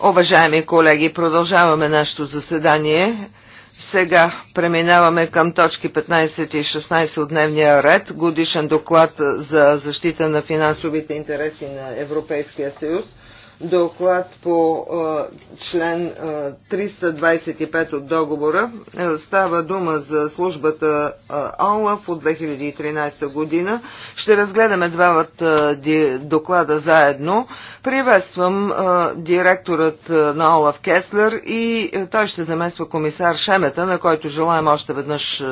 Уважаеми колеги, продължаваме нашето заседание. Сега преминаваме към точки 15 и 16 от дневния ред. Годишен доклад за защита на финансовите интереси на Европейския съюз доклад по член 325 от договора. Е, става дума за службата ОЛАФ от 2013 година. Ще разгледаме двамата доклада заедно. Приветствам директорът на ОЛАФ Кеслер и той ще замества комисар Шемета, на който желаем още веднъж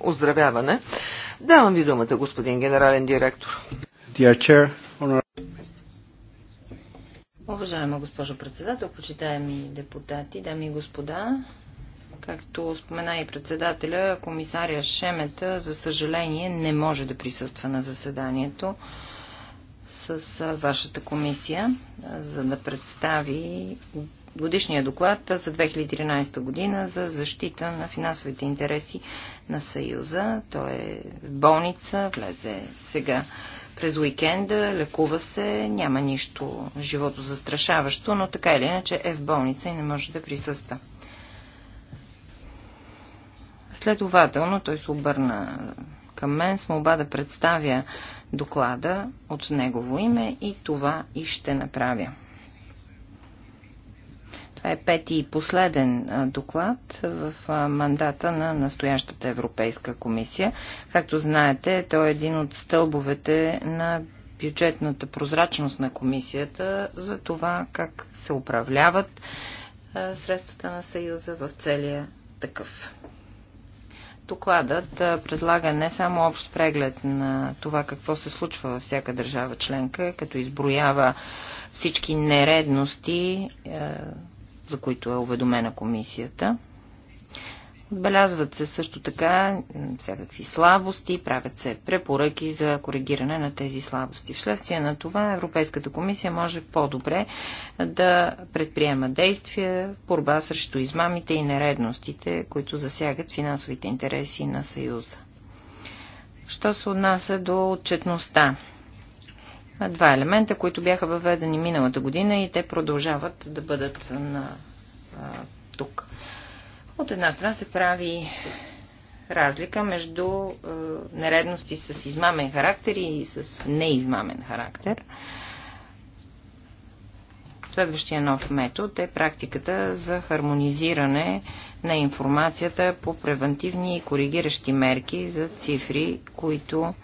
оздравяване. Давам ви думата, господин генерален директор. Dear Chair, Уважаема госпожо председател, почитаеми депутати, дами и господа, както спомена и председателя, комисаря Шемета, за съжаление, не може да присъства на заседанието с вашата комисия, за да представи годишния доклад за 2013 година за защита на финансовите интереси на Съюза. Той е в болница, влезе сега през уикенда, лекува се, няма нищо живото застрашаващо, но така или иначе е в болница и не може да присъства. Следователно той се обърна към мен с молба да представя доклада от негово име и това и ще направя. Това е пети и последен доклад в мандата на настоящата Европейска комисия. Както знаете, той е един от стълбовете на бюджетната прозрачност на комисията за това как се управляват средствата на Съюза в целия такъв. Докладът предлага не само общ преглед на това какво се случва във всяка държава членка, като изброява всички нередности, е, за които е уведомена комисията. Отбелязват се също така всякакви слабости, правят се препоръки за коригиране на тези слабости. Вследствие на това Европейската комисия може по-добре да предприема действия борба срещу измамите и нередностите, които засягат финансовите интереси на Съюза. Що се отнася до отчетността? два елемента, които бяха въведени миналата година и те продължават да бъдат на, а, тук. От една страна се прави разлика между а, нередности с измамен характер и с неизмамен характер. Следващия нов метод е практиката за хармонизиране на информацията по превентивни и коригиращи мерки за цифри, които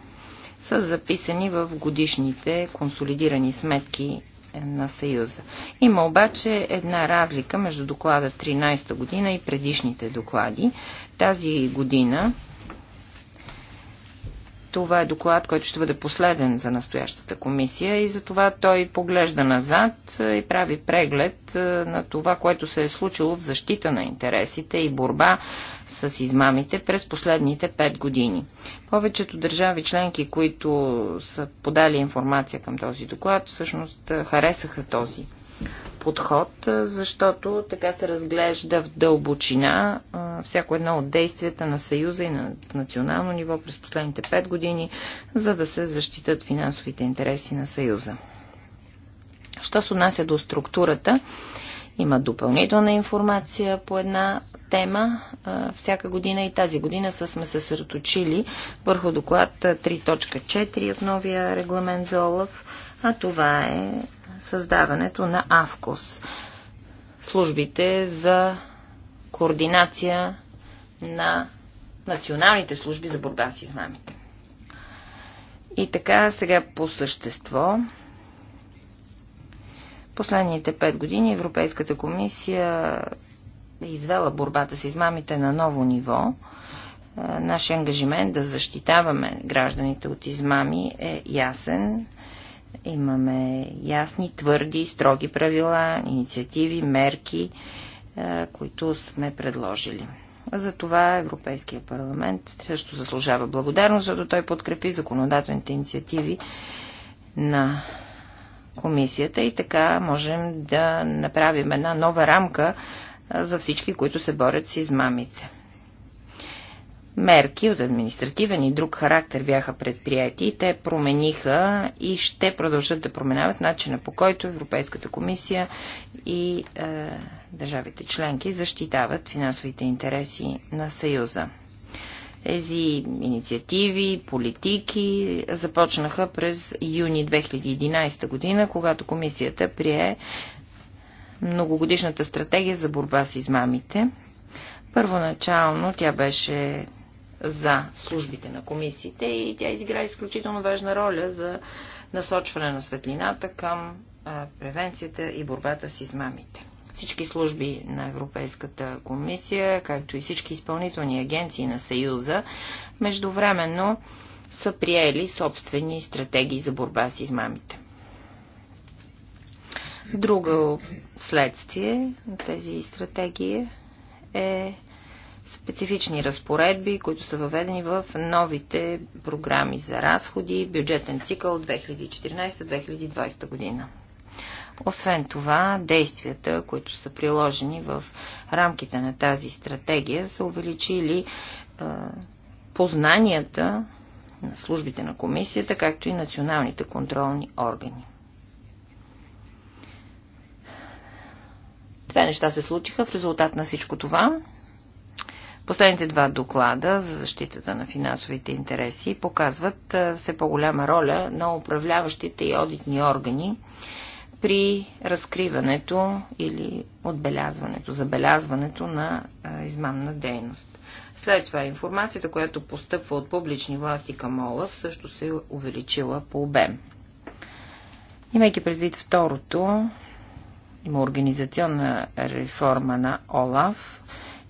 са записани в годишните консолидирани сметки на Съюза. Има обаче една разлика между доклада 13 та година и предишните доклади. Тази година това е доклад, който ще бъде последен за настоящата комисия и затова той поглежда назад и прави преглед е, на това, което се е случило в защита на интересите и борба с измамите през последните 5 години. Повечето държави членки, които са подали информация към този доклад, всъщност е, харесаха този подход, защото така се разглежда в дълбочина всяко едно от действията на Съюза и на национално ниво през последните 5 години, за да се защитат финансовите интереси на Съюза. Що се отнася до структурата, има допълнителна информация по една тема всяка година и тази година сме се съсредоточили върху доклад 3.4 от новия регламент за ОЛАФ, а това е създаването на АВКОС. Службите за координация на националните служби за борба с измамите. И така, сега по същество. Последните пет години Европейската комисия е извела борбата с измамите на ново ниво. Е, Нашия ангажимент да защитаваме гражданите от измами е ясен Имаме ясни, твърди, строги правила, инициативи, мерки, е, които сме предложили. За това Европейския парламент също заслужава благодарност, защото той подкрепи законодателните инициативи на комисията и така можем да направим една нова рамка е, за всички, които се борят с измамите мерки от административен и друг характер бяха предприяти и те промениха и ще продължат да променяват начина по който Европейската комисия и е, държавите членки защитават финансовите интереси на Съюза. Тези инициативи, политики започнаха през юни 2011 година, когато комисията прие многогодишната стратегия за борба с измамите. Първоначално тя беше за службите на комисиите и тя изигра изключително важна роля за насочване на светлината към превенцията и борбата с измамите. Всички служби на Европейската комисия, както и всички изпълнителни агенции на Съюза, междувременно са приели собствени стратегии за борба с измамите. Друго следствие на тези стратегии е специфични разпоредби, които са въведени в новите програми за разходи, бюджетен цикъл 2014-2020 година. Освен това, действията, които са приложени в рамките на тази стратегия, са увеличили е, познанията на службите на комисията, както и националните контролни органи. Две неща се случиха в резултат на всичко това. Последните два доклада за защитата на финансовите интереси показват все по-голяма роля на управляващите и одитни органи при разкриването или отбелязването, забелязването на измамна дейност. След това информацията, която постъпва от публични власти към ОЛАВ, също се е увеличила по обем. Имайки предвид второто, има организационна реформа на ОЛАВ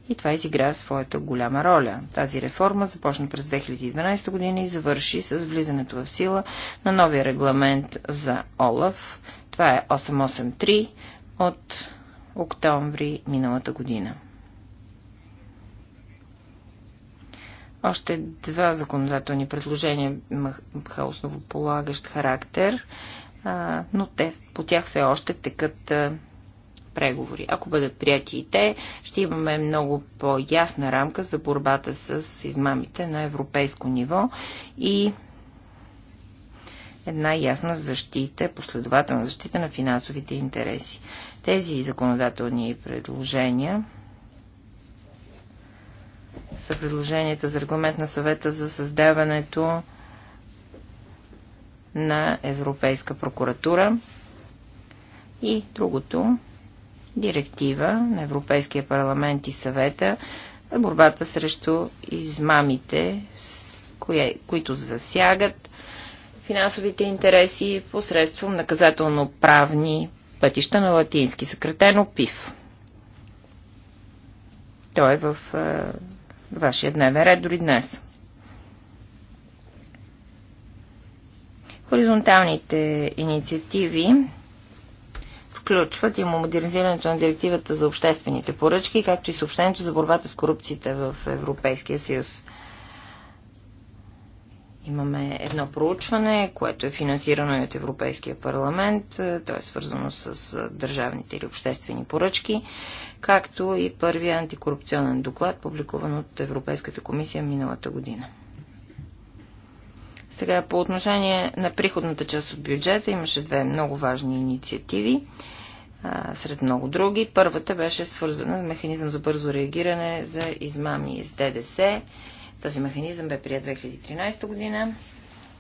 и това изигра своята голяма роля. Тази реформа започна през 2012 година и завърши с влизането в сила на новия регламент за ОЛАФ. Това е 883 от октомври миналата година. Още два законодателни предложения имаха основополагащ характер, но те, по тях все още текат преговори. Ако бъдат прияти и те, ще имаме много по-ясна рамка за борбата с измамите на европейско ниво и една ясна защита, последователна защита на финансовите интереси. Тези законодателни предложения са предложенията за регламент на съвета за създаването на Европейска прокуратура и другото директива на Европейския парламент и съвета за борбата срещу измамите, които засягат финансовите интереси посредством наказателно-правни пътища на латински, съкратено ПИФ. Той е в е, вашия дневен ред дори днес. Хоризонталните инициативи включват и модернизирането на директивата за обществените поръчки, както и съобщението за борбата с корупцията в Европейския съюз. Имаме едно проучване, което е финансирано и от Европейския парламент. То е свързано с държавните или обществени поръчки, както и първия антикорупционен доклад, публикуван от Европейската комисия миналата година. Сега по отношение на приходната част от бюджета имаше две много важни инициативи сред много други. Първата беше свързана с механизъм за бързо реагиране за измами с ДДС. Този механизъм бе прият 2013 година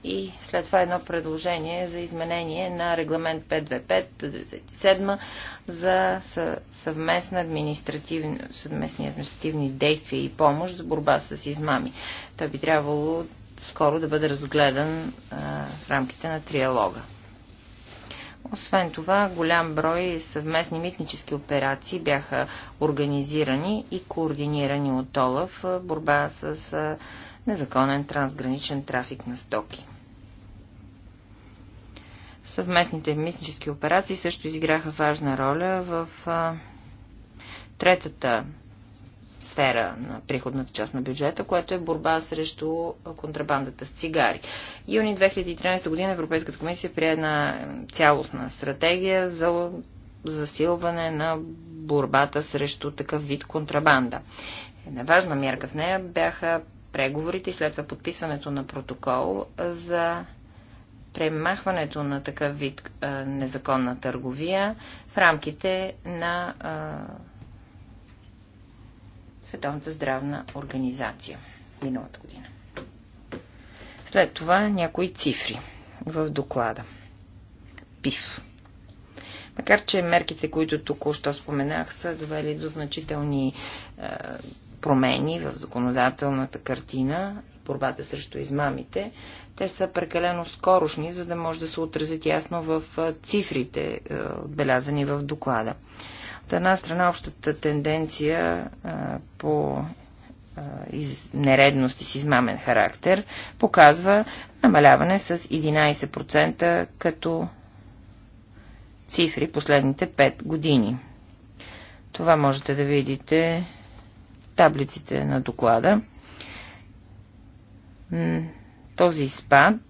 и след това едно предложение за изменение на регламент 525-97 за съвместна административни, съвместни административни действия и помощ за борба с измами. Той би трябвало скоро да бъде разгледан а, в рамките на триалога. Освен това, голям брой съвместни митнически операции бяха организирани и координирани от ОЛАФ в борба с незаконен трансграничен трафик на стоки. Съвместните митнически операции също изиграха важна роля в третата сфера на приходната част на бюджета, което е борба срещу контрабандата с цигари. Юни 2013 година Европейската комисия прие една цялостна стратегия за засилване на борбата срещу такъв вид контрабанда. Една важна мярка в нея бяха преговорите и след това подписването на протокол за премахването на такъв вид а, незаконна търговия в рамките на а, Световната здравна организация миналата година. След това някои цифри в доклада. ПИФ. Макар, че мерките, които току-що споменах, са довели до значителни е, промени в законодателната картина, борбата срещу измамите, те са прекалено скорошни, за да може да се отразят ясно в е, цифрите, е, отбелязани в доклада. Е, от една страна общата тенденция а, по а, из, нередности с измамен характер показва намаляване с 11% като цифри последните 5 години. Това можете да видите таблиците на доклада този спад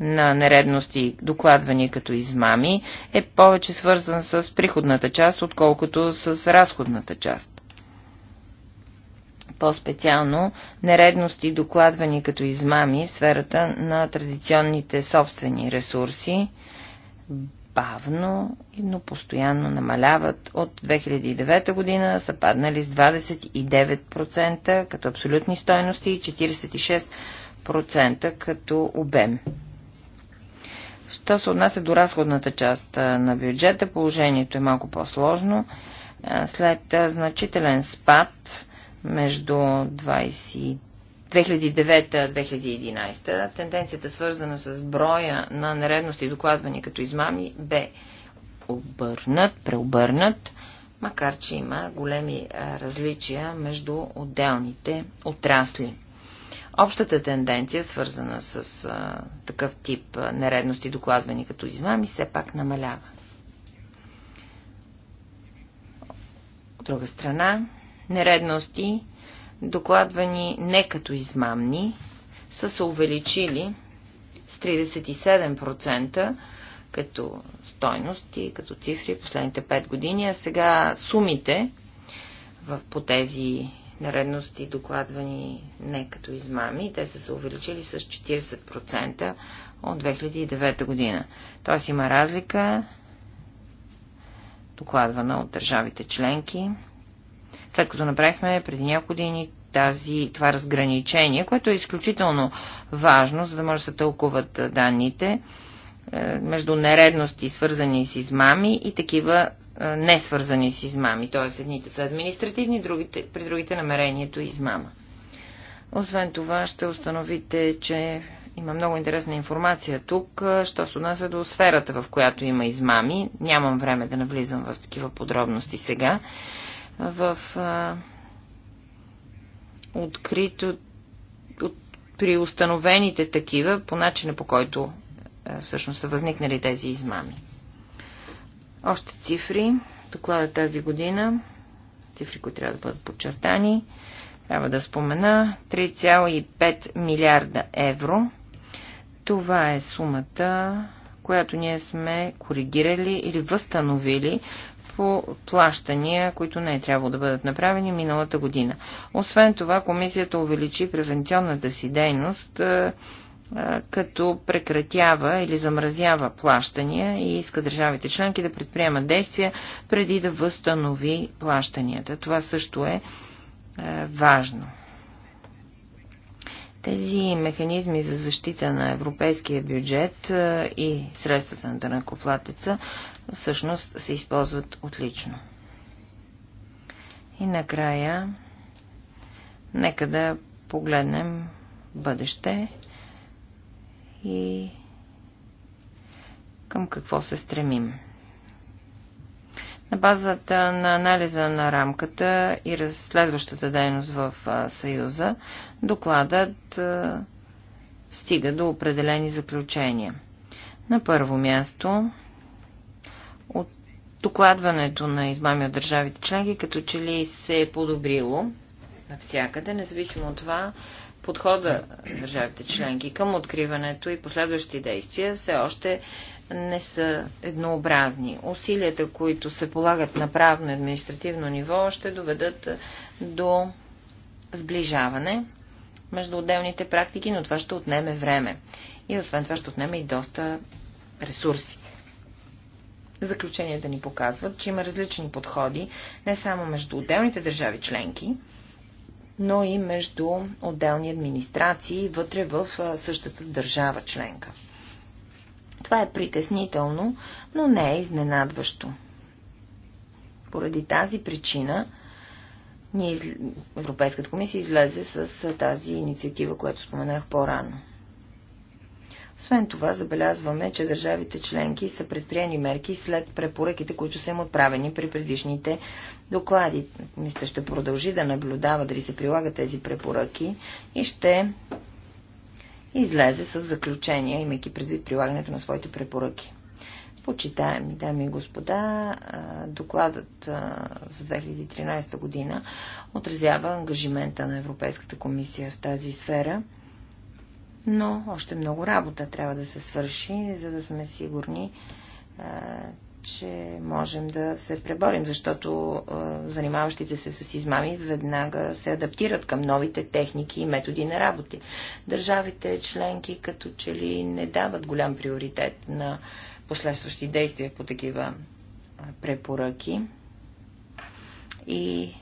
на нередности, докладвани като измами, е повече свързан с приходната част, отколкото с разходната част. По-специално, нередности, докладвани като измами в сферата на традиционните собствени ресурси, бавно, но постоянно намаляват. От 2009 година са паднали с 29%, като абсолютни стойности и 46% 10% като обем. Що се отнася до разходната част на бюджета, положението е малко по-сложно. След значителен спад между 20... 2009-2011, тенденцията свързана с броя на нередности, и докладвани като измами, бе обърнат, преобърнат, макар че има големи различия между отделните отрасли. Общата тенденция, свързана с а, такъв тип а, нередности, докладвани като измами, все пак намалява. От друга страна, нередности, докладвани не като измамни, са се увеличили с 37% като стойности, като цифри последните 5 години, а сега сумите в, по тези наредности, докладвани не като измами. Те са се увеличили с 40% от 2009 година. Тоест има разлика, докладвана от държавите членки. След като направихме преди няколко години тази, това разграничение, което е изключително важно, за да може да се тълкуват данните, е, между нередности, свързани с измами и такива е, не свързани с измами. Т.е. едните са административни, другите, при другите намерението и е измама. Освен това ще установите, че има много интересна информация тук, що се отнася до сферата, в която има измами. Нямам време да навлизам в такива подробности сега. В а, открито, от, при установените такива, по начина по който е, всъщност са възникнали тези измами. Още цифри. Доклада тази година. Цифри, които трябва да бъдат подчертани. Трябва да спомена 3,5 милиарда евро. Това е сумата, която ние сме коригирали или възстановили по плащания, които не е трябвало да бъдат направени миналата година. Освен това, комисията увеличи превенционната си дейност е, като прекратява или замразява плащания и иска държавите членки да предприемат действия преди да възстанови плащанията. Това също е важно. Тези механизми за защита на европейския бюджет и средствата на дънакоплатеца всъщност се използват отлично. И накрая, нека да погледнем бъдеще и към какво се стремим. На базата на анализа на рамката и разследващата дейност в Съюза, докладът стига до определени заключения. На първо място, от докладването на измами от държавите членки, като че ли се е подобрило навсякъде, независимо от това, подхода на държавите членки към откриването и последващи действия все още не са еднообразни. Усилията, които се полагат на правно административно ниво, ще доведат до сближаване между отделните практики, но това ще отнеме време. И освен това ще отнеме и доста ресурси. Заключенията ни показват, че има различни подходи не само между отделните държави членки, но и между отделни администрации вътре в същата държава членка. Това е притеснително, но не е изненадващо. Поради тази причина Европейската комисия излезе с тази инициатива, която споменах по-рано. Освен това, забелязваме, че държавите членки са предприени мерки след препоръките, които са им отправени при предишните доклади. Мисля, ще продължи да наблюдава дали се прилагат тези препоръки и ще излезе с заключения, имайки предвид прилагането на своите препоръки. Почитаеми, дами и господа, докладът за 2013 година отразява ангажимента на Европейската комисия в тази сфера – но още много работа трябва да се свърши, за да сме сигурни, че можем да се преборим, защото занимаващите се с измами веднага се адаптират към новите техники и методи на работи. Държавите членки като че ли не дават голям приоритет на последващи действия по такива препоръки и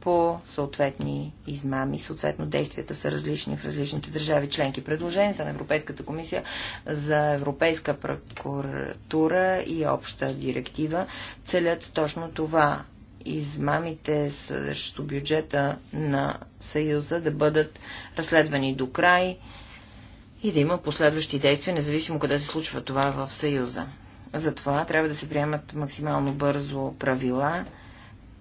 по съответни измами. Съответно, действията са различни в различните държави членки. Предложенията на Европейската комисия за Европейска прокуратура и обща директива целят точно това измамите срещу бюджета на Съюза да бъдат разследвани до край и да има последващи действия, независимо къде се случва това в Съюза. Затова трябва да се приемат максимално бързо правила,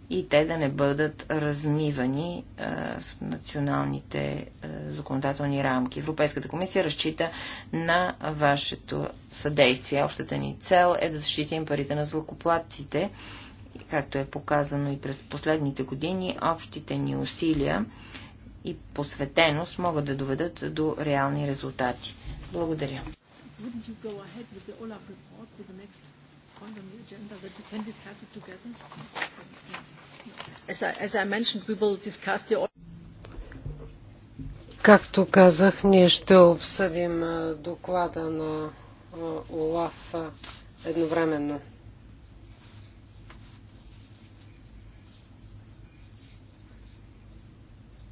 и те да не бъдат размивани е, в националните е, законодателни рамки. Европейската комисия разчита на вашето съдействие. Общата ни цел е да защитим парите на злокоплатците, както е показано и през последните години, общите ни усилия и посветеност могат да доведат до реални резултати. Благодаря. Wouldn't you go ahead with the Olaf report the next point on the agenda that it together? As I, as I mentioned, we will discuss the... Както казах, ние ще обсъдим доклада на ОЛАФ едновременно.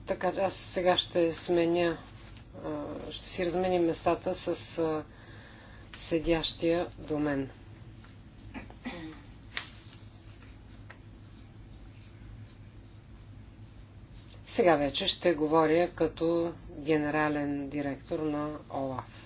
Така, аз сега ще сменя, ще си разменим местата с седящия до мен. Сега вече ще говоря като генерален директор на ОЛАФ.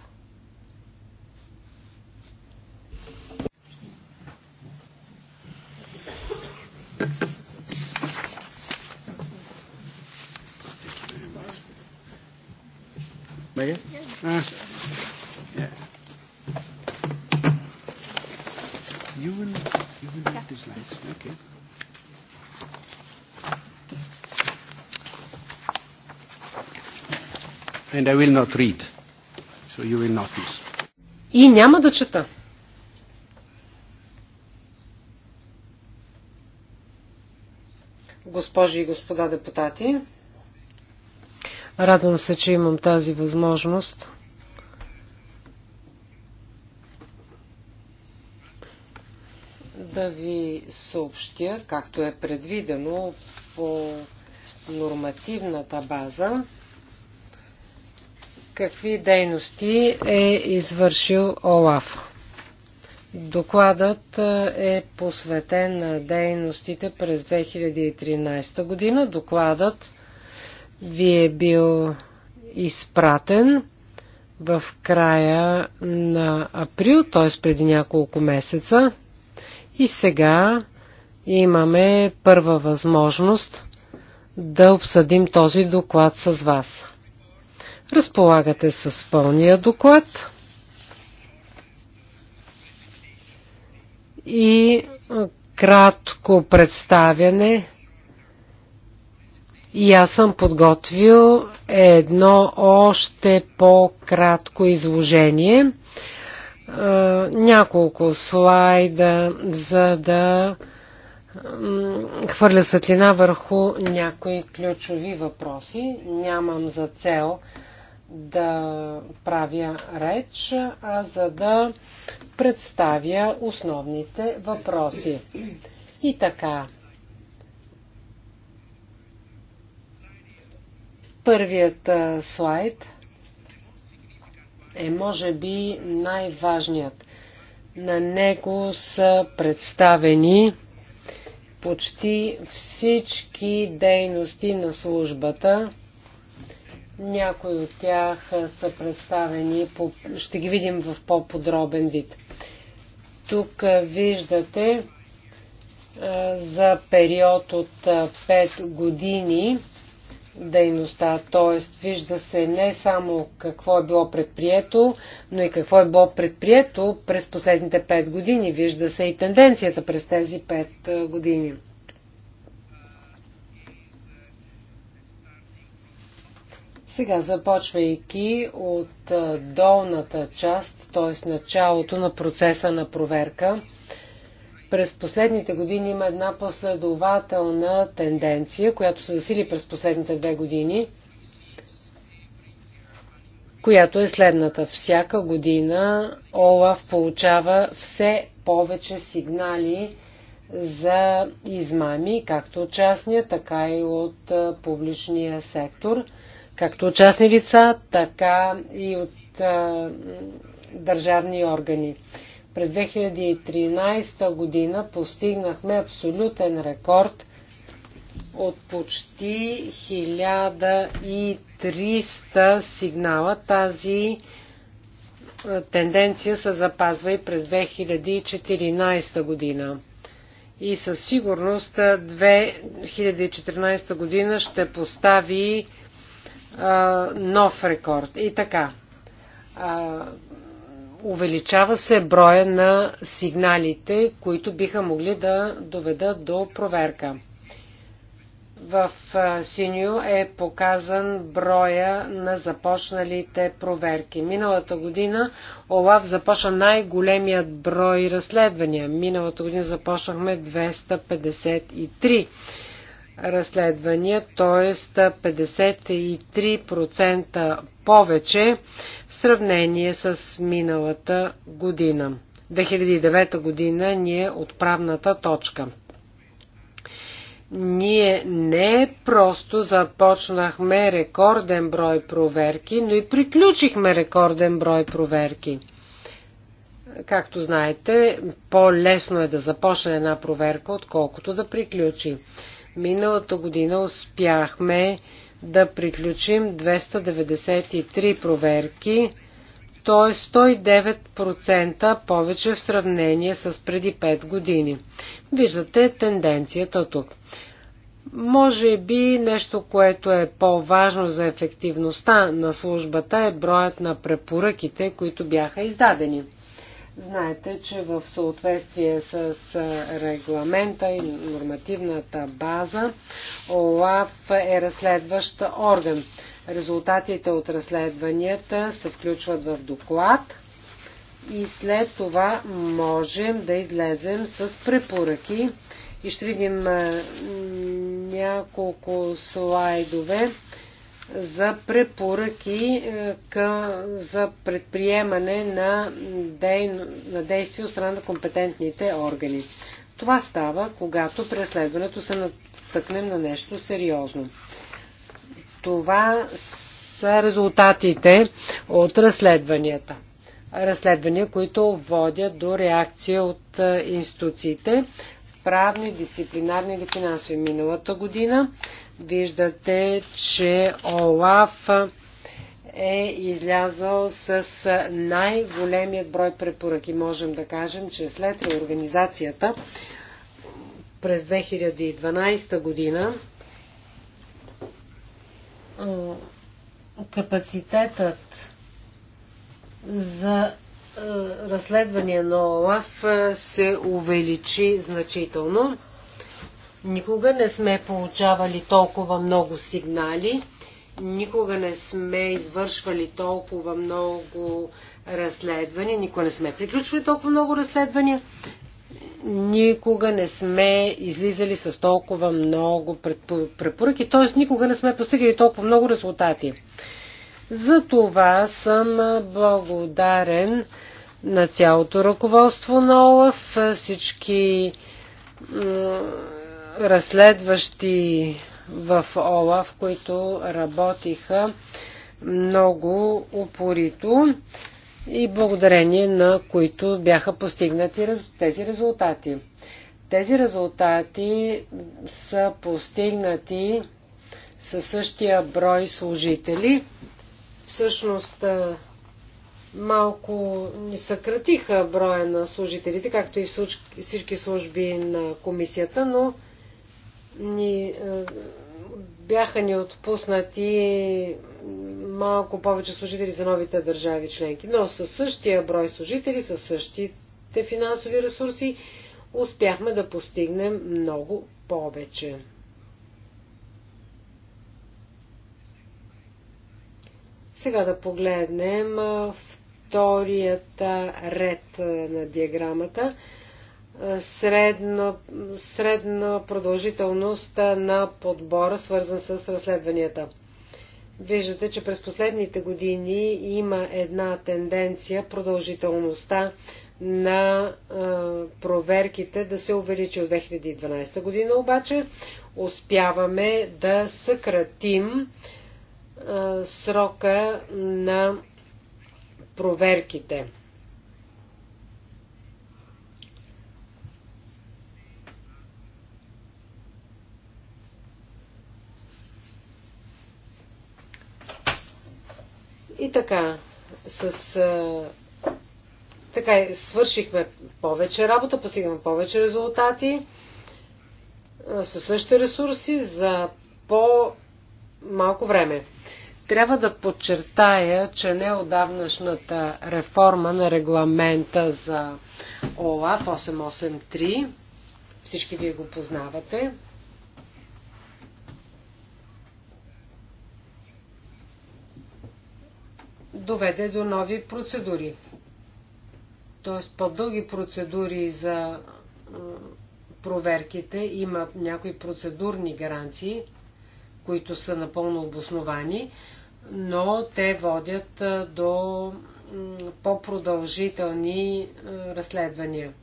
Thank you. And I will not read. So you will И няма да чета. Госпожи и господа депутати, радвам се, че имам тази възможност да ви съобщя, както е предвидено по нормативната база, Какви дейности е извършил ОЛАФ? Докладът е, е посветен на дейностите през 2013 година. Докладът ви е бил изпратен в края на април, т.е. преди няколко месеца. И сега имаме първа възможност да обсъдим този доклад с вас. Разполагате с пълния доклад и кратко представяне. И аз съм подготвил едно още по-кратко изложение. Няколко слайда, за да хвърля светлина върху някои ключови въпроси. Нямам за цел да правя реч, а за да представя основните въпроси. И така. Първият слайд е може би най-важният. На него са представени почти всички дейности на службата някои от тях са представени, по... ще ги видим в по-подробен вид. Тук виждате за период от 5 години дейността, т.е. вижда се не само какво е било предприето, но и какво е било предприето през последните 5 години. Вижда се и тенденцията през тези 5 години. Сега започвайки от долната част, т.е. началото на процеса на проверка, през последните години има една последователна тенденция, която се засили през последните две години, която е следната. Всяка година ОЛАВ получава все повече сигнали за измами, както от частния, така и от публичния сектор – както от частни лица, така и от а, държавни органи. През 2013 година постигнахме абсолютен рекорд от почти 1300 сигнала. Тази тенденция се запазва и през 2014 година. И със сигурност 2014 година ще постави нов рекорд. И така. увеличава се броя на сигналите, които биха могли да доведат до проверка. В синьо е показан броя на започналите проверки. Миналата година ОЛАВ започна най-големият брой разследвания. Миналата година започнахме 253 разследвания, т.е. 53% повече в сравнение с миналата година. 2009 година ни е отправната точка. Ние не просто започнахме рекорден брой проверки, но и приключихме рекорден брой проверки. Както знаете, по-лесно е да започне една проверка, отколкото да приключи. Миналата година успяхме да приключим 293 проверки, т.е. 109% повече в сравнение с преди 5 години. Виждате тенденцията тук. Може би нещо, което е по-важно за ефективността на службата е броят на препоръките, които бяха издадени. Знаете, че в съответствие с регламента и нормативната база, ОЛАФ е разследващ орган. Резултатите от разследванията се включват в доклад и след това можем да излезем с препоръки и ще видим няколко слайдове за препоръки е, към, за предприемане на, дей, на действия от страна на компетентните органи. Това става, когато преследването се натъкнем на нещо сериозно. Това са резултатите от разследванията. Разследвания, които водят до реакция от е, институциите, правни, дисциплинарни или финансови. Миналата година Виждате, че ОЛАФ е излязъл с най-големият брой препоръки. Можем да кажем, че след реорганизацията през 2012 година капацитетът за разследвания на ОЛАФ се увеличи значително. Никога не сме получавали толкова много сигнали, никога не сме извършвали толкова много разследвания, никога не сме приключвали толкова много разследвания, никога не сме излизали с толкова много препоръки, т.е. никога не сме постигали толкова много резултати. За това съм благодарен на цялото ръководство на ОЛАФ, всички разследващи в ОЛАВ, които работиха много упорито и благодарение на които бяха постигнати тези резултати. Тези резултати са постигнати със същия брой служители. Всъщност малко ни съкратиха броя на служителите, както и всички служби на комисията, но ни, е, бяха ни отпуснати малко повече служители за новите държави членки, но със същия брой служители, със същите финансови ресурси, успяхме да постигнем много повече. Сега да погледнем вторията ред на диаграмата средно, средна продължителност на подбора, свързан с разследванията. Виждате, че през последните години има една тенденция продължителността на проверките да се увеличи от 2012 година, обаче успяваме да съкратим срока на проверките. И така, с, а, така свършихме повече работа, постигнахме повече резултати със същите ресурси за по-малко време. Трябва да подчертая, че не отдавнашната реформа на регламента за ОЛАФ 883, всички вие го познавате, доведе до нови процедури. Тоест по-дълги процедури за проверките, има някои процедурни гаранции, които са напълно обосновани, но те водят до по-продължителни разследвания.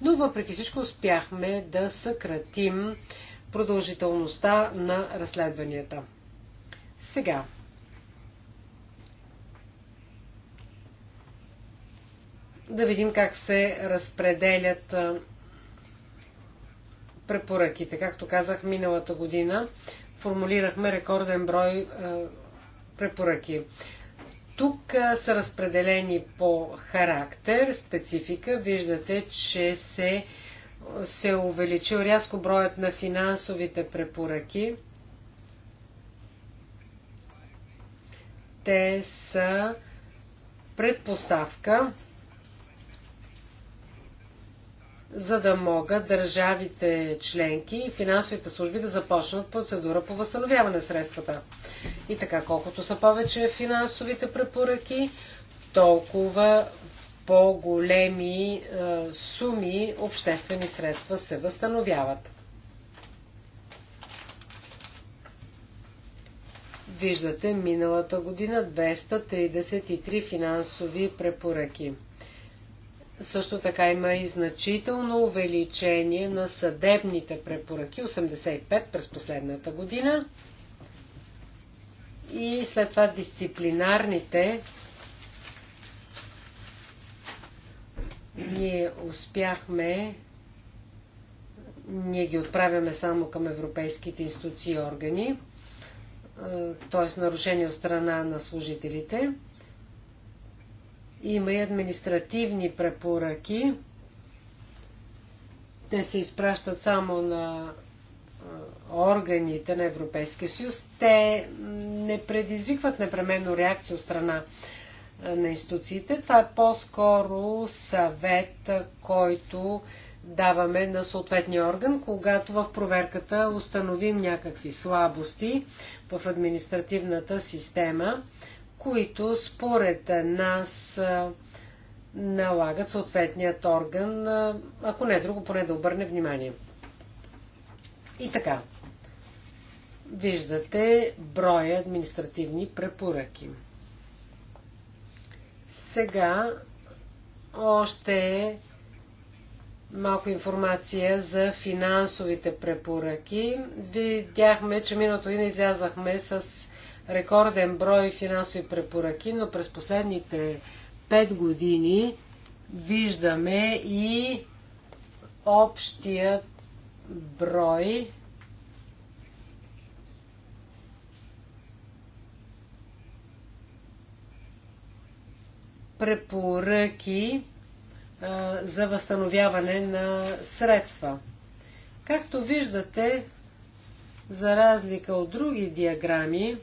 Но въпреки всичко успяхме да съкратим продължителността на разследванията. Сега, да видим как се разпределят препоръките. Както казах, миналата година формулирахме рекорден брой препоръки. Тук са разпределени по характер, специфика. Виждате, че се, се увеличил рязко броят на финансовите препоръки. Те са предпоставка за да могат държавите членки и финансовите служби да започнат процедура по възстановяване на средствата. И така, колкото са повече финансовите препоръки, толкова по-големи е, суми обществени средства се възстановяват. Виждате миналата година 233 финансови препоръки. Също така има и значително увеличение на съдебните препоръки 85 през последната година. И след това дисциплинарните ние успяхме, ние ги отправяме само към европейските институции и органи, т.е. нарушение от страна на служителите. Има и административни препоръки. Те се изпращат само на органите на Европейския съюз. Те не предизвикват непременно реакция от страна на институциите. Това е по-скоро съвет, който даваме на съответния орган, когато в проверката установим някакви слабости в административната система които според нас налагат съответният орган, ако не е друго, поне да обърне внимание. И така. Виждате броя административни препоръки. Сега още малко информация за финансовите препоръки. Видяхме, че миналото година излязахме с рекорден брой финансови препоръки, но през последните 5 години виждаме и общият брой препоръки а, за възстановяване на средства. Както виждате, за разлика от други диаграми,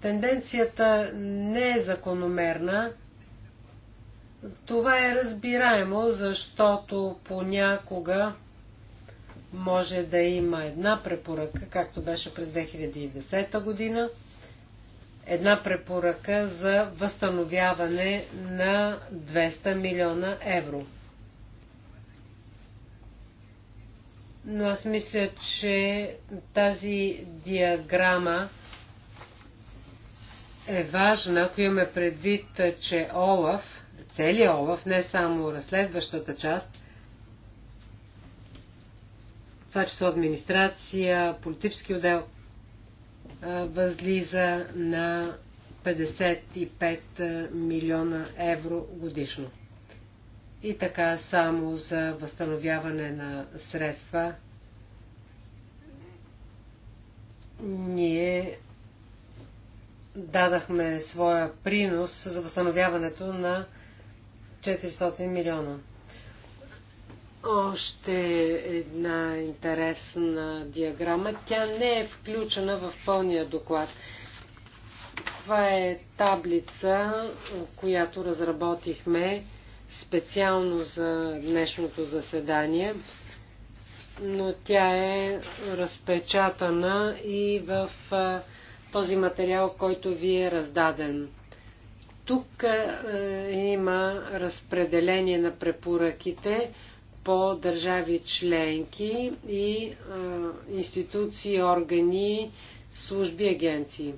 Тенденцията не е закономерна. Това е разбираемо, защото понякога може да има една препоръка, както беше през 2010 година, една препоръка за възстановяване на 200 милиона евро. Но аз мисля, че тази диаграма е важна, ако имаме предвид, че ОЛАФ, целият ОЛАФ, не само разследващата част, това число администрация, политически отдел, възлиза на 55 милиона евро годишно. И така само за възстановяване на средства ние дадахме своя принос за възстановяването на 400 милиона. Още една интересна диаграма. Тя не е включена в пълния доклад. Това е таблица, която разработихме специално за днешното заседание, но тя е разпечатана и в този материал, който ви е раздаден. Тук е, има разпределение на препоръките по държави членки и е, институции, органи, служби, агенции.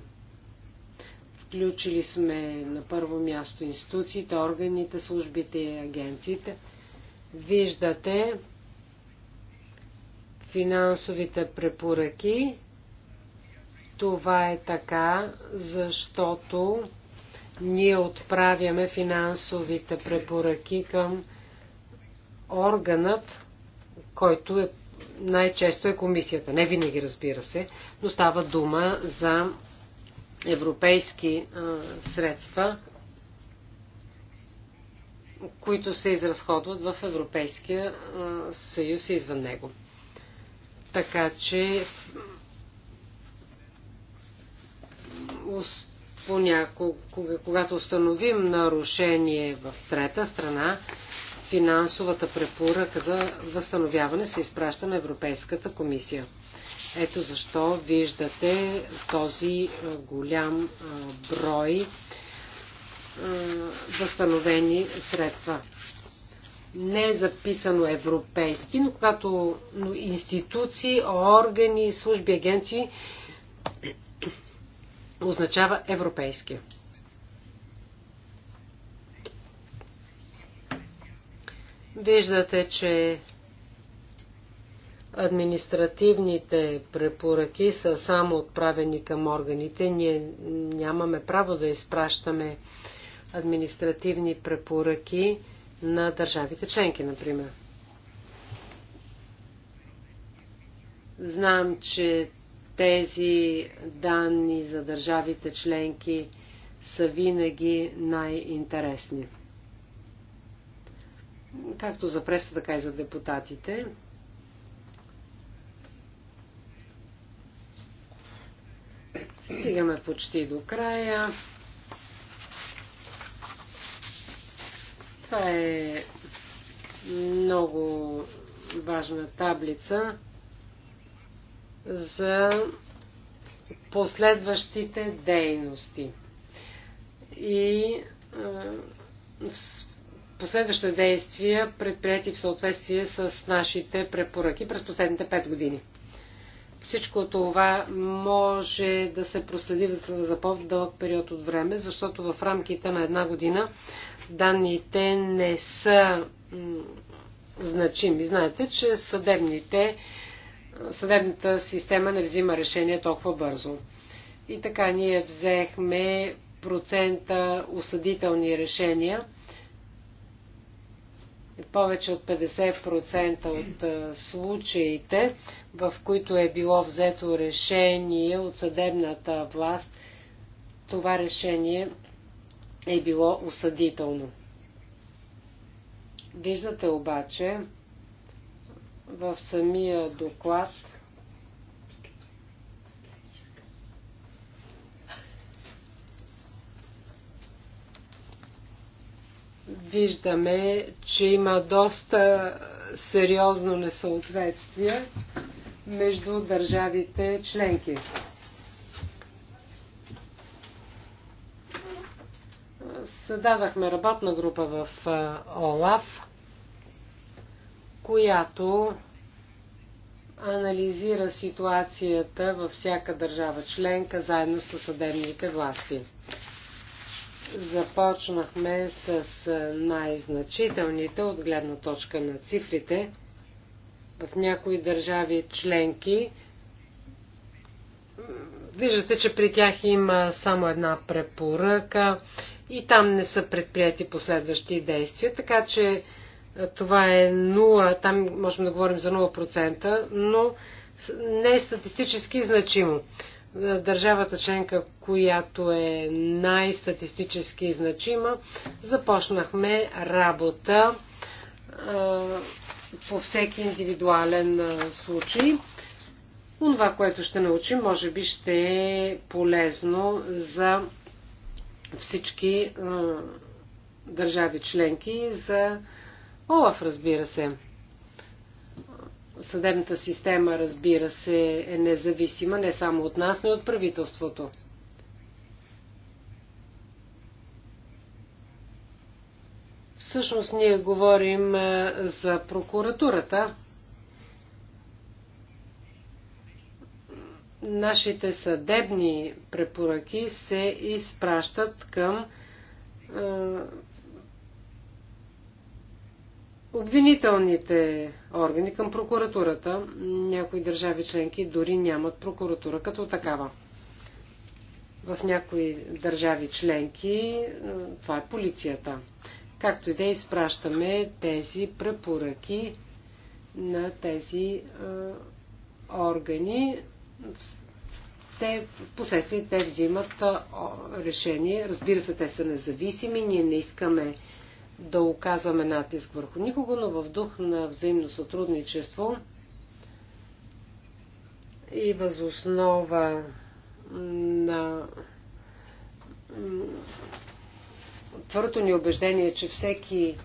Включили сме на първо място институциите, органите, службите и агенциите. Виждате финансовите препоръки това е така, защото ние отправяме финансовите препоръки към органът, който е най-често е комисията. Не винаги, разбира се, но става дума за европейски а, средства, които се изразходват в Европейския а, съюз и извън него. Така че когато установим нарушение в трета страна, финансовата препоръка за възстановяване се изпраща на Европейската комисия. Ето защо виждате този е, голям е, брой е, възстановени средства. Не е записано европейски, но когато институции, органи, служби, агенции означава европейски. Виждате, че административните препоръки са само отправени към органите. Ние нямаме право да изпращаме административни препоръки на държавите членки, например. Знам, че тези данни за държавите членки са винаги най-интересни. Както за преса, така и за депутатите. Стигаме почти до края. Това е много важна таблица за последващите дейности. И последващите действия предприяти в съответствие с нашите препоръки през последните 5 години. Всичко това може да се проследи за по-дълъг период от време, защото в рамките на една година данните не са значими. Знаете, че съдебните съдебната система не взима решение толкова бързо. И така ние взехме процента осъдителни решения. Повече от 50% от случаите, в които е било взето решение от съдебната власт, това решение е било осъдително. Виждате обаче, в самия доклад виждаме, че има доста сериозно несъответствие между държавите членки. Създадахме работна група в ОЛАФ която анализира ситуацията във всяка държава членка заедно с съдебните власти. Започнахме с най-значителните от гледна точка на цифрите. В някои държави членки виждате, че при тях има само една препоръка и там не са предприяти последващи действия, така че е, това е 0, там можем да говорим за 0%, но не е статистически значимо. Е, държавата членка, която е най-статистически значима, започнахме работа е, по всеки индивидуален случай. Онова, което ще научим, може би ще е полезно за всички държави членки и за Олаф, разбира се. Съдебната система, разбира се, е независима не само от нас, но и от правителството. Всъщност ние говорим е, за прокуратурата. Нашите съдебни препоръки се изпращат към е, обвинителните органи, към прокуратурата. Някои държави членки дори нямат прокуратура като такава. В някои държави членки е, това е полицията. Както и да изпращаме тези препоръки на тези е, органи, те, последствие те взимат е, решение. Разбира се, те са независими, ние не искаме да оказваме натиск върху никого, но в дух на взаимно сътрудничество и възоснова на твърто ни убеждение, че всеки е,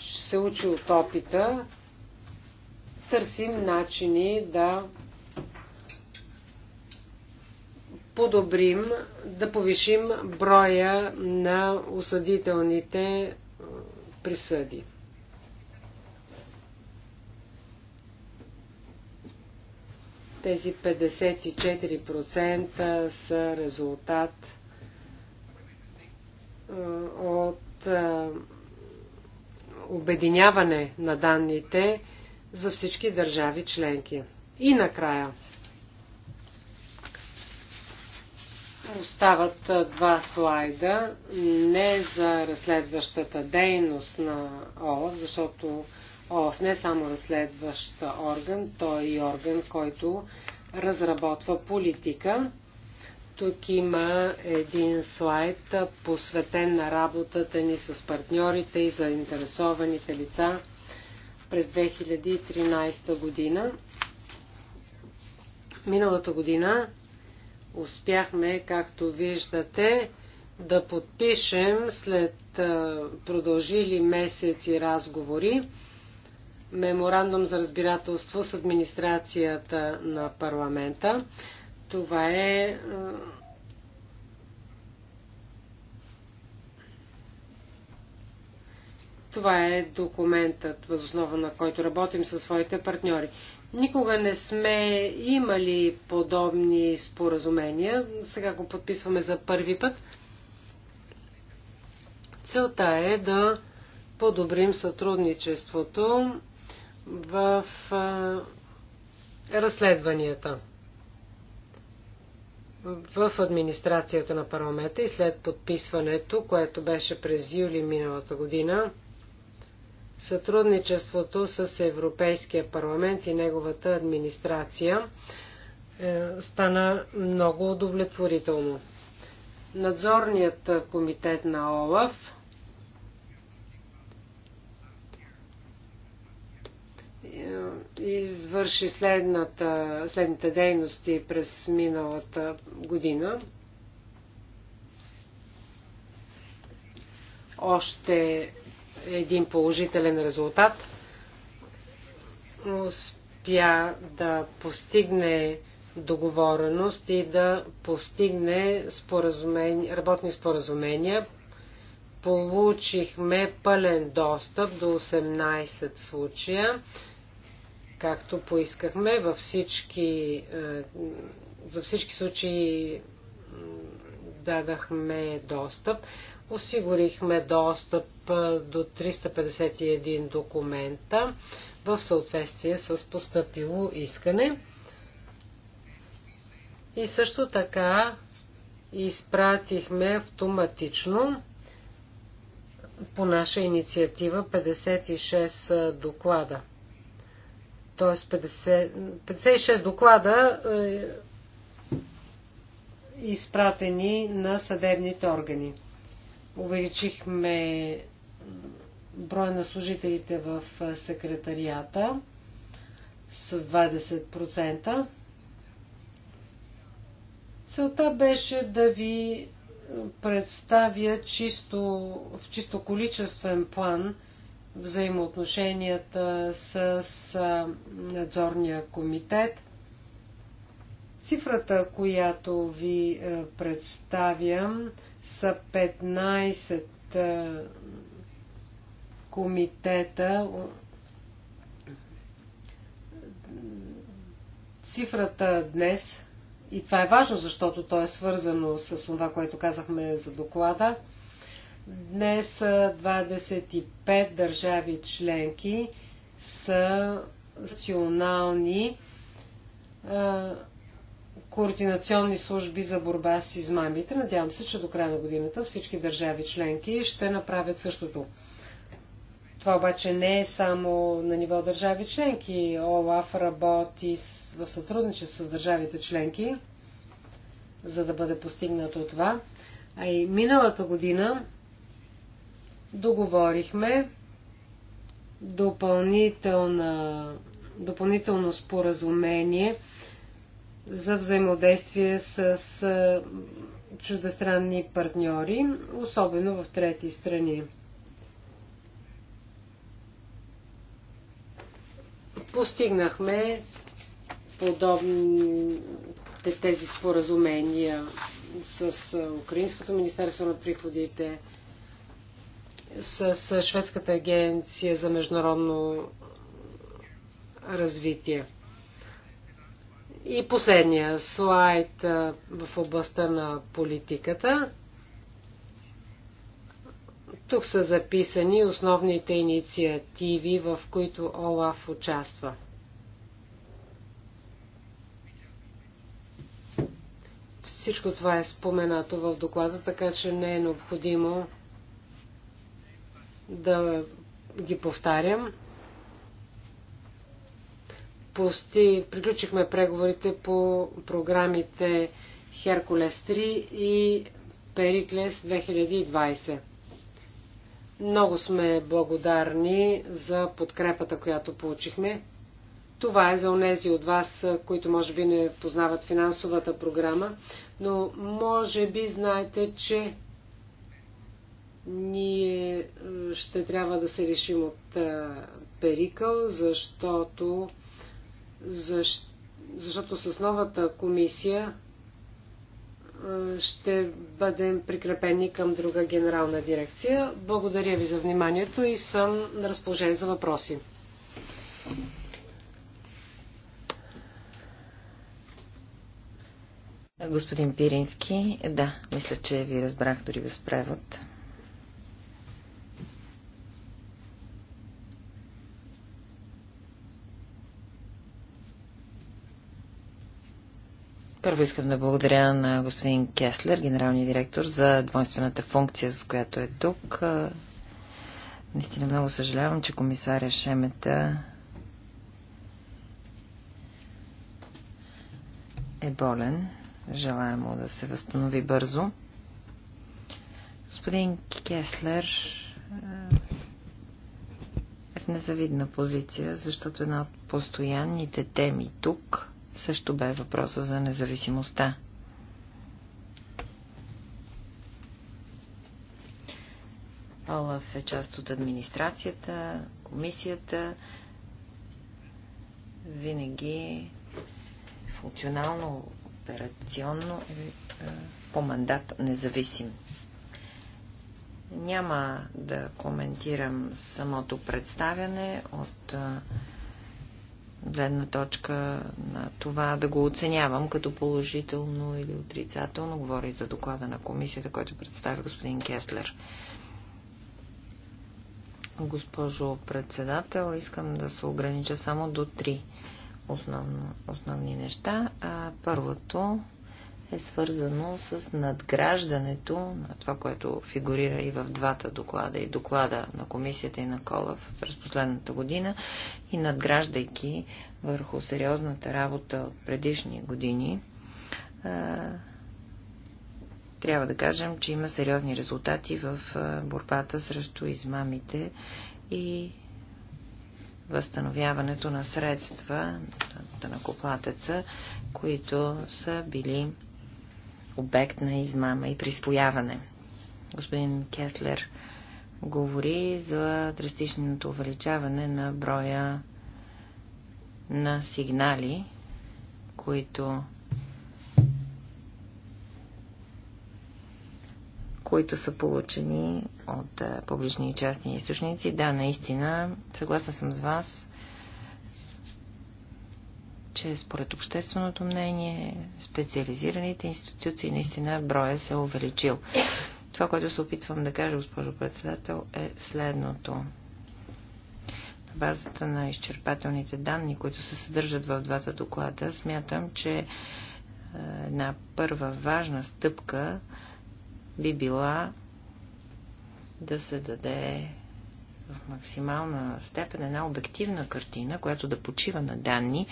се учи от опита, търсим начини да подобрим, да повишим броя на осъдителните присъди. Тези 54% са резултат от обединяване на данните за всички държави членки. И накрая – Остават два слайда. Не за разследващата дейност на ОЛАФ, защото ОЛАФ не е само разследващ орган, той е и орган, който разработва политика. Тук има един слайд, посветен на работата ни с партньорите и заинтересованите лица през 2013 година. Миналата година Успяхме, както виждате, да подпишем след продължили месеци разговори меморандум за разбирателство с администрацията на парламента. Това е Това е документът, възоснова на който работим със своите партньори. Никога не сме имали подобни споразумения. Сега го подписваме за първи път. Целта е да подобрим сътрудничеството в разследванията в администрацията на парламента и след подписването, което беше през юли миналата година, сътрудничеството с Европейския парламент и неговата администрация е, стана много удовлетворително. Надзорният комитет на ОЛАФ е, извърши следната, следните дейности през миналата година. Още един положителен резултат. Успя да постигне договореност и да постигне споразумени, работни споразумения. Получихме пълен достъп до 18 случая, както поискахме. Във всички, е, във всички случаи дадахме достъп. Осигурихме достъп до 351 документа в съответствие с поступило искане. И също така изпратихме автоматично по наша инициатива 56 доклада. Тоест 50, 56 доклада е, изпратени на съдебните органи. Увеличихме броя на служителите в секретарията с 20%. Целта беше да ви представя чисто, в чисто количествен план взаимоотношенията с надзорния комитет. Цифрата, която ви представям, са 15 е, комитета. Цифрата днес, и това е важно, защото то е свързано с това, което казахме за доклада, днес 25 е, държави членки са национални е, координационни служби за борба с измамите. Надявам се, че до края на годината всички държави членки ще направят същото. Това обаче не е само на ниво държави членки. ОЛАФ работи в сътрудничество с държавите членки, за да бъде постигнато това. А и миналата година договорихме допълнително споразумение за взаимодействие с чуждестранни партньори, особено в трети страни. Постигнахме подобни тези споразумения с Украинското Министерство на приходите, с Шведската агенция за международно развитие. И последния слайд в областта на политиката. Тук са записани основните инициативи, в които ОЛАФ участва. Всичко това е споменато в доклада, така че не е необходимо да ги повтарям пости, приключихме преговорите по програмите Херкулес 3 и Периклес 2020. Много сме благодарни за подкрепата, която получихме. Това е за онези от вас, които може би не познават финансовата програма, но може би знаете, че ние е, ще трябва да се решим от е, Перикъл, защото защото с новата комисия ще бъдем прикрепени към друга генерална дирекция. Благодаря ви за вниманието и съм на разположение за въпроси. Господин Пирински, да, мисля, че ви разбрах дори без превод. Първо искам да благодаря на господин Кеслер, генералния директор, за двойствената функция, с която е тук. Наистина много съжалявам, че комисаря Шемета е болен. Желая му да се възстанови бързо. Господин Кеслер е в незавидна позиция, защото една от постоянните теми тук – също бе въпроса за независимостта. Олаф е част от администрацията, комисията. Винаги функционално, операционно и е, е, по мандат независим. Няма да коментирам самото представяне от е, гледна точка на това да го оценявам като положително или отрицателно. Говоря за доклада на комисията, който представи господин Кеслер. Госпожо председател, искам да се огранича само до три основно, основни неща. А, първото е свързано с надграждането на това, което фигурира и в двата доклада, и доклада на комисията и на Колав през последната година, и надграждайки върху сериозната работа от предишни години, трябва да кажем, че има сериозни резултати в борбата срещу измамите и възстановяването на средства на коплатеца, които са били обект на измама и присвояване. Господин Кеслер говори за драстичното увеличаване на броя на сигнали, които които са получени от публични и частни източници. Да, наистина, съгласна съм с вас че според общественото мнение специализираните институции наистина броя се е увеличил. Това, което се опитвам да кажа, госпожо председател, е следното. На базата на изчерпателните данни, които се съдържат в двата доклада, смятам, че е, една първа важна стъпка би била да се даде в максимална степен една обективна картина, която да почива на данни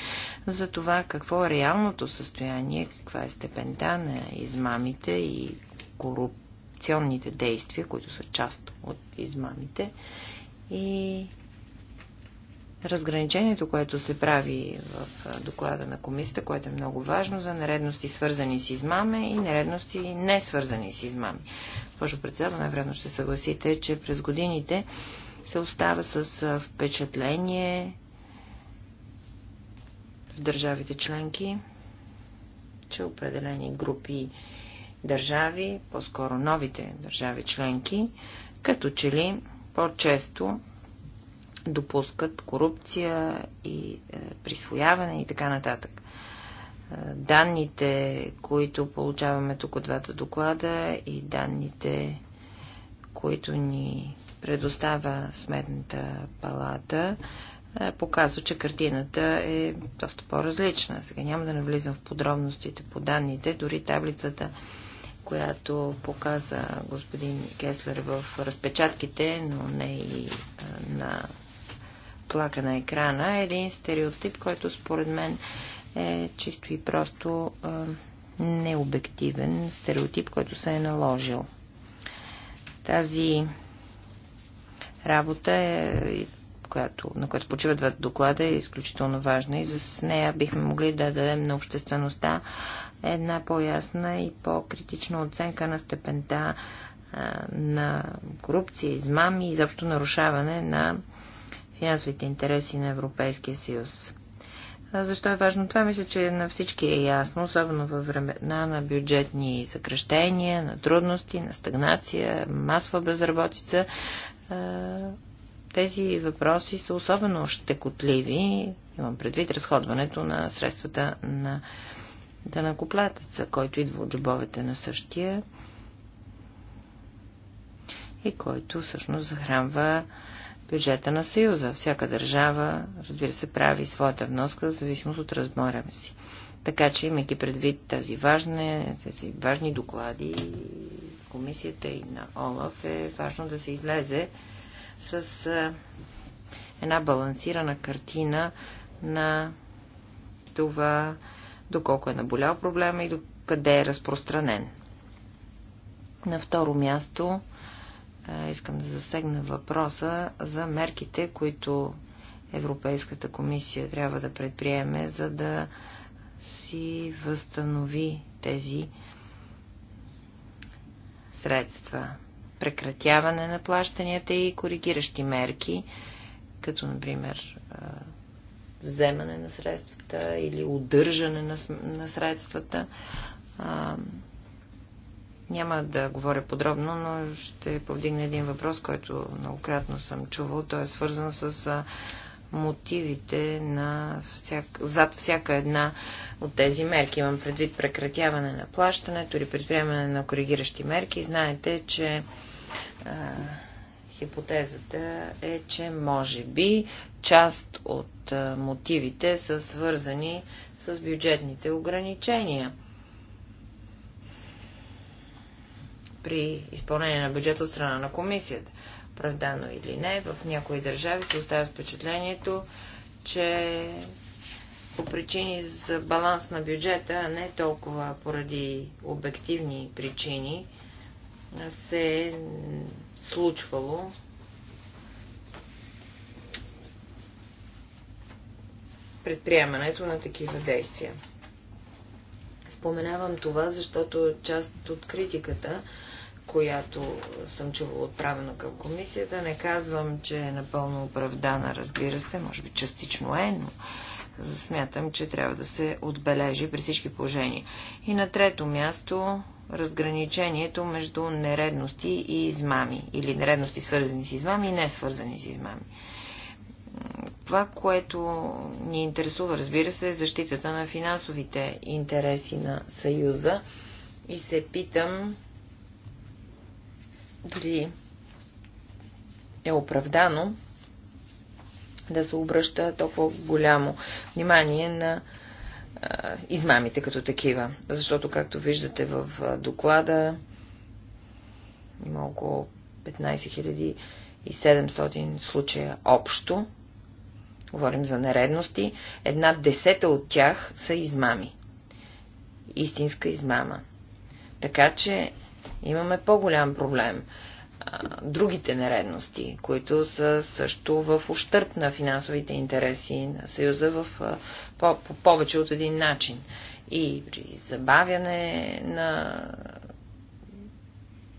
за това какво е реалното състояние, каква е степента на измамите и корупционните действия, които са част от измамите и разграничението, което се прави в доклада на комисията, което е много важно за нередности свързани с измами и нередности не свързани с измами. Пожо председател, най-вероятно ще съгласите, че през годините се остава с впечатление в държавите членки, че определени групи държави, по-скоро новите държави членки, като че ли по-често допускат корупция и е, присвояване и така нататък. Е, данните, които получаваме тук от двата доклада и данните, които ни предоставя Сметната палата, е, показва, че картината е доста по-различна. Сега няма да навлизам в подробностите по данните, дори таблицата, която показа господин Кеслер в разпечатките, но не и е, на плака на екрана, е един стереотип, който според мен е чисто и просто е, необективен стереотип, който се е наложил. Тази работа, е, която, на която почиват два доклада, е изключително важна и с нея бихме могли да дадем на обществеността една по-ясна и по-критична оценка на степента а, на корупция, измами и заобщо нарушаване на финансовите интереси на Европейския съюз. Защо е важно това? Мисля, че на всички е ясно, особено във времена на бюджетни съкрещения, на трудности, на стагнация, масова безработица тези въпроси са особено щекотливи, имам предвид разходването на средствата на данакоплатеца, който идва от джобовете на същия и който всъщност захранва бюджета на Съюза. Всяка държава, разбира се, прави своята вноска в зависимост от размора си. Така че, имайки предвид тази важни, тези важни доклади комисията и на Олаф е важно да се излезе с една балансирана картина на това, доколко е наболял проблема и до къде е разпространен. На второ място искам да засегна въпроса за мерките, които Европейската комисия трябва да предприеме, за да си възстанови тези средства, прекратяване на плащанията и коригиращи мерки, като например вземане на средствата или удържане на, средствата. няма да говоря подробно, но ще повдигна един въпрос, който многократно съм чувал. Той е свързан с мотивите на всяк... зад всяка една от тези мерки. Имам предвид прекратяване на плащането или предприемане на коригиращи мерки. Знаете, че а, хипотезата е, че може би част от а, мотивите са свързани с бюджетните ограничения. при изпълнение на бюджет от страна на комисията оправдано или не, в някои държави се оставя впечатлението, че по причини за баланс на бюджета, а не толкова поради обективни причини, се е случвало предприемането на такива действия. Споменавам това, защото част от критиката която съм чувала отправена към комисията. Не казвам, че е напълно оправдана, разбира се, може би частично е, но смятам, че трябва да се отбележи при всички положения. И на трето място разграничението между нередности и измами, или нередности свързани с измами и не свързани с измами. Това, което ни интересува, разбира се, е защитата на финансовите интереси на Съюза и се питам дали е оправдано да се обръща толкова голямо внимание на а, измамите като такива. Защото, както виждате в доклада, има около 15 700 случая общо. Говорим за нередности. Една десета от тях са измами. Истинска измама. Така че имаме по-голям проблем. Другите нередности, които са също в ущърп на финансовите интереси на Съюза в, по, по повече от един начин. И при забавяне на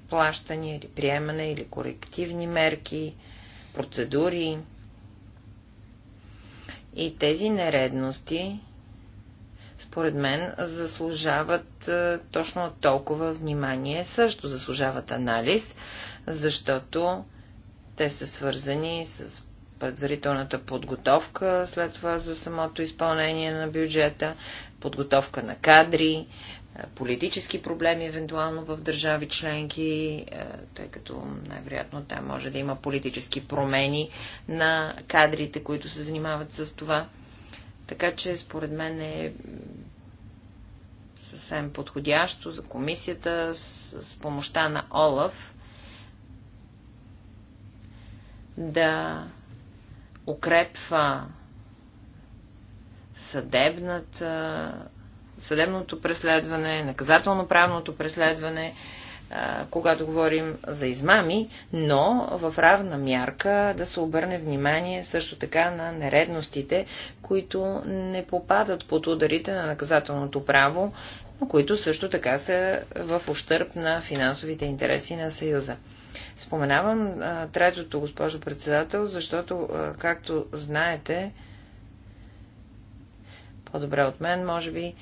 плащане или приемане или корективни мерки, процедури. И тези нередности според мен, заслужават е, точно толкова внимание, също заслужават анализ, защото те са свързани с предварителната подготовка, след това за самото изпълнение на бюджета, подготовка на кадри, е, политически проблеми евентуално в държави членки, е, тъй като най-вероятно там може да има политически промени на кадрите, които се занимават с това. Така че, според мен е съвсем подходящо за комисията с, с помощта на Олаф да укрепва съдебната, съдебното преследване, наказателно-правното преследване когато говорим за измами, но в равна мярка да се обърне внимание също така на нередностите, които не попадат под ударите на наказателното право, но които също така са в ущърп на финансовите интереси на Съюза. Споменавам третото, госпожо председател, защото, както знаете, по-добре от мен, може би,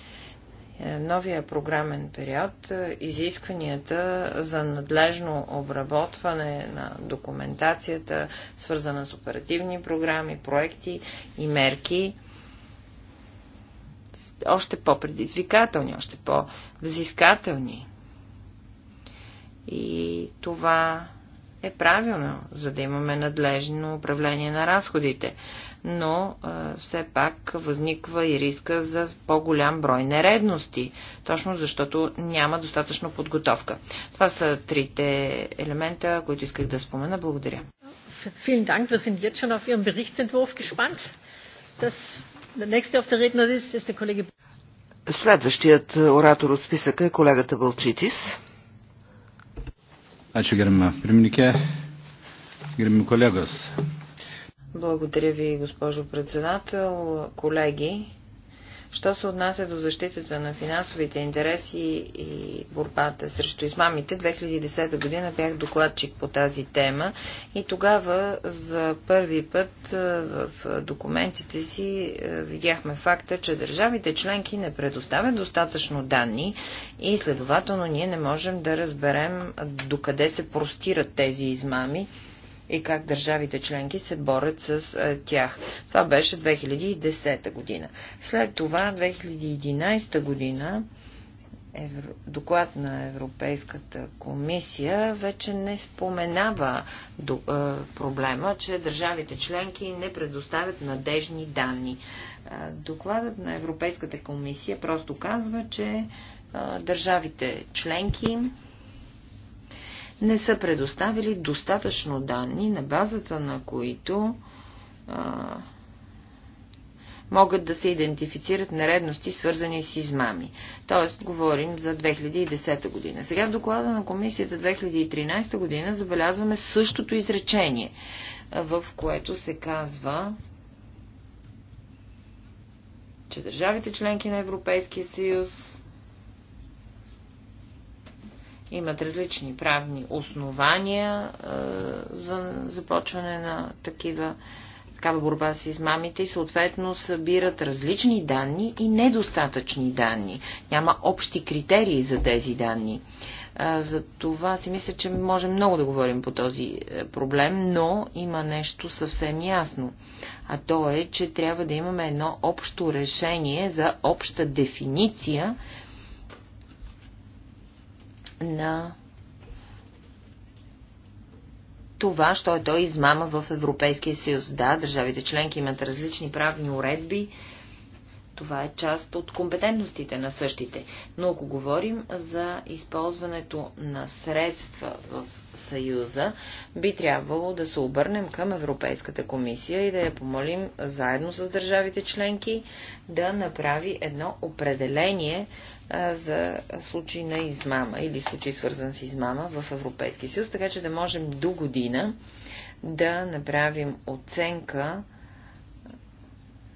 е, новия програмен период е, изискванията за надлежно обработване на документацията, свързана с оперативни програми, проекти и мерки, още по-предизвикателни, още по-взискателни. И това е правилно, за да имаме надлежно управление на разходите но все пак възниква и риска за по-голям брой нередности, точно защото няма достатъчно подготовка. Това са трите елемента, които исках да спомена. Благодаря. Vielen Dank. Wir sind jetzt schon auf Ihren Berichtsentwurf gespannt. Das, nächste auf der Rednerliste ist der Kollege. Следващият е, оратор от списъка е колегата Вълчитис. Ačiū gerima примнике, gerimi колегас, благодаря ви, госпожо председател, колеги. Що се отнася до защитата на финансовите интереси и борбата срещу измамите, 2010 година бях докладчик по тази тема и тогава за първи път в документите си видяхме факта, че държавите членки не предоставят достатъчно данни и следователно ние не можем да разберем докъде се простират тези измами и как държавите членки се борят с а, е, тях. Това беше 2010 година. След това 2011 година евро... доклад на Европейската комисия вече не споменава до... Е, проблема, че държавите членки не предоставят надежни данни. Е, докладът на Европейската комисия просто казва, че държавите членки не са предоставили достатъчно данни, на базата на които а, могат да се идентифицират нередности, свързани с измами. Тоест, говорим за 2010 година. Сега в доклада на комисията 2013 година забелязваме същото изречение, в което се казва, че държавите членки на Европейския съюз имат различни правни основания е, за започване на такива такава борба с измамите и съответно събират различни данни и недостатъчни данни. Няма общи критерии за тези данни. За това си мисля, че можем много да говорим по този е, проблем, но има нещо съвсем ясно. А то е, че трябва да имаме едно общо решение за обща дефиниция на това, що е той измама в Европейския съюз. Да, държавите членки имат различни правни уредби. Това е част от компетентностите на същите. Но ако говорим за използването на средства в Съюза, би трябвало да се обърнем към Европейската комисия и да я помолим заедно с държавите членки да направи едно определение за случай на измама или случай свързан с измама в Европейския съюз, така че да можем до година да направим оценка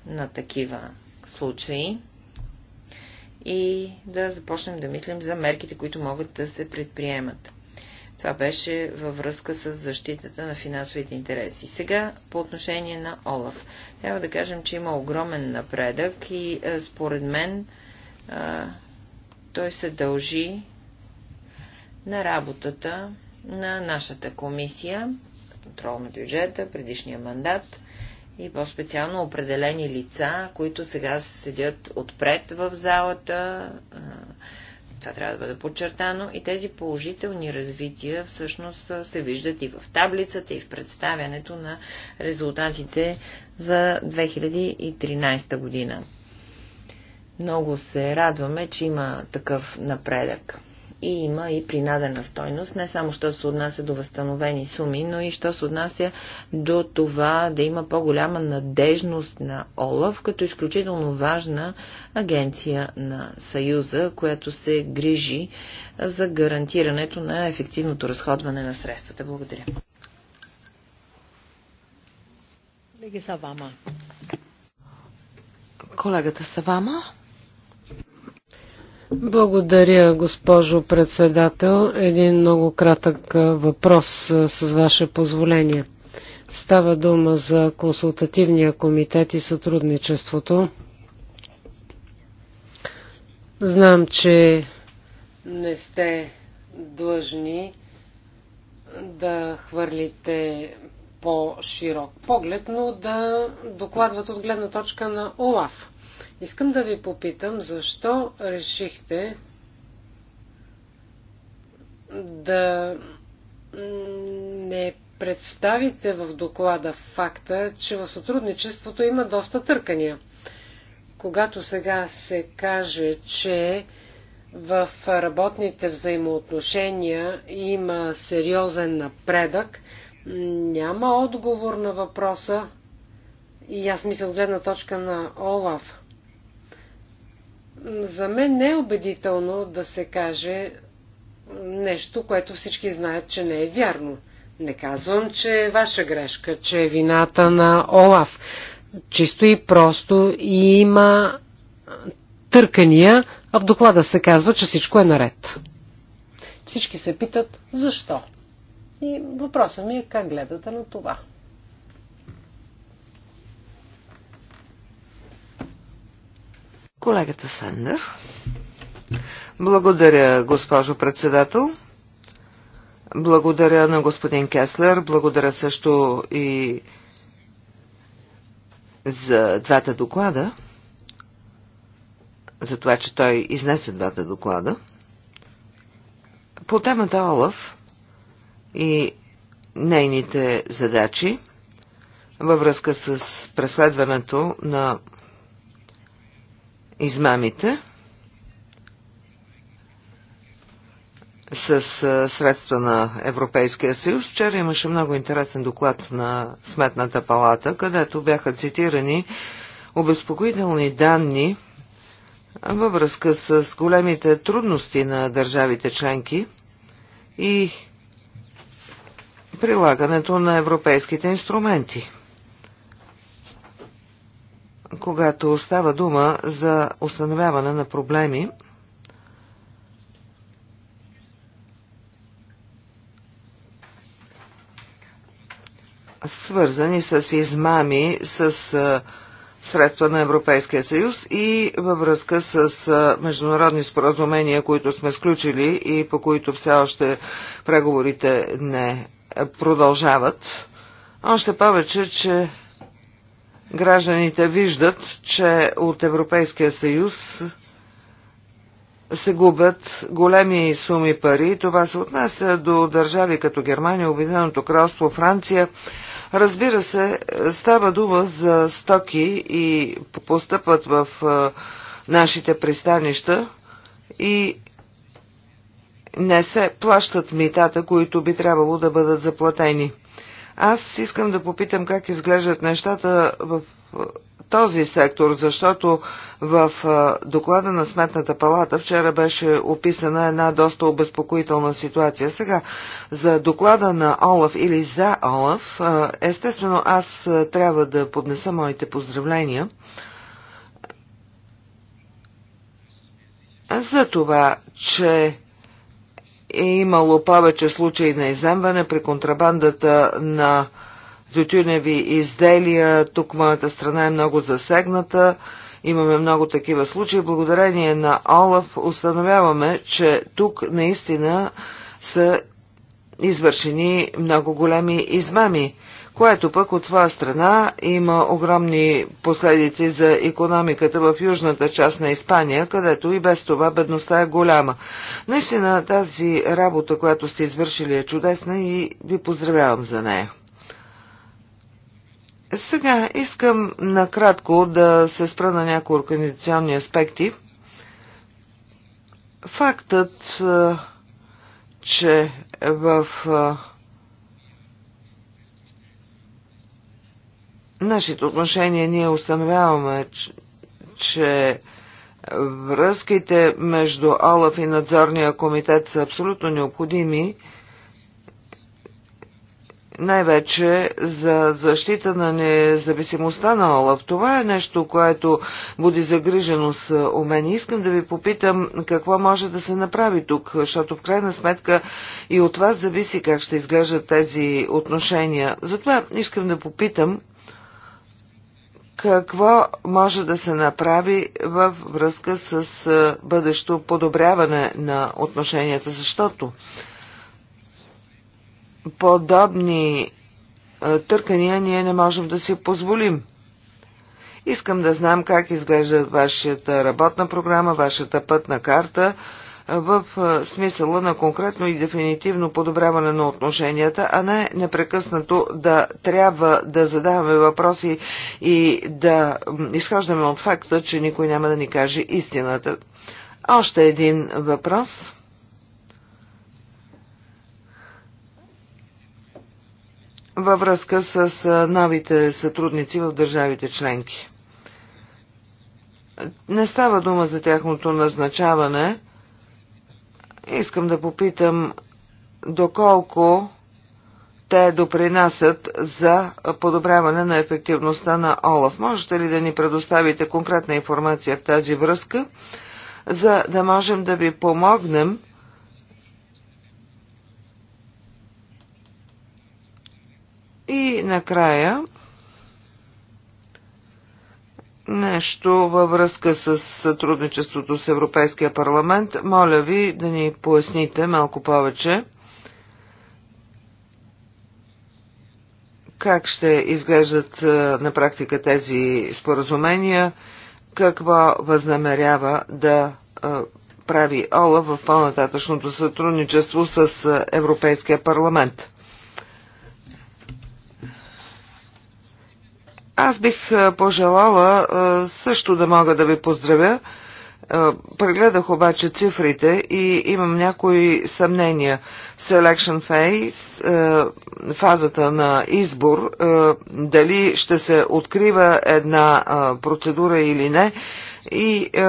на такива случаи и да започнем да мислим за мерките, които могат да се предприемат. Това беше във връзка с защитата на финансовите интереси. Сега по отношение на Олаф. Трябва да кажем, че има огромен напредък и е, според мен е, той се дължи на работата на нашата комисия, контрол на бюджета, предишния мандат и по-специално определени лица, които сега седят отпред в залата, е, това трябва да бъде подчертано и тези положителни развития всъщност се виждат и в таблицата, и в представянето на резултатите за 2013 година. Много се радваме, че има такъв напредък и има и принадена стойност, не само що се отнася до възстановени суми, но и що се отнася до това да има по-голяма надежност на ОЛАВ, като изключително важна агенция на Съюза, която се грижи за гарантирането на ефективното разходване на средствата. Благодаря. Колегата Савама. Благодаря, госпожо председател. Един много кратък въпрос с ваше позволение. Става дума за консултативния комитет и сътрудничеството. Знам, че не сте длъжни да хвърлите по-широк поглед, но да докладват от гледна точка на ОЛАФ. Искам да ви попитам, защо решихте да не представите в доклада факта, че в сътрудничеството има доста търкания. Когато сега се каже, че в работните взаимоотношения има сериозен напредък, няма отговор на въпроса и аз мисля от гледна точка на Олаф. За мен не е убедително да се каже нещо, което всички знаят, че не е вярно. Не казвам, че е ваша грешка, че е вината на Олаф. Чисто и просто има търкания, а в доклада се казва, че всичко е наред. Всички се питат защо. И въпросът ми е как гледате на това. Колегата Сандър. Благодаря, госпожо председател. Благодаря на господин Кеслер. Благодаря също и за двата доклада. За това, че той изнесе двата доклада. По темата Олаф и нейните задачи във връзка с преследването на измамите с средства на Европейския съюз. Вчера имаше много интересен доклад на Сметната палата, където бяха цитирани обезпокоителни данни във връзка с големите трудности на държавите членки и прилагането на европейските инструменти когато става дума за установяване на проблеми, свързани с измами с средства на Европейския съюз и във връзка с международни споразумения, които сме сключили и по които все още преговорите не продължават. Още повече, че гражданите виждат, че от Европейския съюз се губят големи суми пари. Това се отнася до държави като Германия, Обединеното кралство, Франция. Разбира се, става дума за стоки и постъпват в нашите пристанища и не се плащат митата, които би трябвало да бъдат заплатени. Аз искам да попитам как изглеждат нещата в този сектор, защото в доклада на Сметната палата вчера беше описана една доста обезпокоителна ситуация. Сега, за доклада на Олаф или за Олаф, естествено аз трябва да поднеса моите поздравления за това, че е имало повече случаи на иземване при контрабандата на тютюневи изделия. Тук моята страна е много засегната. Имаме много такива случаи. Благодарение на Олаф установяваме, че тук наистина са извършени много големи измами което пък от своя страна има огромни последици за економиката в южната част на Испания, където и без това бедността е голяма. Наистина тази работа, която сте извършили е чудесна и ви поздравявам за нея. Сега искам накратко да се спра на някои организационни аспекти. Фактът, че в нашите отношения ние установяваме, че, връзките между ОЛАФ и надзорния комитет са абсолютно необходими, най-вече за защита на независимостта на ОЛАФ. Това е нещо, което буди загриженост у мен. Искам да ви попитам какво може да се направи тук, защото в крайна сметка и от вас зависи как ще изглеждат тези отношения. Затова искам да попитам какво може да се направи във връзка с бъдещо подобряване на отношенията, защото подобни търкания ние не можем да си позволим. Искам да знам как изглежда вашата работна програма, вашата пътна карта, в смисъла на конкретно и дефинитивно подобряване на отношенията, а не непрекъснато да трябва да задаваме въпроси и да изхождаме от факта, че никой няма да ни каже истината. Още един въпрос. Във връзка с новите сътрудници в държавите членки. Не става дума за тяхното назначаване, Искам да попитам доколко те допринасят за подобряване на ефективността на ОЛАФ. Можете ли да ни предоставите конкретна информация в тази връзка, за да можем да ви помогнем и накрая нещо във връзка с сътрудничеството с Европейския парламент. Моля ви да ни поясните малко повече. Как ще изглеждат е, на практика тези споразумения? Какво възнамерява да е, прави ОЛА в по-нататъчното сътрудничество с е, Европейския парламент? Аз бих е, пожелала е, също да мога да ви поздравя. Е, прегледах обаче цифрите и имам някои съмнения. Selection phase, фазата на избор, дали ще се открива една процедура или не, и е,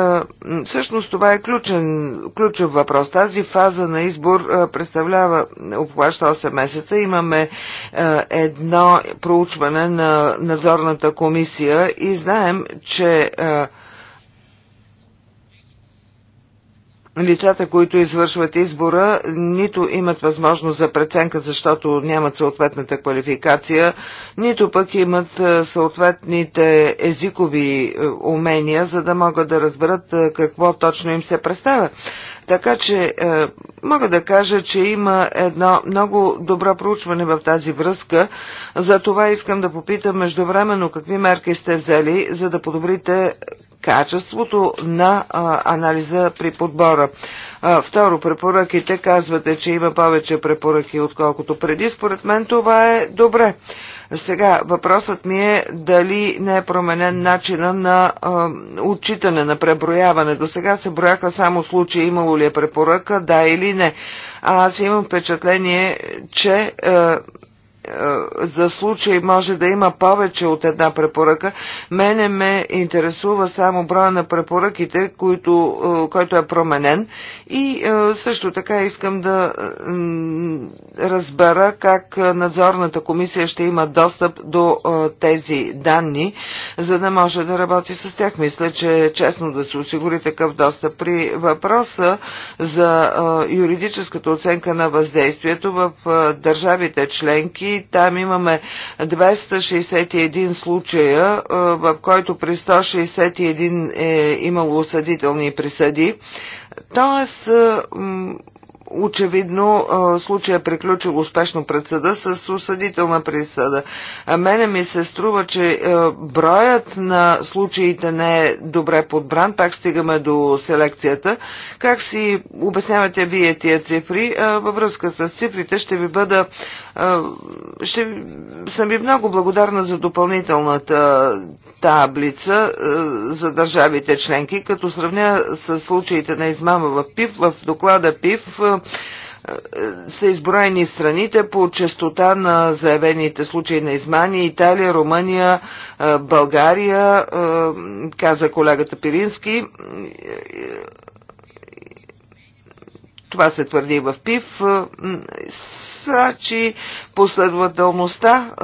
всъщност това е ключен, ключов въпрос. Тази фаза на избор е, представлява, обхваща 8 месеца. Имаме е, едно проучване на надзорната комисия и знаем, че е, лицата, които извършват избора, нито имат възможност за преценка, защото нямат съответната квалификация, нито пък имат е, съответните езикови е, умения, за да могат да разберат е, какво точно им се представя. Така че е, мога да кажа, че има едно много добро проучване в тази връзка. За това искам да попитам междувременно какви мерки сте взели, за да подобрите качеството на а, анализа при подбора. А, второ, препоръките казвате, че има повече препоръки, отколкото преди. Според мен това е добре. Сега, въпросът ми е дали не е променен начина на а, отчитане, на преброяване. До сега се брояха само случаи, имало ли е препоръка, да или не. А аз имам впечатление, че а, за случай може да има повече от една препоръка. Мене ме интересува само броя на препоръките, които, е, който е променен. И е, също така искам да разбера как надзорната комисия ще има достъп до е, тези данни, за да може да работи с тях. Мисля, че е честно да се осигури такъв достъп. При въпроса за юридическата оценка на въздействието в държавите членки, там има имаме 261 случая, в който при 161 е имало осъдителни присъди. Тоест, очевидно случая е приключил успешно пред съда с осъдителна присъда. А мене ми се струва, че броят на случаите не е добре подбран. Пак стигаме до селекцията. Как си обяснявате вие тия цифри? Във връзка с цифрите ще ви бъда... Ще съм ви много благодарна за допълнителната таблица за държавите членки, като сравня с случаите на измама в ПИВ, в доклада ПИВ са изброени страните по частота на заявените случаи на измани. Италия, Румъния, България, каза колегата Пирински. Това се твърди в ПИВ. Сачи последователността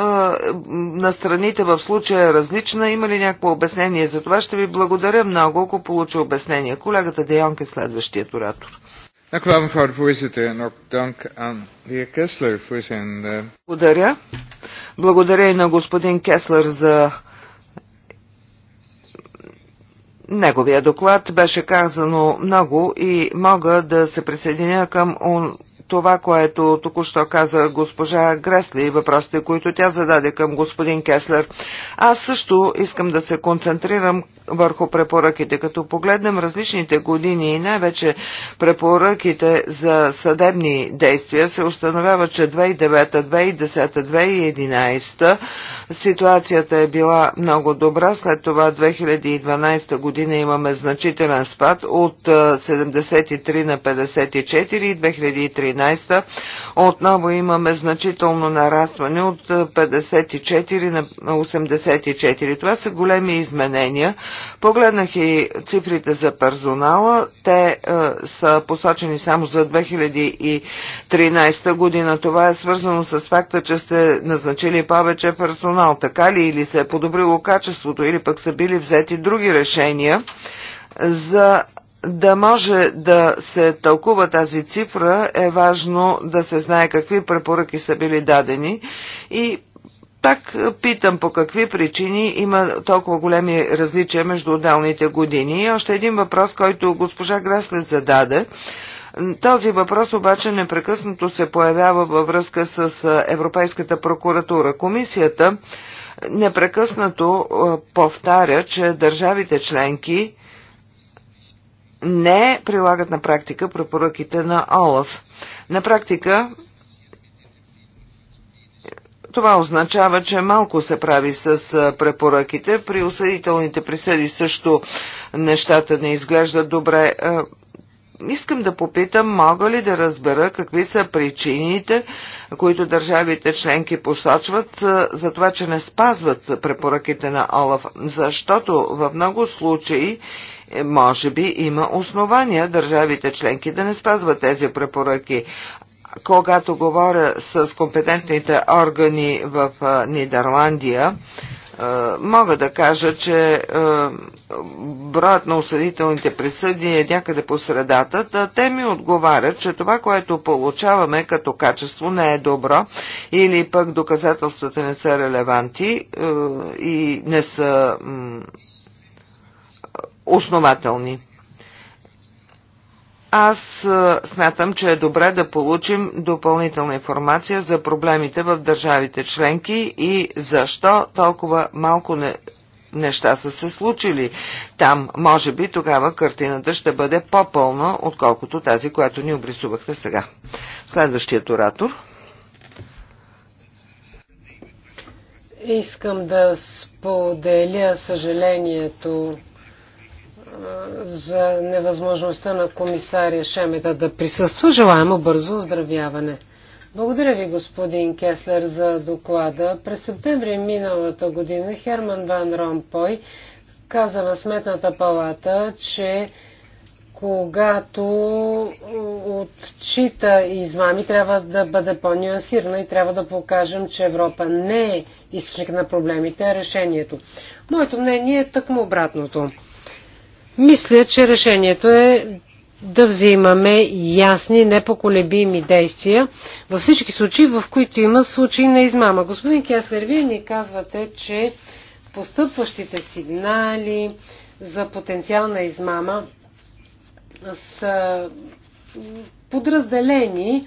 на страните в случая е различна. Има ли някакво обяснение за това? Ще ви благодаря много, ако получа обяснение. Колегата Дейонка, е следващият оратор. Dank u wel, mevrouw de voorzitter, en ook dank aan de heer Kessler voor zijn... Eh, Благодаря. Благодаря и на господин Кеслер за неговия доклад. Беше казано много и мога да се присъединя към това, което току-що каза госпожа Гресли и въпросите, които тя зададе към господин Кеслер. Аз също искам да се концентрирам върху препоръките. Като погледнем различните години и най-вече препоръките за съдебни действия, се установява, че 2009, 2010, 2011 ситуацията е била много добра. След това 2012 година имаме значителен спад от 73 на 54 и 2013 отново имаме значително нарастване от 54 на 84. Това са големи изменения, Погледнах и цифрите за персонала. Те е, са посочени само за 2013 година. Това е свързано с факта, че сте назначили повече персонал. Така ли? Или се е подобрило качеството, или пък са били взети други решения за да може да се тълкува тази цифра, е важно да се знае какви препоръки са били дадени и пак е, питам по какви причини има толкова големи различия между отделните години. И още един въпрос, който госпожа Граслет зададе. Този въпрос обаче непрекъснато се появява във връзка с е, Европейската прокуратура. Комисията е, непрекъснато повтаря, че държавите членки не прилагат на практика препоръките на ОЛАФ. На практика това означава, че малко се прави с препоръките. При осъдителните присъди също нещата не изглеждат добре. Искам да попитам, мога ли да разбера какви са причините, които държавите членки посочват за това, че не спазват препоръките на Олаф, защото в много случаи е, може би има основания държавите членки да не спазват тези препоръки когато говоря с компетентните органи в Нидерландия, мога да кажа, че броят на осъдителните присъди е някъде по средата. Те ми отговарят, че това, което получаваме като качество не е добро или пък доказателствата не са релеванти и не са основателни. Аз смятам, че е добре да получим допълнителна информация за проблемите в държавите членки и защо толкова малко не, неща са се случили. Там, може би, тогава картината ще бъде по-пълна, отколкото тази, която ни обрисувахте сега. Следващият оратор. Искам да споделя съжалението за невъзможността на комисария Шемета да присъства. Желаемо бързо оздравяване. Благодаря ви, господин Кеслер, за доклада. През септември миналата година Херман Ван Ромпой каза на Сметната палата, че когато отчита измами, трябва да бъде по-нюансирана и трябва да покажем, че Европа не е източник на проблемите, а решението. Моето мнение е тъкмо обратното. Мисля, че решението е да взимаме ясни, непоколебими действия във всички случаи, в които има случаи на измама. Господин Кеслер, вие ни казвате, че постъпващите сигнали за потенциална измама са подразделени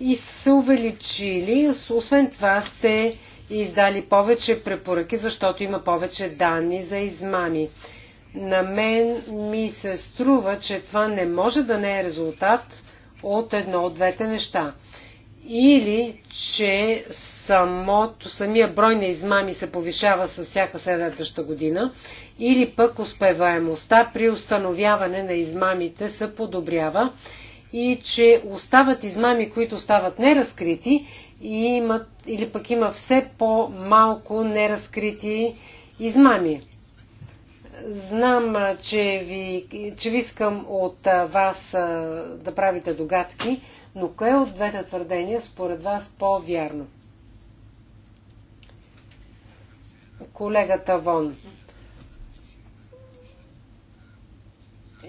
и са увеличили. Освен това сте издали повече препоръки, защото има повече данни за измами. На мен ми се струва, че това не може да не е резултат от едно от двете неща. Или, че самото, самия брой на измами се повишава с всяка следваща година, или пък успеваемостта при установяване на измамите се подобрява и че остават измами, които стават неразкрити и имат, или пък има все по-малко неразкрити измами. Знам, че ви, че ви искам от вас да правите догадки, но кое от двете твърдения според вас по-вярно? Колегата Вон.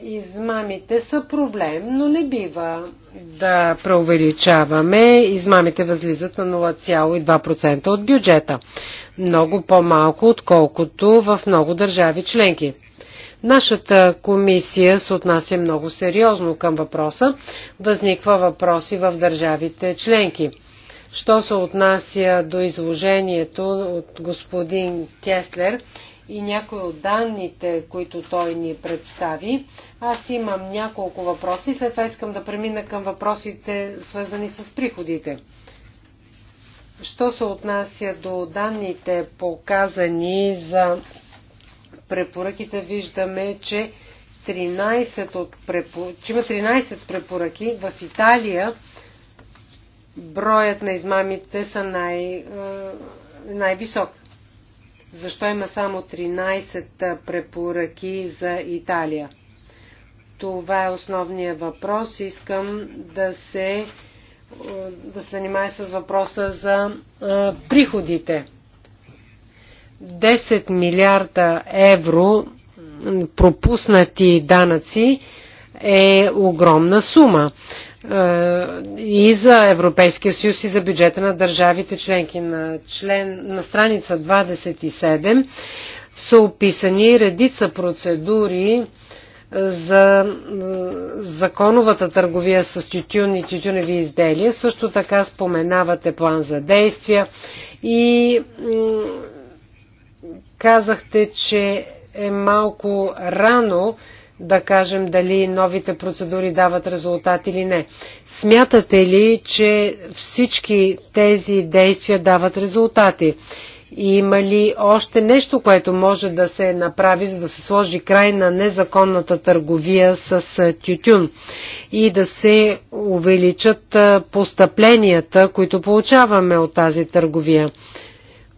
Измамите са проблем, но не бива да преувеличаваме. Измамите възлизат на 0,2% от бюджета много по-малко, отколкото в много държави членки. Нашата комисия се отнася много сериозно към въпроса. Възниква въпроси в държавите членки. Що се отнася до изложението от господин Кеслер и някои от данните, които той ни представи, аз имам няколко въпроси. След това искам да премина към въпросите, свързани с приходите. Що се отнася до данните показани за препоръките, виждаме, че, 13 от препор... че има 13 препоръки. В Италия броят на измамите са най... Е, най-висок. Защо има само 13 е, препоръки за Италия? Това е основният въпрос. Искам да се да се занимае с въпроса за а, приходите. 10 милиарда евро пропуснати данъци е огромна сума и за Европейския съюз и за бюджета на държавите членки на, член, на страница 27 са описани редица процедури, за законовата търговия с тютюн и тютюневи изделия. Също така споменавате план за действия и казахте, че е малко рано да кажем дали новите процедури дават резултат или не. Смятате ли, че всички тези действия дават резултати? Има ли още нещо, което може да се направи, за да се сложи край на незаконната търговия с тютюн и да се увеличат постъпленията, които получаваме от тази търговия?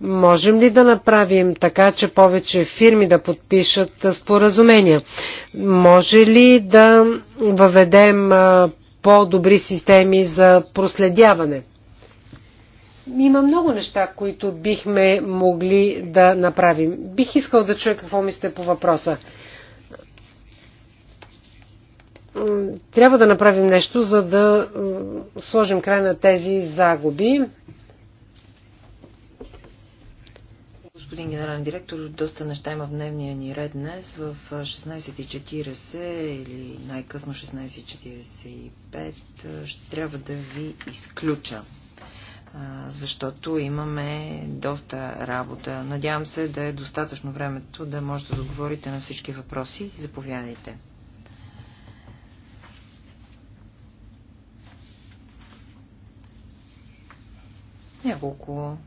Можем ли да направим така, че повече фирми да подпишат споразумения? Може ли да въведем по-добри системи за проследяване? Има много неща, които бихме могли да направим. Бих искал да чуя какво мислите по въпроса. Трябва да направим нещо, за да сложим край на тези загуби. господин генерален директор, доста неща има в дневния ни ред днес. В 16.40 или най-късно 16.45 ще трябва да ви изключа защото имаме доста работа. Надявам се да е достатъчно времето да можете да отговорите на всички въпроси. Заповядайте. Няколко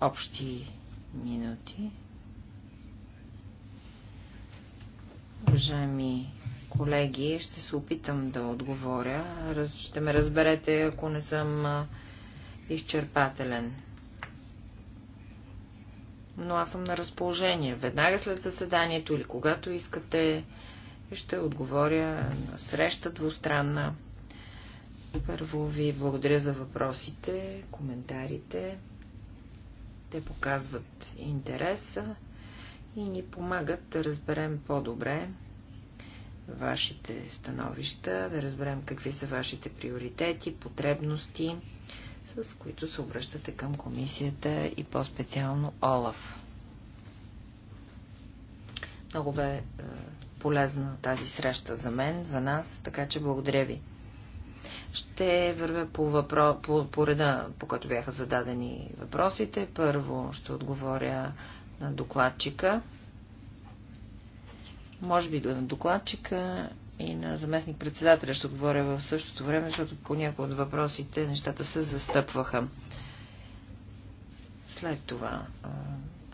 общи минути. Уважаеми колеги, ще се опитам да отговоря. Ще ме разберете, ако не съм изчерпателен. Но аз съм на разположение. Веднага след заседанието или когато искате, ще отговоря на среща двустранна. Първо ви благодаря за въпросите, коментарите. Те показват интереса и ни помагат да разберем по-добре вашите становища, да разберем какви са вашите приоритети, потребности с които се обръщате към комисията и по-специално ОЛАФ. Много бе е, полезна тази среща за мен, за нас, така че благодаря ви. Ще вървя по, въпро... по, по реда, по който бяха зададени въпросите. Първо ще отговоря на докладчика. Може би на докладчика и на заместник председателя ще отговоря в същото време, защото по някои от въпросите нещата се застъпваха. След това,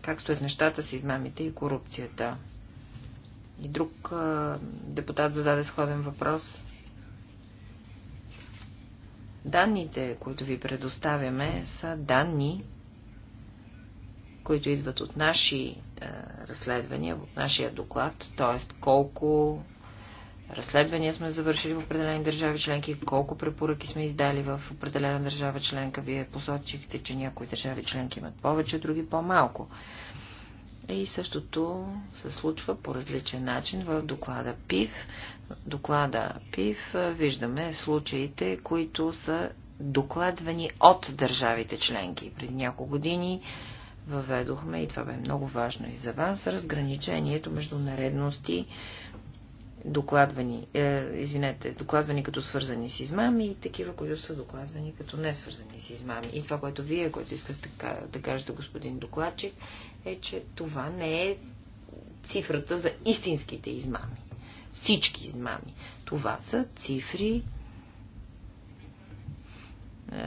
как стоят нещата с измамите и корупцията? И друг депутат зададе сходен въпрос. Данните, които ви предоставяме, са данни, които идват от наши е, разследвания, от нашия доклад, т.е. колко разследвания сме завършили в определени държави членки, колко препоръки сме издали в определена държава членка. Вие посочихте, че някои държави членки имат повече, други по-малко. И същото се случва по различен начин в доклада ПИВ. Доклада ПИВ виждаме случаите, които са докладвани от държавите членки. Пред няколко години въведохме, и това бе много важно и за вас, разграничението между наредности докладвани, е, извинете, докладвани като свързани с измами и такива, които са докладвани като не свързани с измами. И това, което вие, което искате да, да кажете, господин докладчик, е, че това не е цифрата за истинските измами. Всички измами. Това са цифри е,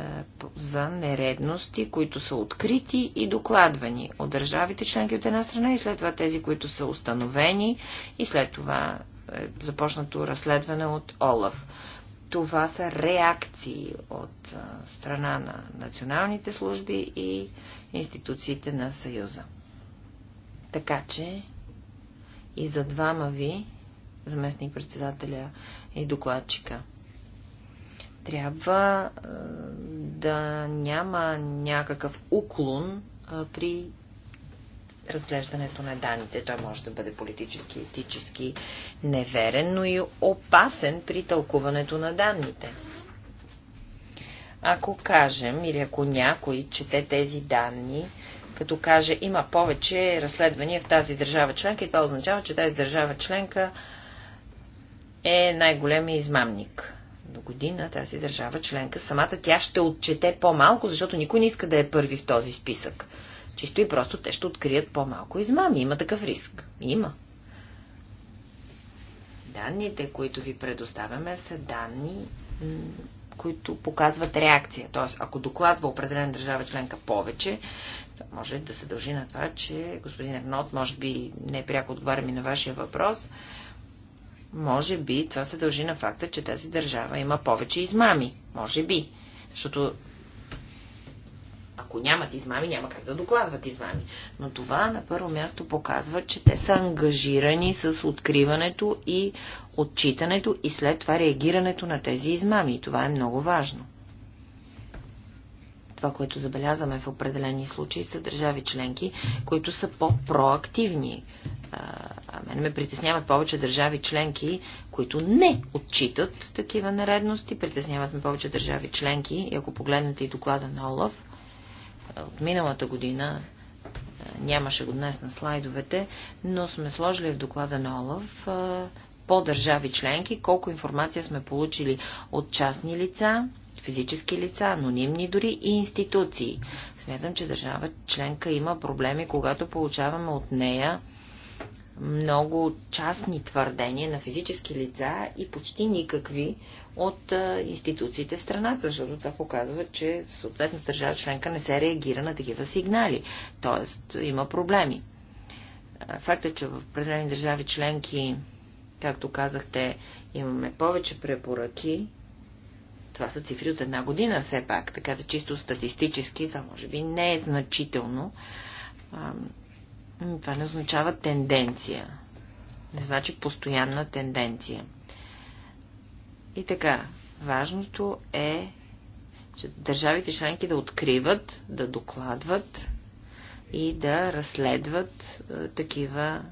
за нередности, които са открити и докладвани от държавите членки от една страна и след това тези, които са установени и след това е започнато разследване от ОЛАФ. Това са реакции от страна на националните служби и институциите на Съюза. Така че и за двама ви, заместник председателя и докладчика, трябва да няма някакъв уклон при разглеждането на данните. Той може да бъде политически, етически неверен, но и опасен при тълкуването на данните. Ако кажем или ако някой чете тези данни, като каже има повече разследвания в тази държава членка и това означава, че тази държава членка е най-големия измамник. До година тази държава членка самата тя ще отчете по-малко, защото никой не иска да е първи в този списък. Чисто и просто те ще открият по-малко измами. Има такъв риск. Има. Данните, които ви предоставяме, са данни, които показват реакция. Тоест, ако докладва определена държава членка повече, може да се дължи на това, че господин Ернот, може би не е пряко отговарям и на вашия въпрос, може би това се дължи на факта, че тази държава има повече измами. Може би. Защото ако нямат измами, няма как да докладват измами. Но това на първо място показва, че те са ангажирани с откриването и отчитането и след това реагирането на тези измами. И това е много важно. Това, което забелязваме в определени случаи, са държави членки, които са по-проактивни. А мен ме притесняват повече държави членки, които не отчитат такива нередности. Притесняват ме повече държави членки. И ако погледнете и доклада на Олаф, от миналата година, е, нямаше го днес на слайдовете, но сме сложили в доклада на Олаф е, по държави членки, колко информация сме получили от частни лица, физически лица, анонимни дори и институции. Смятам, че държава членка има проблеми, когато получаваме от нея много частни твърдения на физически лица и почти никакви от институциите в страната, защото това показва, че съответната държава членка не се реагира на такива сигнали, т.е. има проблеми. Фактът, е, че в определени държави членки, както казахте, имаме повече препоръки, това са цифри от една година все пак, така че чисто статистически това може би не е значително това не означава тенденция. Не значи постоянна тенденция. И така, важното е, че държавите членки да откриват, да докладват и да разследват е, такива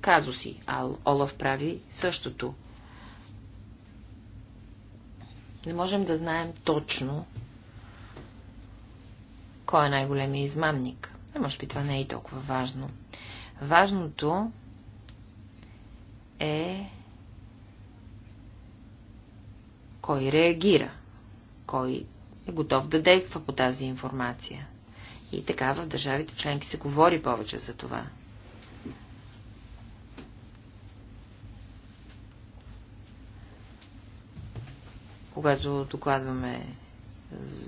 казуси. А Олаф прави същото. Не можем да знаем точно кой е най големият измамник. Но може би това не е и толкова важно. Важното е кой реагира, кой е готов да действа по тази информация. И така в държавите членки се говори повече за това. Когато докладваме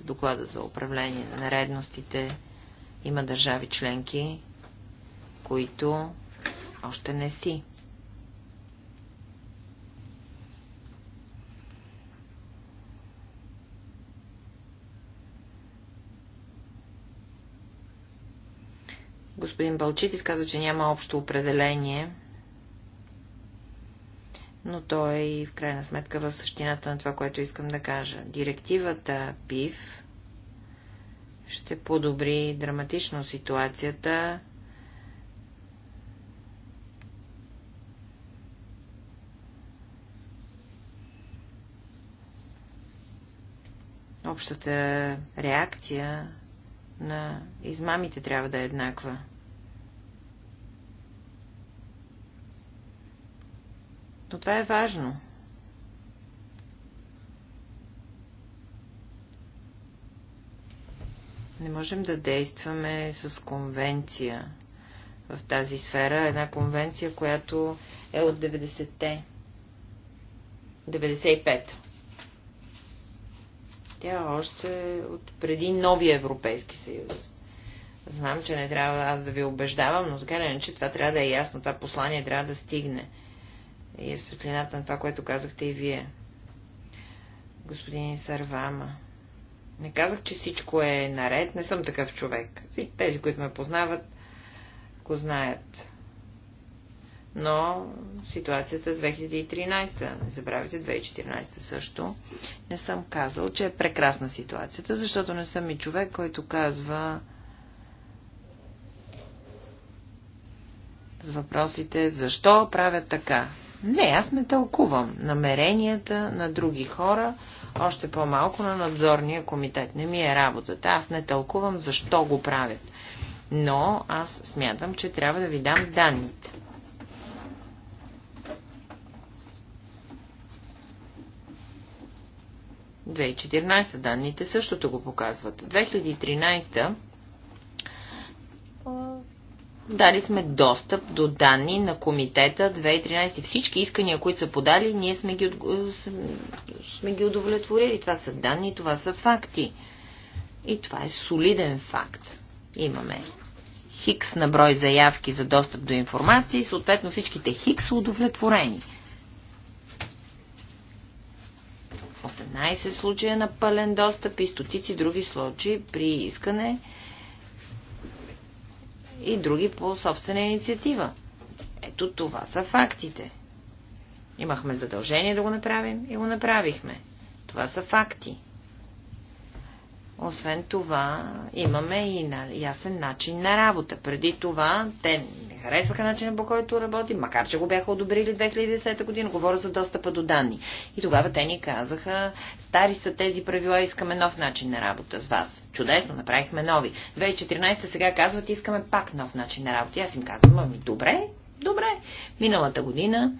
доклада за управление на наредностите, има държави членки, които още не си. Господин Балчит каза, че няма общо определение, но то е и в крайна сметка в същината на това, което искам да кажа. Директивата ПИВ ще подобри драматично ситуацията. Общата реакция на измамите трябва да е еднаква. Но това е важно. Не можем да действаме с конвенция в тази сфера. Една конвенция, която е от 90-те. 95. Тя още е от преди новия Европейски съюз. Знам, че не трябва аз да ви убеждавам, но така че това трябва да е ясно. Това послание трябва да стигне. И е в светлината на това, което казахте и вие. Господин Сарвама. Не казах, че всичко е наред. Не съм такъв човек. Тези, които ме познават, го знаят. Но ситуацията 2013, е не забравяйте, 2014 също, не съм казал, че е прекрасна ситуацията, защото не съм и човек, който казва с въпросите защо правят така. Не, аз не тълкувам намеренията на други хора, още по-малко на надзорния комитет. Не ми е работата. Аз не тълкувам защо го правят. Но аз смятам, че трябва да ви дам данните. – 2014 данните същото го показват. 2013 дали сме достъп до данни на комитета 2013. Всички искания, които са подали, ние сме ги, сме ги удовлетворили. Това са данни, това са факти. И това е солиден факт. Имаме хикс на брой заявки за достъп до информация и съответно всичките хикс са удовлетворени. 18 случая на пълен достъп и стотици други случаи при искане и други по собствена инициатива. Ето това са фактите. Имахме задължение да го направим и го направихме. Това са факти. Освен това, имаме и ясен начин на работа. Преди това, те не харесаха начина по който работи, макар че го бяха одобрили 2010 година, говоря за достъпа до данни. И тогава те ни казаха, стари са тези правила, искаме нов начин на работа с вас. Чудесно, направихме нови. 2014 сега казват, искаме пак нов начин на работа. И аз им казвам, ами добре, добре. Миналата година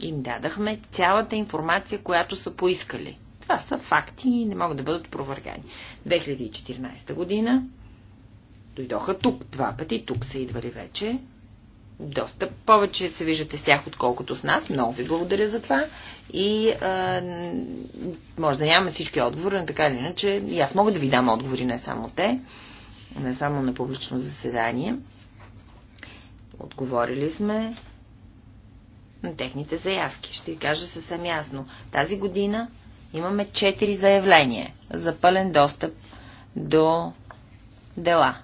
им дадахме цялата информация, която са поискали това са факти и не могат да бъдат провъргани. 2014 година дойдоха тук два пъти, тук са идвали вече. Доста повече се виждате с тях, отколкото с нас. Много ви благодаря за това. И а, може да нямаме всички отговори, но така или иначе и аз мога да ви дам отговори, не само те, не само на публично заседание. Отговорили сме на техните заявки. Ще ви кажа съвсем ясно. Тази година Имаме 4 заявления за пълен достъп до дела.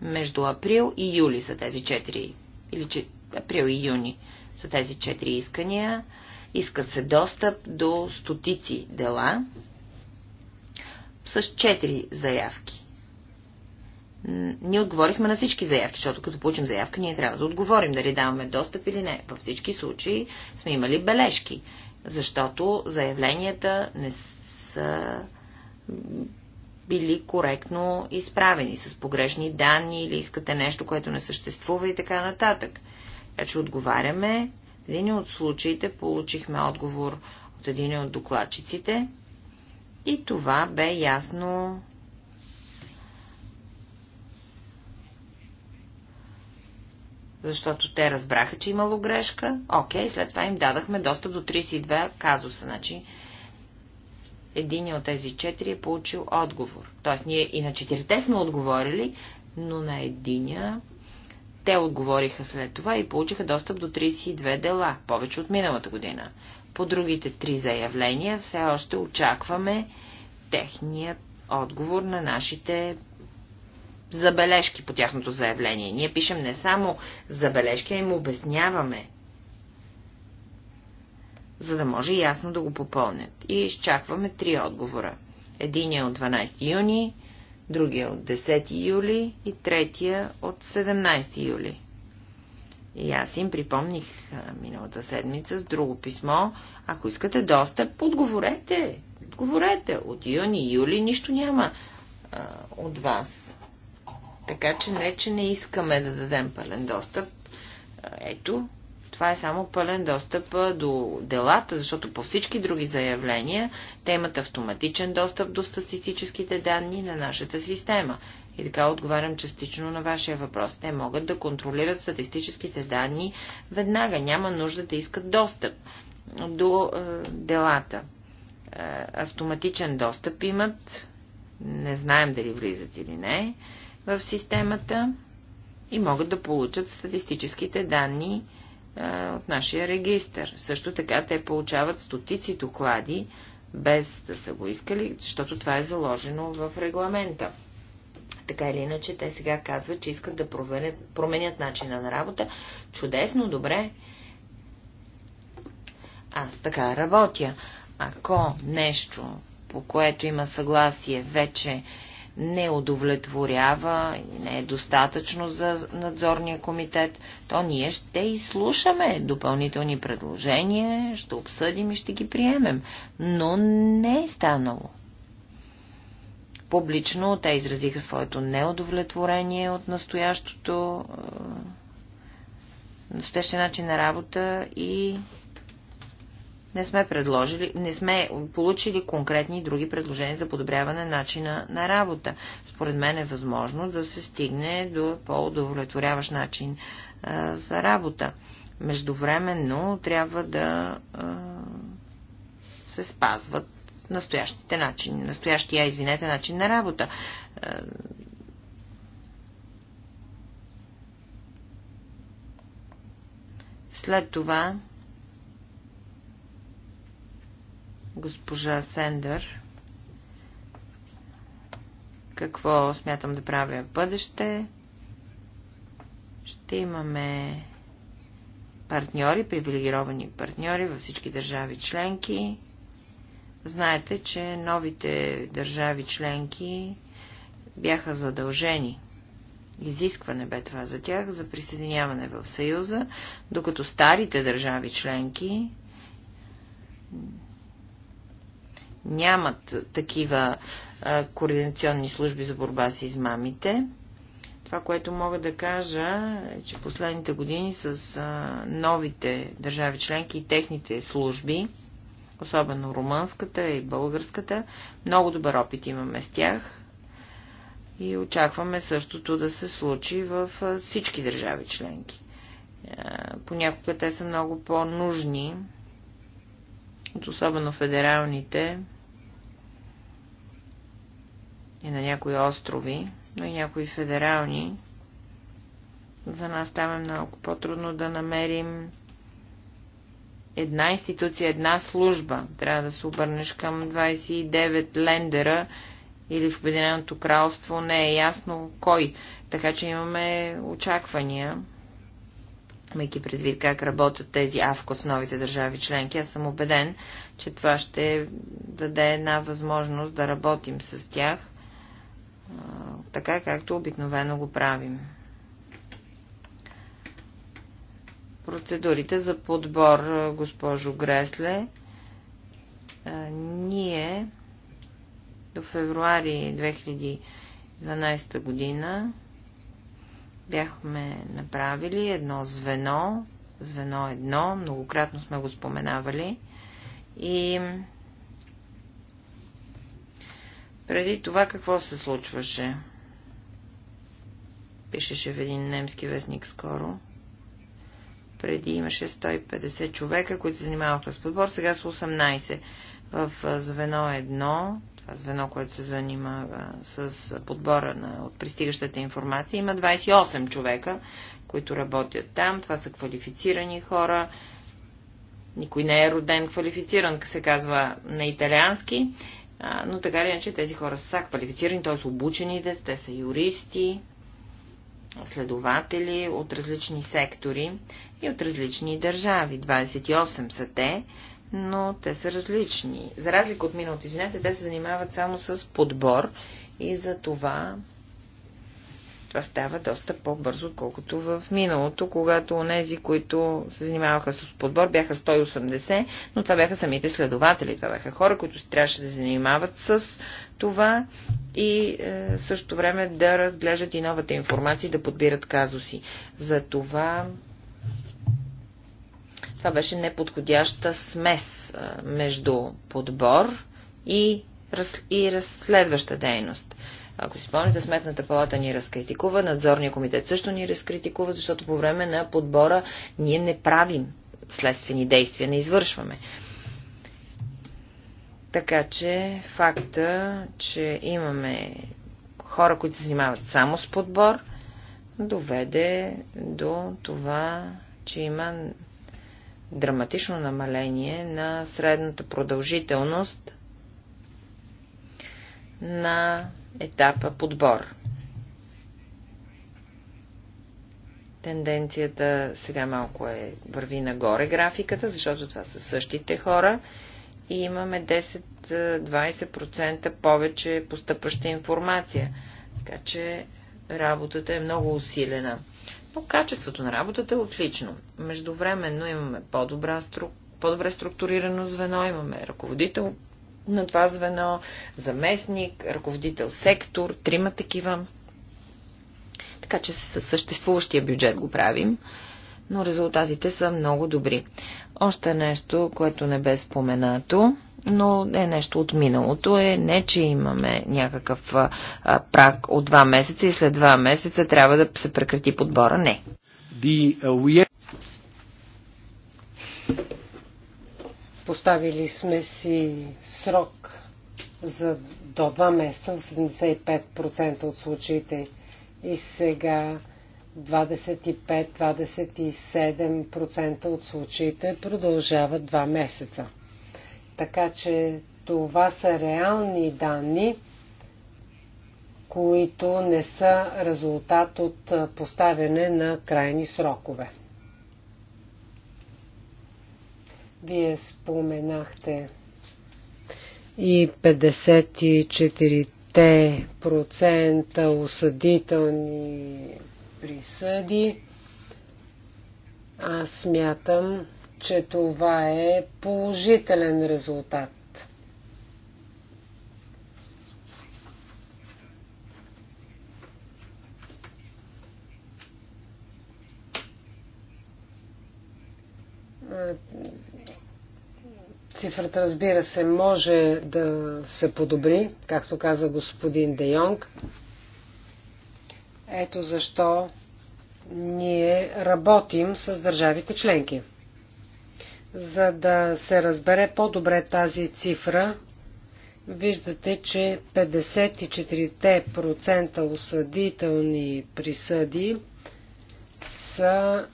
Между април и юли са тези 4, или че, април и юни са тези 4 искания. Искат се достъп до стотици дела с 4 заявки ние отговорихме на всички заявки, защото като получим заявка, ние трябва да отговорим дали даваме достъп или не. Във всички случаи сме имали бележки, защото заявленията не са били коректно изправени с погрешни данни или искате нещо, което не съществува и така нататък. Така че отговаряме. В един от случаите получихме отговор от един от докладчиците и това бе ясно защото те разбраха, че е имало грешка. Окей, след това им дадахме достъп до 32 казуса. Значи, един от тези четири е получил отговор. Тоест, ние и на четирите сме отговорили, но на единия те отговориха след това и получиха достъп до 32 дела, повече от миналата година. По другите три заявления все още очакваме техният отговор на нашите забележки по тяхното заявление. Ние пишем не само забележки, а им обясняваме, за да може ясно да го попълнят. И изчакваме три отговора. Единият е от 12 юни, другия е от 10 юли и третия от 17 юли. И аз им припомних миналата седмица с друго писмо. Ако искате достъп, отговорете. Отговорете. От юни, юли нищо няма а, от вас. Така че не, че не искаме да дадем пълен достъп. Ето, това е само пълен достъп до делата, защото по всички други заявления те имат автоматичен достъп до статистическите данни на нашата система. И така отговарям частично на вашия въпрос. Те могат да контролират статистическите данни веднага. Няма нужда да искат достъп до е, делата. Е, автоматичен достъп имат. Не знаем дали влизат или не. Е, в системата и могат да получат статистическите данни а, от нашия регистр. Също така те получават стотици доклади, без да са го искали, защото това е заложено в регламента. Така или иначе, те сега казват, че искат да променят, променят начина на работа. Чудесно, добре. Аз така работя. Ако нещо, по което има съгласие, вече не удовлетворява, не е достатъчно за надзорния комитет, то ние ще изслушаме допълнителни предложения, ще обсъдим и ще ги приемем. Но не е станало. Публично те изразиха своето неудовлетворение от настоящото е, настоящия начин на работа и не сме предложили, не сме получили конкретни други предложения за подобряване на начина на работа. Според мен е възможно да се стигне до по-удовлетворяващ начин а, за работа. Междувременно трябва да а, се спазват настоящите начини настоящия, извинете, начин на работа. А, след това госпожа Сендър какво смятам да правя в бъдеще. Ще имаме партньори, привилегировани партньори във всички държави членки. Знаете, че новите държави членки бяха задължени. Изискване бе това за тях за присъединяване в Съюза, докато старите държави членки нямат такива а, координационни служби за борба с измамите. Това, което мога да кажа, е, че последните години с а, новите държави членки и техните служби, особено румънската и българската, много добър опит имаме с тях и очакваме същото да се случи в всички държави членки. Понякога те са много по-нужни от особено федералните и на някои острови, но и някои федерални, за нас там е много по-трудно да намерим една институция, една служба. Трябва да се обърнеш към 29 лендера или в Обединеното кралство не е ясно кой. Така че имаме очаквания имайки предвид как работят тези АВКО с новите държави членки, аз съм убеден, че това ще даде една възможност да работим с тях, така както обикновено го правим. Процедурите за подбор, госпожо Гресле, ние до февруари 2012 година Бяхме направили едно звено, звено едно, многократно сме го споменавали. И преди това какво се случваше? Пишеше в един немски вестник скоро. Преди имаше 150 човека, които се занимаваха с подбор, сега са 18. В звено 1 звено, което се занимава с подбора на, от пристигащата информация. Има 28 човека, които работят там. Това са квалифицирани хора. Никой не е роден квалифициран, се казва на италиански. Но така или иначе тези хора са квалифицирани, т.е. обучените, те са юристи, следователи от различни сектори и от различни държави. 28 са те, но те са различни. За разлика от миналото, извинете, те се занимават само с подбор и за това това става доста по-бързо, отколкото в миналото, когато онези, които се занимаваха с подбор, бяха 180, но това бяха самите следователи. Това бяха хора, които се трябваше да се занимават с това и е, същото време да разглеждат и новата информация и да подбират казуси. За това това беше неподходяща смес между подбор и, раз, и разследваща дейност. Ако си спомните, Сметната палата ни разкритикува, надзорния комитет също ни разкритикува, защото по време на подбора ние не правим следствени действия, не извършваме. Така че факта, че имаме хора, които се занимават само с подбор, доведе до това, че има драматично намаление на средната продължителност на етапа подбор. Тенденцията сега малко е върви нагоре графиката, защото това са същите хора и имаме 10-20% повече постъпваща информация. Така че работата е много усилена но качеството на работата е отлично. Междувременно имаме по-добра стру... по-добре структурирано звено, имаме ръководител на това звено, заместник, ръководител сектор, трима такива. Така че със съществуващия бюджет го правим, но резултатите са много добри. Още нещо, което не бе споменато но е нещо от миналото. Е не, че имаме някакъв а, прак от два месеца и след два месеца трябва да се прекрати подбора. Не. Uh, Поставили сме си срок за до два месеца в 75% от случаите и сега 25-27% от случаите продължават два месеца. Така че това са реални данни, които не са резултат от поставяне на крайни срокове. Вие споменахте и 54-те процента осъдителни присъди. Аз смятам, че това е положителен резултат. Цифрата, разбира се, може да се подобри, както каза господин Де Йонг. Ето защо ние работим с държавите членки. За да се разбере по-добре тази цифра, виждате, че 54% осъдителни присъди са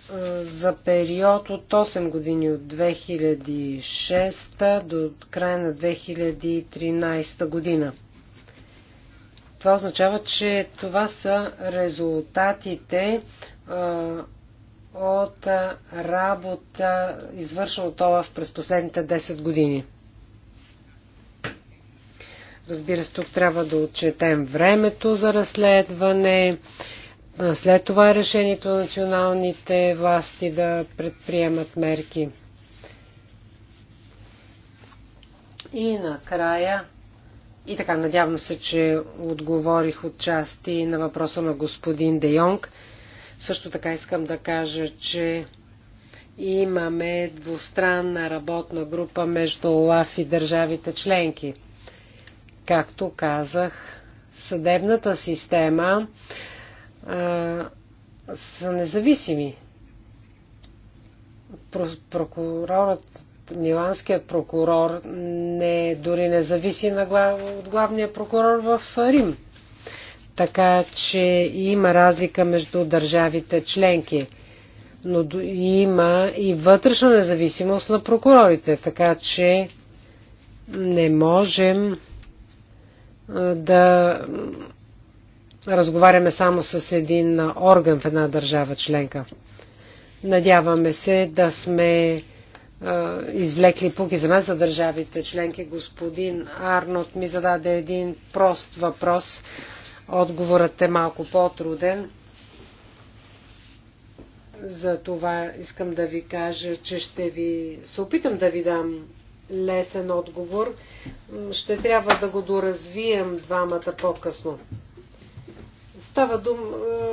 за период от 8 години от 2006 до края на 2013 година. Това означава, че това са резултатите от работа, извършена от ОЛАФ през последните 10 години. Разбира се, тук трябва да отчетем времето за разследване, след това е решението на националните власти да предприемат мерки. И накрая, и така надявам се, че отговорих от части на въпроса на господин Де Йонг. Също така искам да кажа, че имаме двустранна работна група между ОЛАФ и държавите членки. Както казах, съдебната система а, са независими. Прокурорът, миланският прокурор не, дори не зависи на глав, от главния прокурор в Рим така че има разлика между държавите членки. Но има и вътрешна независимост на прокурорите, така че не можем да разговаряме само с един орган в една държава членка. Надяваме се да сме извлекли пуки за нас, за държавите членки. Господин Арнот ми зададе един прост въпрос Отговорът е малко по-труден. За това искам да ви кажа, че ще ви се опитам да ви дам лесен отговор. Ще трябва да го доразвием двамата по-късно. Става дум е,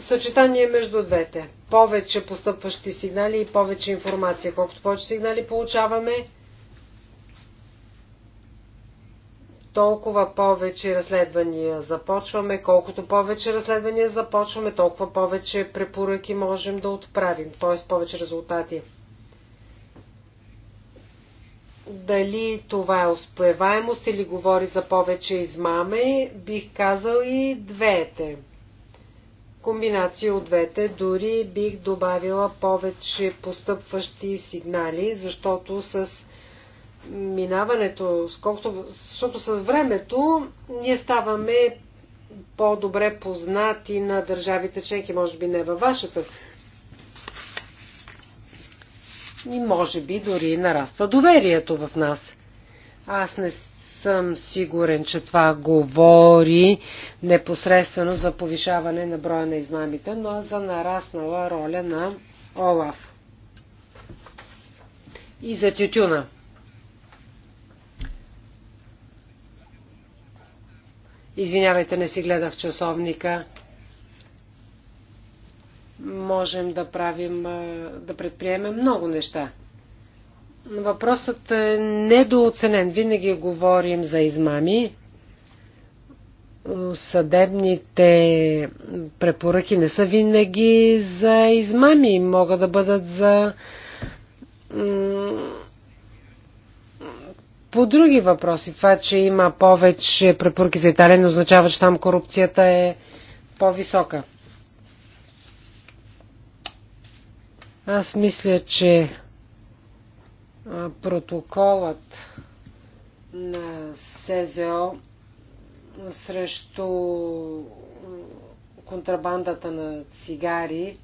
съчетание между двете. Повече постъпващи сигнали и повече информация. Колкото повече сигнали получаваме, толкова повече разследвания започваме, колкото повече разследвания започваме, толкова повече препоръки можем да отправим, т.е. повече резултати. Дали това е успеваемост или говори за повече измами, бих казал и двете. Комбинация от двете, дори бих добавила повече постъпващи сигнали, защото с минаването, сколкото, защото с времето ние ставаме по-добре познати на държавите членки, може би не във вашата. И може би дори нараства доверието в нас. Аз не съм сигурен, че това говори непосредствено за повишаване на броя на измамите, но за нараснала роля на Олаф. И за тютюна. Извинявайте, не си гледах часовника. Можем да правим, да предприемем много неща. Въпросът е недооценен. Винаги говорим за измами. Съдебните препоръки не са винаги за измами. Могат да бъдат за по други въпроси. Това, че има повече препоръки за Италия, не означава, че там корупцията е по-висока. Аз мисля, че протоколът на СЗО срещу контрабандата на цигари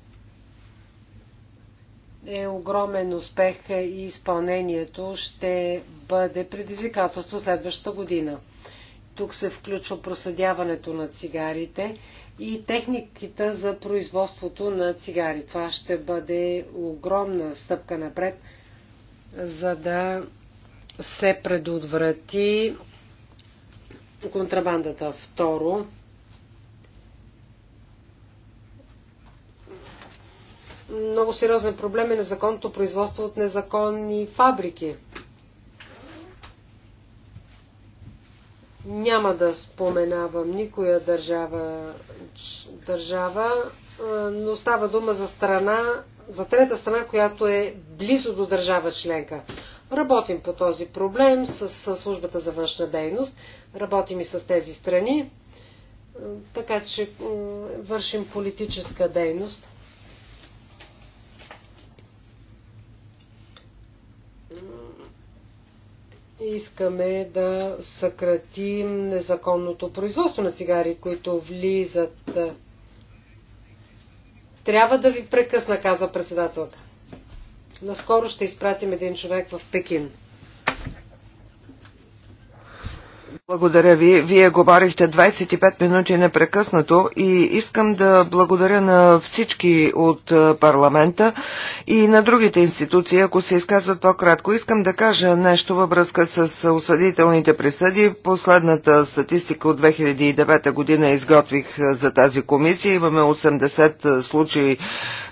е огромен успех и изпълнението ще бъде предизвикателство следващата година. Тук се включва проследяването на цигарите и техниката за производството на цигари. Това ще бъде огромна стъпка напред, за да се предотврати контрабандата. Второ, много сериозен проблем е незаконното производство от незаконни фабрики. Няма да споменавам никоя държава, държава, но става дума за страна, за трета страна, която е близо до държава членка. Работим по този проблем с, с службата за външна дейност, работим и с тези страни, така че вършим политическа дейност. Искаме да съкратим незаконното производство на цигари, които влизат. Трябва да ви прекъсна, казва председателка. Наскоро ще изпратим един човек в Пекин. Благодаря ви. Вие говорихте 25 минути непрекъснато и искам да благодаря на всички от парламента и на другите институции, ако се изказват по-кратко. Искам да кажа нещо във връзка с осъдителните присъди. Последната статистика от 2009 година изготвих за тази комисия. Имаме 80 случаи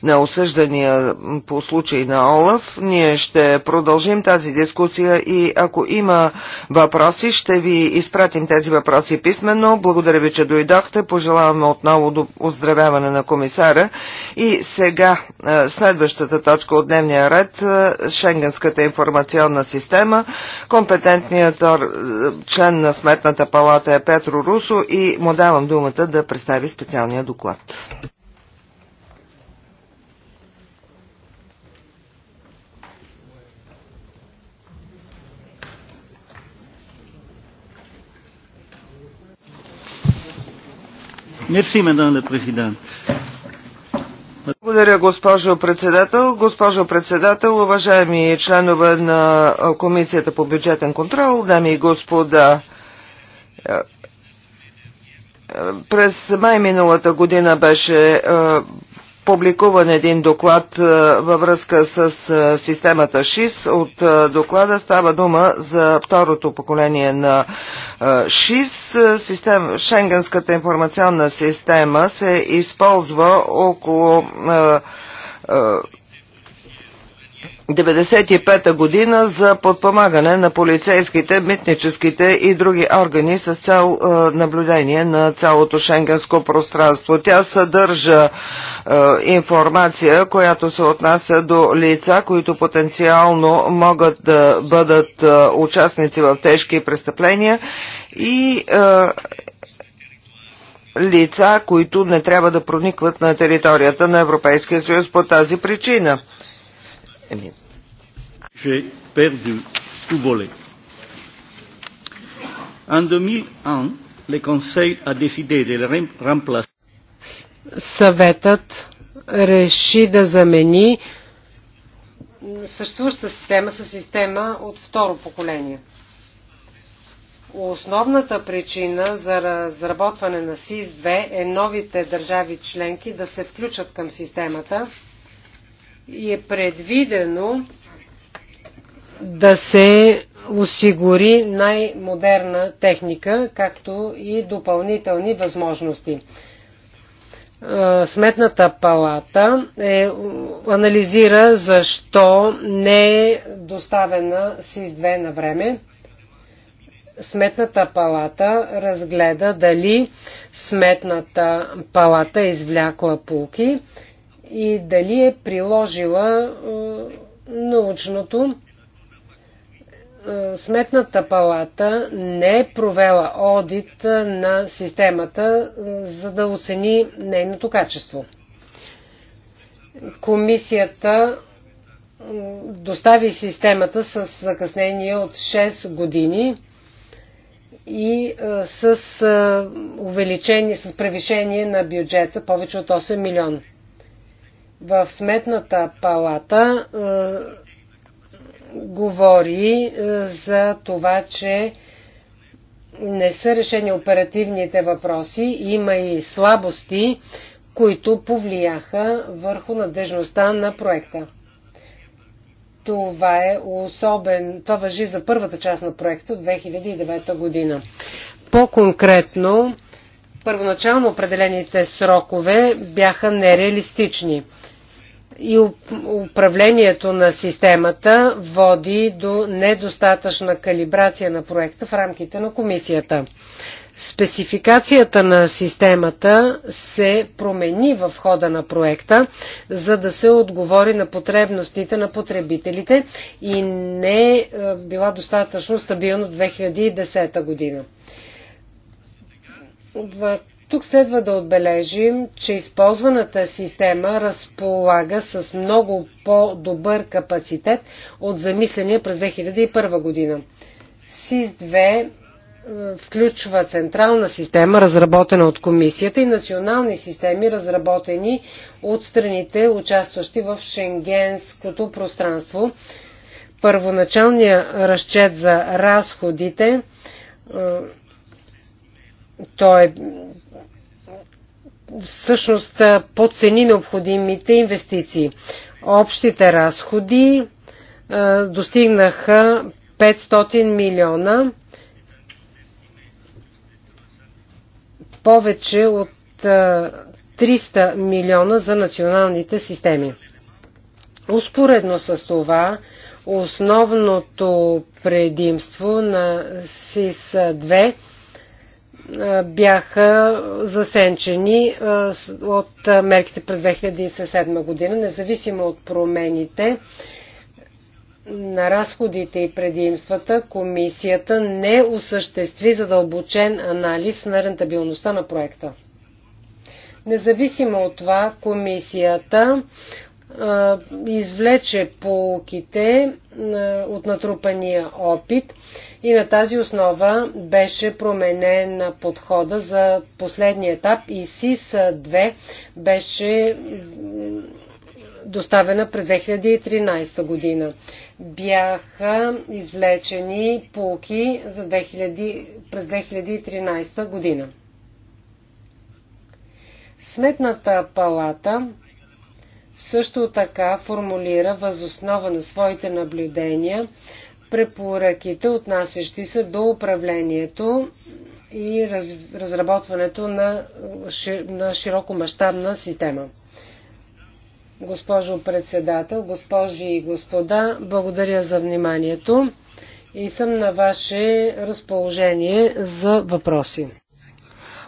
на осъждания по случай на Олаф. Ние ще продължим тази дискусия и ако има въпроси, ще ви изпратим тези въпроси писменно. Благодаря ви, че дойдохте. Пожелаваме отново до оздравяване на комисара. И сега следващата точка от дневния ред Шенгенската информационна система. Компетентният член на Сметната палата е Петро Русо и му давам думата да представи специалния доклад. Мерси, мадам ле президент. Благодаря, госпожо председател. Госпожо председател, уважаеми членове на Комисията по бюджетен контрол, дами и господа, през май миналата година беше е, публикуван един доклад е, във връзка с е, системата ШИС. От е, доклада става дума за второто поколение на ШИС. Систем, Шенгенската информационна система се използва около 1995 година за подпомагане на полицейските, митническите и други органи с цел е, наблюдение на цялото шенгенско пространство. Тя съдържа е, информация, която се отнася до лица, които потенциално могат да бъдат е, участници в тежки престъпления и лица, които не трябва да проникват на територията на Европейския съюз по тази причина. Eh J'ai perdu tout En 2001, le Conseil a décidé de le remplacer. Съветът реши да замени съществуваща система с система от второ поколение. Основната причина за разработване на СИС-2 е новите държави членки да се включат към системата е предвидено да се осигури най-модерна техника, както и допълнителни възможности. Сметната палата е, анализира защо не е доставена СИС-2 на време. Сметната палата разгледа дали Сметната палата е извлякла пулки и дали е приложила е, научното. Е, Сметната палата не е провела одит на системата, е, за да оцени нейното качество. Комисията достави системата с закъснение от 6 години и с увеличение, с превишение на бюджета повече от 8 милиона в сметната палата е, говори е, за това, че не са решени оперативните въпроси, има и слабости, които повлияха върху надежността на проекта. Това е особен, това въжи за първата част на проекта от 2009 година. По-конкретно, първоначално определените срокове бяха нереалистични – и управлението на системата води до недостатъчна калибрация на проекта в рамките на комисията. Спецификацията на системата се промени в хода на проекта, за да се отговори на потребностите на потребителите и не е била достатъчно стабилна 2010 година. Тук следва да отбележим, че използваната система разполага с много по-добър капацитет от замисления през 2001 година. СИС-2 е, включва централна система, разработена от комисията и национални системи, разработени от страните, участващи в шенгенското пространство. Първоначалният разчет за разходите, е, той е всъщност подцени необходимите инвестиции. Общите разходи достигнаха 500 милиона, повече от 300 милиона за националните системи. Успоредно с това, основното предимство на СИС-2 бяха засенчени от мерките през 2007 година, независимо от промените на разходите и предимствата, комисията не осъществи задълбочен анализ на рентабилността на проекта. Независимо от това, комисията извлече полуките от натрупания опит и на тази основа беше променен подхода за последния етап и СИС-2 беше доставена през 2013 година. Бяха извлечени полки за 2000, през 2013 година. Сметната палата също така формулира възоснова на своите наблюдения препоръките, отнасящи се до управлението и раз, разработването на, на широкомащабна система. Госпожо председател, госпожи и господа, благодаря за вниманието и съм на ваше разположение за въпроси.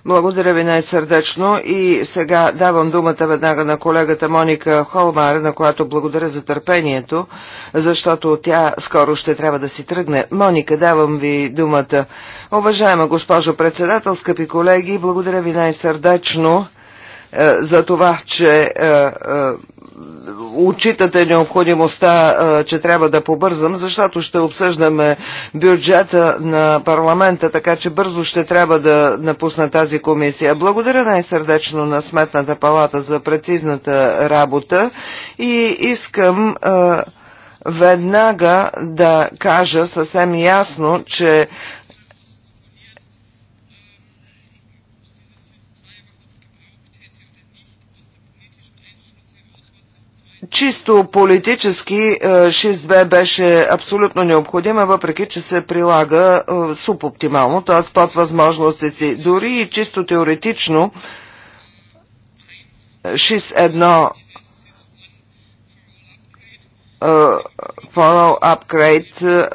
Благодаря ви най-сърдечно и сега давам думата веднага на колегата Моника Холмар, на която благодаря за търпението, защото тя скоро ще трябва да си тръгне. Моника, давам ви думата. Уважаема госпожо председател, скъпи колеги, благодаря ви най-сърдечно е, за това, че е, е, отчитате необходимостта, че трябва да побързам, защото ще обсъждаме бюджета на парламента, така че бързо ще трябва да напусна тази комисия. Благодаря най-сърдечно на Сметната палата за прецизната работа и искам веднага да кажа съвсем ясно, че Чисто политически 6-2 е, беше абсолютно необходима, въпреки че се прилага е, субоптимално, т.е. под възможности си. Дори и чисто теоретично 6-1 follow е, upgrade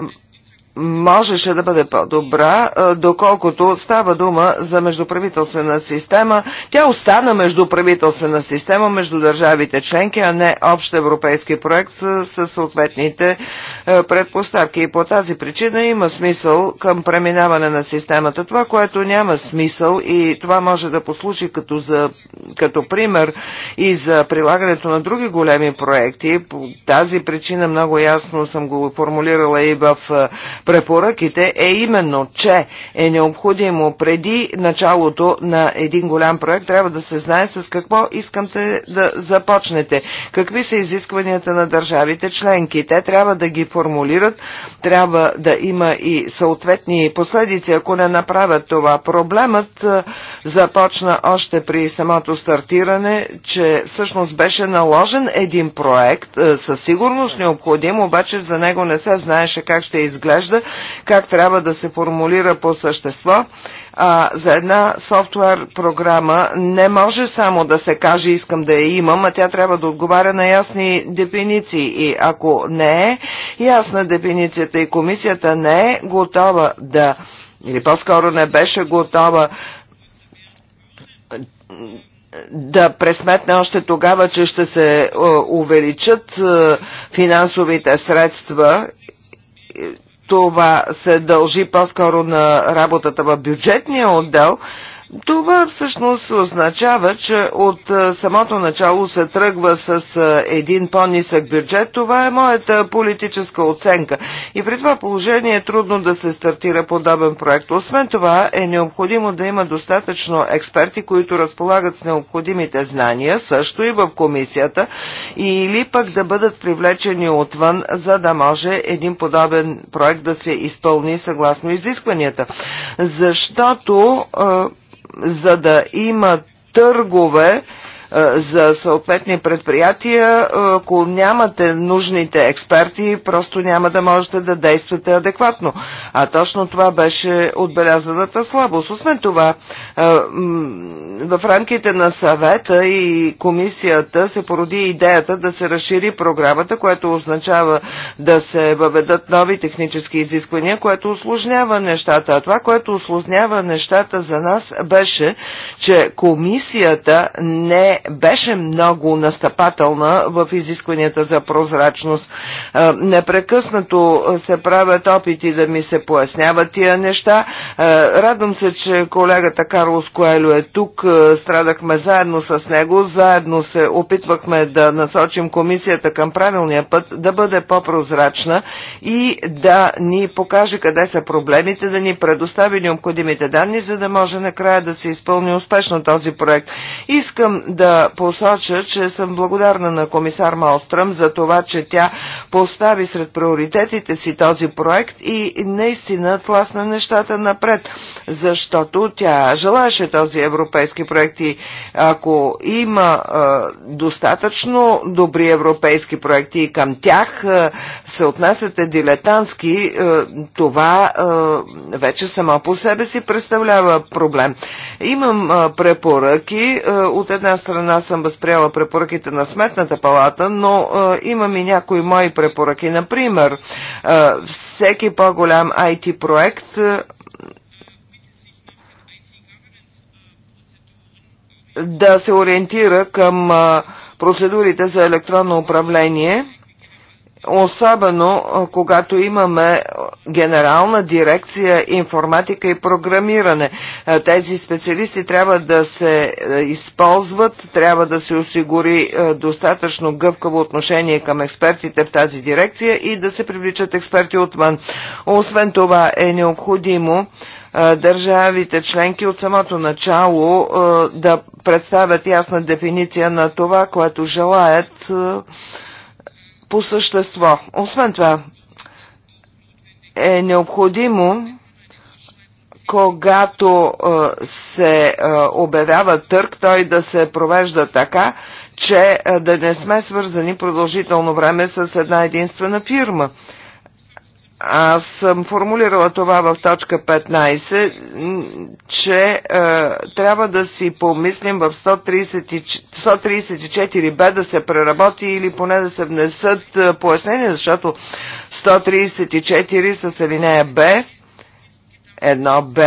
можеше да бъде по-добра, доколкото става дума за междуправителствена система. Тя остана междуправителствена система между държавите членки, а не общ европейски проект с съответните предпоставки. И по тази причина има смисъл към преминаване на системата. Това, което няма смисъл и това може да послужи като, за, като пример и за прилагането на други големи проекти. По тази причина много ясно съм го формулирала и в препоръките е именно, че е необходимо преди началото на един голям проект трябва да се знае с какво искате да започнете, какви са изискванията на държавите членки. Те трябва да ги формулират, трябва да има и съответни последици, ако не направят това. Проблемът е, започна още при самото стартиране, че всъщност беше наложен един проект, е, със сигурност необходим, обаче за него не се знаеше как ще изглежда разглежда, как трябва да се формулира по същество. А, за една софтуер програма не може само да се каже искам да я имам, а тя трябва да отговаря на ясни дефиниции. И ако не е ясна дефиницията и комисията не е готова да, или по-скоро не беше готова да пресметне още тогава, че ще се е, увеличат е, финансовите средства е, това се дължи по-скоро на работата в бюджетния отдел, това всъщност означава, че от самото начало се тръгва с един по-нисък бюджет. Това е моята политическа оценка. И при това положение е трудно да се стартира подобен проект. Освен това е необходимо да има достатъчно експерти, които разполагат с необходимите знания, също и в комисията, или пък да бъдат привлечени отвън, за да може един подобен проект да се изпълни съгласно изискванията. Защото за да има търгове, за съответни предприятия, ако нямате нужните експерти, просто няма да можете да действате адекватно. А точно това беше отбелязаната слабост. Освен това, в рамките на съвета и комисията се породи идеята да се разшири програмата, което означава да се въведат нови технически изисквания, което осложнява нещата. А това, което осложнява нещата за нас беше, че комисията не беше много настъпателна в изискванията за прозрачност. Непрекъснато се правят опити да ми се поясняват тия неща. Радвам се, че колегата Карлос Коелю е тук. Страдахме заедно с него. Заедно се опитвахме да насочим комисията към правилния път, да бъде по-прозрачна и да ни покаже къде са проблемите, да ни предостави необходимите данни, за да може накрая да се изпълни успешно този проект. Искам да да посоча, че съм благодарна на комисар Малстръм за това, че тя постави сред приоритетите си този проект и наистина тласна нещата напред, защото тя желаеше този европейски проект и ако има а, достатъчно добри европейски проекти и към тях а, се отнасяте дилетантски, а, това а, вече само по себе си представлява проблем. Имам препоръки от една страна страна съм възприела препоръките на Сметната палата, но а, имам и някои мои препоръки. Например, а, всеки по-голям IT проект да се ориентира към процедурите за електронно управление особено когато имаме генерална дирекция информатика и програмиране. Тези специалисти трябва да се използват, трябва да се осигури достатъчно гъвкаво отношение към експертите в тази дирекция и да се привличат експерти отвън. Освен това е необходимо държавите членки от самото начало да представят ясна дефиниция на това, което желаят по същество. Освен това, е необходимо когато се обявява търг, той да се провежда така, че да не сме свързани продължително време с една единствена фирма. Аз съм формулирала това в точка 15, че е, трябва да си помислим в 134б да се преработи или поне да се внесат е, пояснения, защото 134 с алинея Б 1Б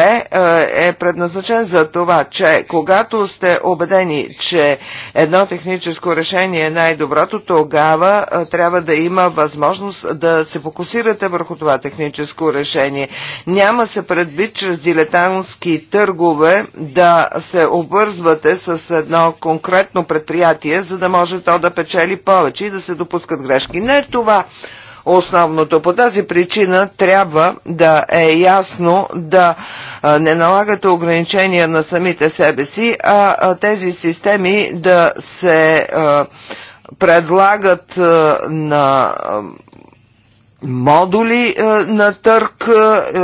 е, е предназначен за това, че когато сте убедени, че едно техническо решение е най-доброто, тогава е, трябва да има възможност да се фокусирате върху това техническо решение. Няма се предвид чрез дилетантски търгове да се обвързвате с едно конкретно предприятие, за да може то да печели повече и да се допускат грешки. Не това основното. По тази причина трябва да е ясно да не налагате ограничения на самите себе си, а тези системи да се предлагат на модули е, на търк, е, е,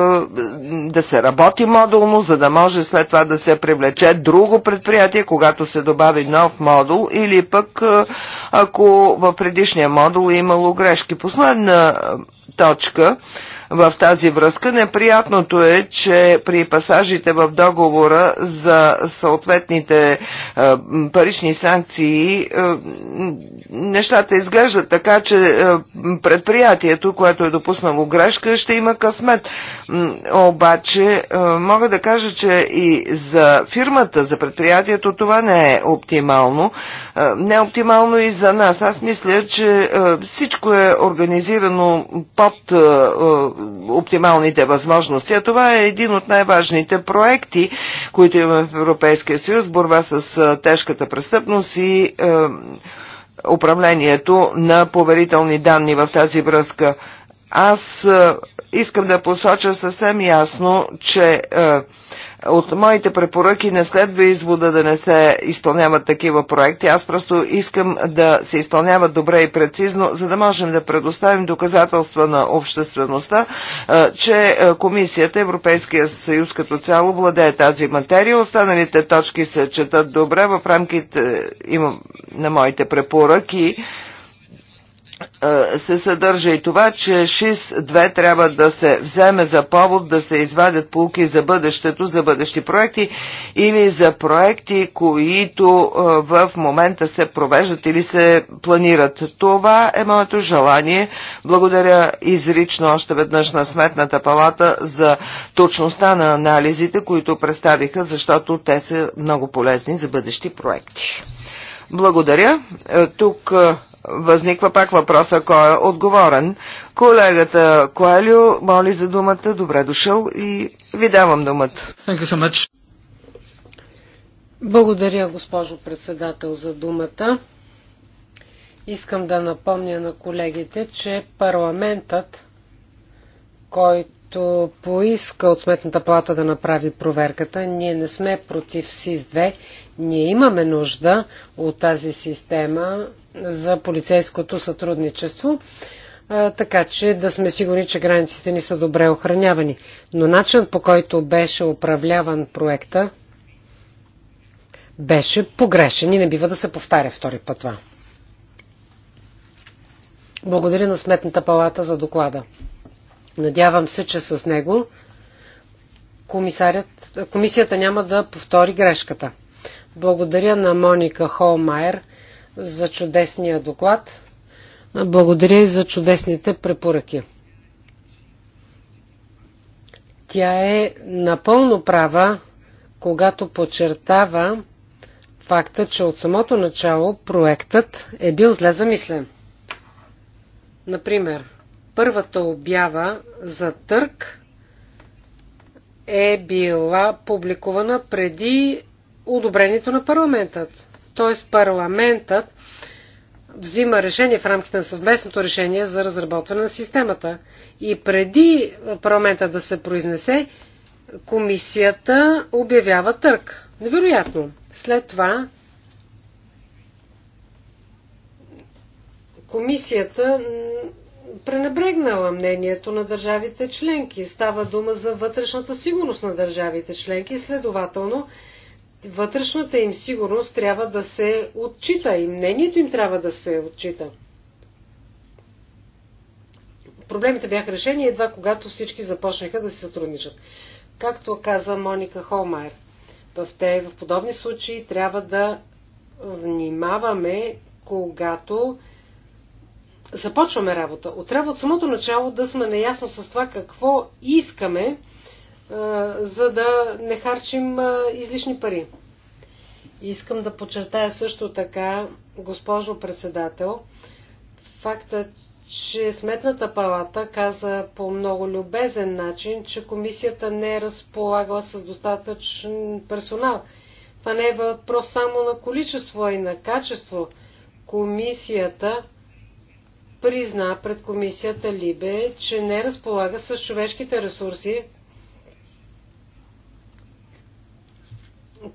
да се работи модулно, за да може след това да се привлече друго предприятие, когато се добави нов модул или пък е, ако в предишния модул е имало грешки. Последна е, точка. Е, в тази връзка. Неприятното е, че при пасажите в договора за съответните е, парични санкции е, нещата изглеждат така, че е, предприятието, което е допуснало грешка, ще има късмет. Обаче мога да кажа, че и за фирмата, за предприятието това не е оптимално. Не е оптимално и за нас. Аз мисля, че всичко е организирано под оптималните възможности. А това е един от най-важните проекти, които имаме в Европейския съюз, борба с тежката престъпност и е, управлението на поверителни данни в тази връзка. Аз е, искам да посоча съвсем ясно, че е, от моите препоръки не следва извода да не се изпълняват такива проекти. Аз просто искам да се изпълняват добре и прецизно, за да можем да предоставим доказателства на обществеността, че Комисията, Европейския съюз като цяло владее тази материя. Останалите точки се четат добре в рамките на моите препоръки е, се съдържа и това, че 6.2 трябва да се вземе за повод да се извадят полки за бъдещето, за бъдещи проекти или за проекти, които е, в момента се провеждат или се планират. Това е моето желание. Благодаря изрично още веднъж на Сметната палата за точността на анализите, които представиха, защото те са много полезни за бъдещи проекти. Благодаря. Е, тук Възниква пак въпроса, кой е отговорен. Колегата Коелю моли за думата, добре дошъл и ви давам думата. Благодаря, госпожо председател, за думата. Искам да напомня на колегите, че парламентът, който поиска от Сметната плата да направи проверката, ние не сме против СИС-2, ние имаме нужда от тази система, за полицейското сътрудничество, така че да сме сигурни, че границите ни са добре охранявани. Но начинът по който беше управляван проекта беше погрешен и не бива да се повтаря втори път това. Благодаря на Сметната палата за доклада. Надявам се, че с него комисията няма да повтори грешката. Благодаря на Моника Холмайер за чудесния доклад. Благодаря и за чудесните препоръки. Тя е напълно права, когато подчертава факта, че от самото начало проектът е бил зле замислен. Например, първата обява за търк е била публикувана преди одобрението на парламентът т.е. парламентът взима решение в рамките на съвместното решение за разработване на системата. И преди парламента да се произнесе, комисията обявява търк. Невероятно. След това комисията пренебрегнала мнението на държавите членки. Става дума за вътрешната сигурност на държавите членки, следователно вътрешната им сигурност трябва да се отчита и мнението им трябва да се отчита. Проблемите бяха решени едва когато всички започнаха да се сътрудничат. Както каза Моника Холмайер, в, те, в подобни случаи трябва да внимаваме, когато започваме работа. Трябва от самото начало да сме наясно с това какво искаме за да не харчим излишни пари. Искам да подчертая също така, госпожо председател, факта, че Сметната палата каза по много любезен начин, че комисията не е разполагала с достатъчен персонал. Това не е въпрос само на количество, а и на качество. Комисията призна пред комисията Либе, че не разполага с човешките ресурси,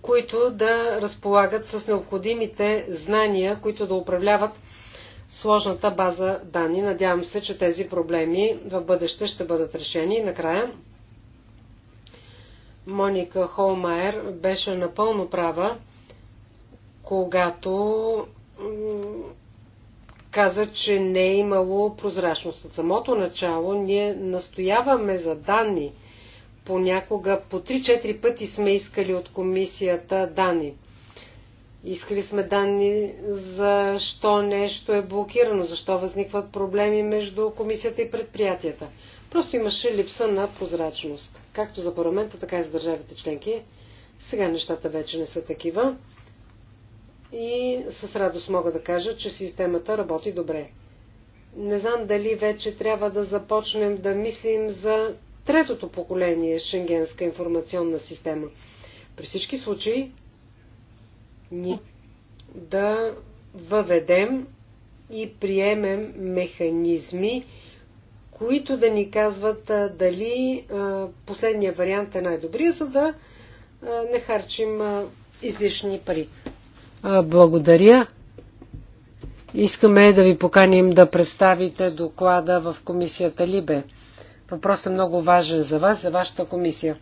които да разполагат с необходимите знания, които да управляват сложната база данни. Надявам се, че тези проблеми в бъдеще ще бъдат решени. накрая, Моника Холмайер беше напълно права, когато каза, че не е имало прозрачност. От самото начало ние настояваме за данни, понякога по 3-4 пъти сме искали от комисията данни. Искали сме данни защо нещо е блокирано, защо възникват проблеми между комисията и предприятията. Просто имаше липса на прозрачност, както за парламента, така и за държавите членки. Сега нещата вече не са такива и с радост мога да кажа, че системата работи добре. Не знам дали вече трябва да започнем да мислим за третото поколение Шенгенска информационна система. При всички случаи ни да въведем и приемем механизми, които да ни казват дали последния вариант е най-добрия, за да не харчим излишни пари. Благодаря. Искаме да ви поканим да представите доклада в комисията Либе. Въпросът е много важен за вас, за вашата комисия.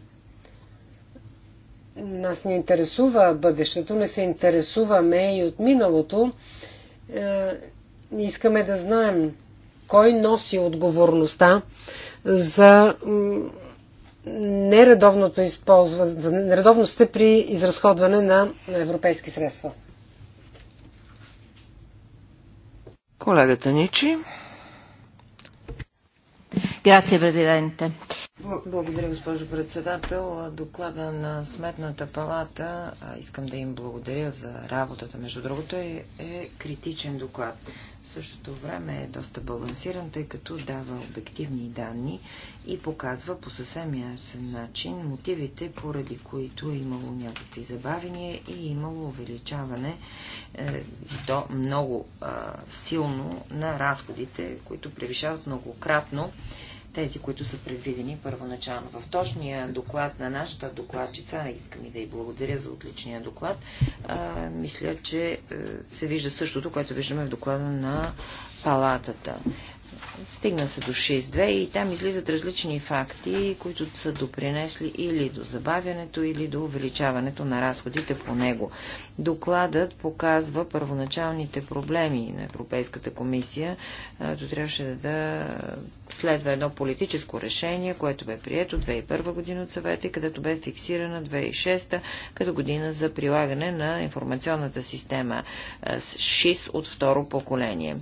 Нас не интересува бъдещето, не се интересуваме и от миналото. Е, искаме да знаем кой носи отговорността за нередовното използване, нередовността при изразходване на европейски средства. Колегата Ничи. Грация, президенте. Благодаря, госпожо председател. Доклада на Сметната палата, искам да им благодаря за работата, между другото, е, е критичен доклад. В същото време е доста балансиран, тъй като дава обективни данни и показва по съвсем ясен начин мотивите, поради които е имало някакви забавения и е имало увеличаване е, до много е, силно на разходите, които превишават многократно тези, които са предвидени първоначално. В точния доклад на нашата докладчица, искам и да й благодаря за отличния доклад, а, мисля, че е, се вижда същото, което виждаме в доклада на палатата. Стигна се до 6.2 и там излизат различни факти, които са допринесли или до забавянето, или до увеличаването на разходите по него. Докладът показва първоначалните проблеми на Европейската комисия, като трябваше да следва едно политическо решение, което бе прието 2001 година от съвета и където бе фиксирана 2006 като година за прилагане на информационната система с ШИС от второ поколение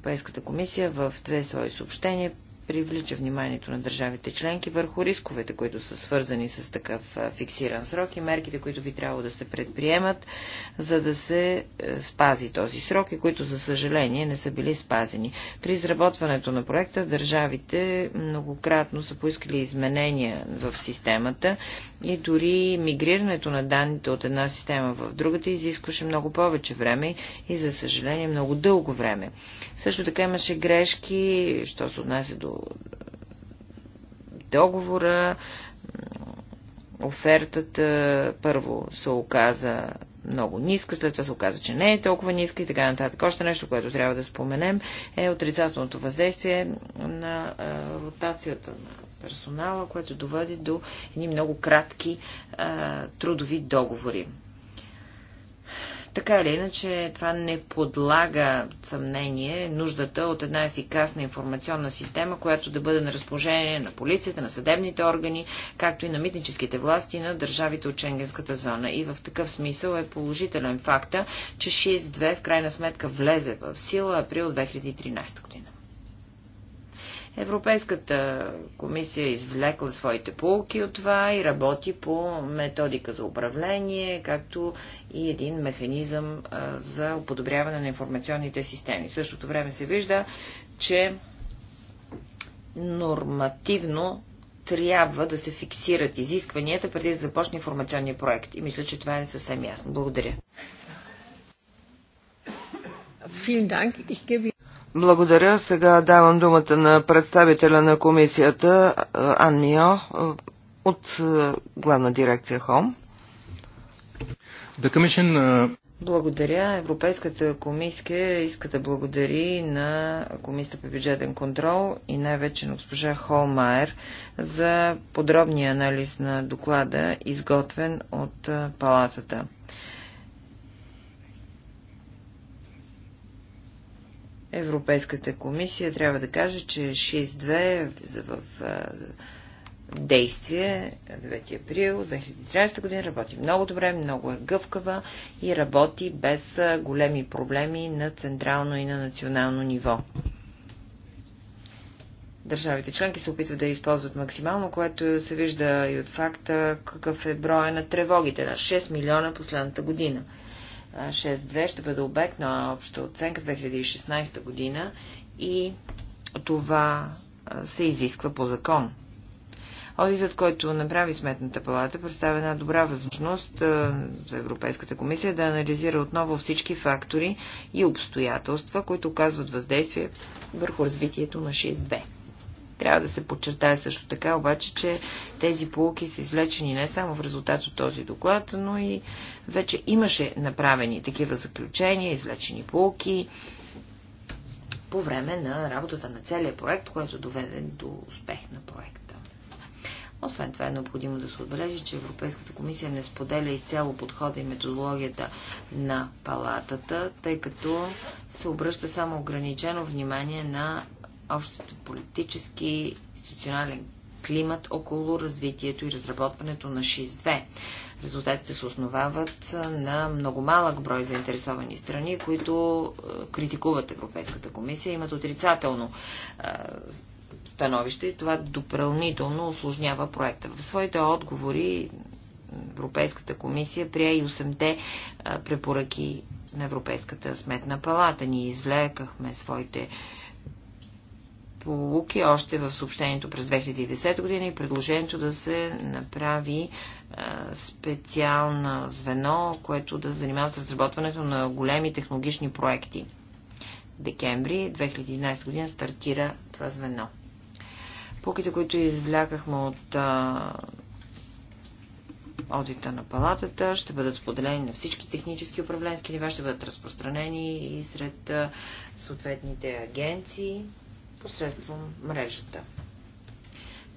Европейската комисия в две свои съобщения привлича вниманието на държавите членки върху рисковете, които са свързани с такъв фиксиран срок и мерките, които би трябвало да се предприемат, за да се е, спази този срок и които, за съжаление, не са били спазени. При изработването на проекта държавите многократно са поискали изменения в системата и дори мигрирането на данните от една система в другата изискваше много повече време и, за съжаление, много дълго време. Също така имаше грешки, що се отнася до договора, офертата първо се оказа много ниска, след това се оказа, че не е толкова ниска и така нататък. Още нещо, което трябва да споменем е отрицателното въздействие на ротацията на персонала, което доводи до едни много кратки а, трудови договори. Така или иначе, това не подлага съмнение нуждата от една ефикасна информационна система, която да бъде на разположение на полицията, на съдебните органи, както и на митническите власти на държавите от Шенгенската зона. И в такъв смисъл е положителен факта, че 6.2 в крайна сметка влезе в сила април 2013 година. Европейската комисия е извлекла своите полки от това и работи по методика за управление, както и един механизъм за подобряване на информационните системи. В същото време се вижда, че нормативно трябва да се фиксират изискванията преди да започне информационния проект. И мисля, че това е съвсем ясно. Благодаря. Благодаря. Сега давам думата на представителя на комисията Ан Мио от главна дирекция ХОМ. Благодаря. Европейската комисия иска да благодари на Комисията по бюджетен контрол и най-вече на госпожа Холмайер за подробния анализ на доклада, изготвен от палатата. Европейската комисия трябва да каже, че 6.2 в действие 9 април 2013 година работи много добре, много е гъвкава и работи без големи проблеми на централно и на национално ниво. Държавите членки се опитват да използват максимално, което се вижда и от факта какъв е броя на тревогите на 6 милиона последната година. 6.2 ще бъде обект на обща оценка 2016 година и това се изисква по закон. Одитът, който направи Сметната палата, представя една добра възможност за Европейската комисия да анализира отново всички фактори и обстоятелства, които оказват въздействие върху развитието на 6.2. Трябва да се подчертае също така, обаче, че тези полуки са излечени не само в резултат от този доклад, но и вече имаше направени такива заключения, извлечени полуки по време на работата на целия проект, който доведе до успех на проекта. Освен това е необходимо да се отбележи, че Европейската комисия не споделя изцяло подхода и методологията на палатата, тъй като се обръща само ограничено внимание на общата политически институционален климат около развитието и разработването на 6.2. Резултатите се основават на много малък брой заинтересовани страни, които е, критикуват Европейската комисия, имат отрицателно е, становище и това допълнително осложнява проекта. В своите отговори Европейската комисия прие и 8-те е, препоръки на Европейската сметна палата. Ние извлекахме своите полуки още в съобщението през 2010 година и предложението да се направи специално звено, което да занимава с разработването на големи технологични проекти. Декември 2011 година стартира това звено. Пуките, които извлякахме от а, на палатата, ще бъдат споделени на всички технически управленски нива, ще бъдат разпространени и сред а, съответните агенции посредством мрежата.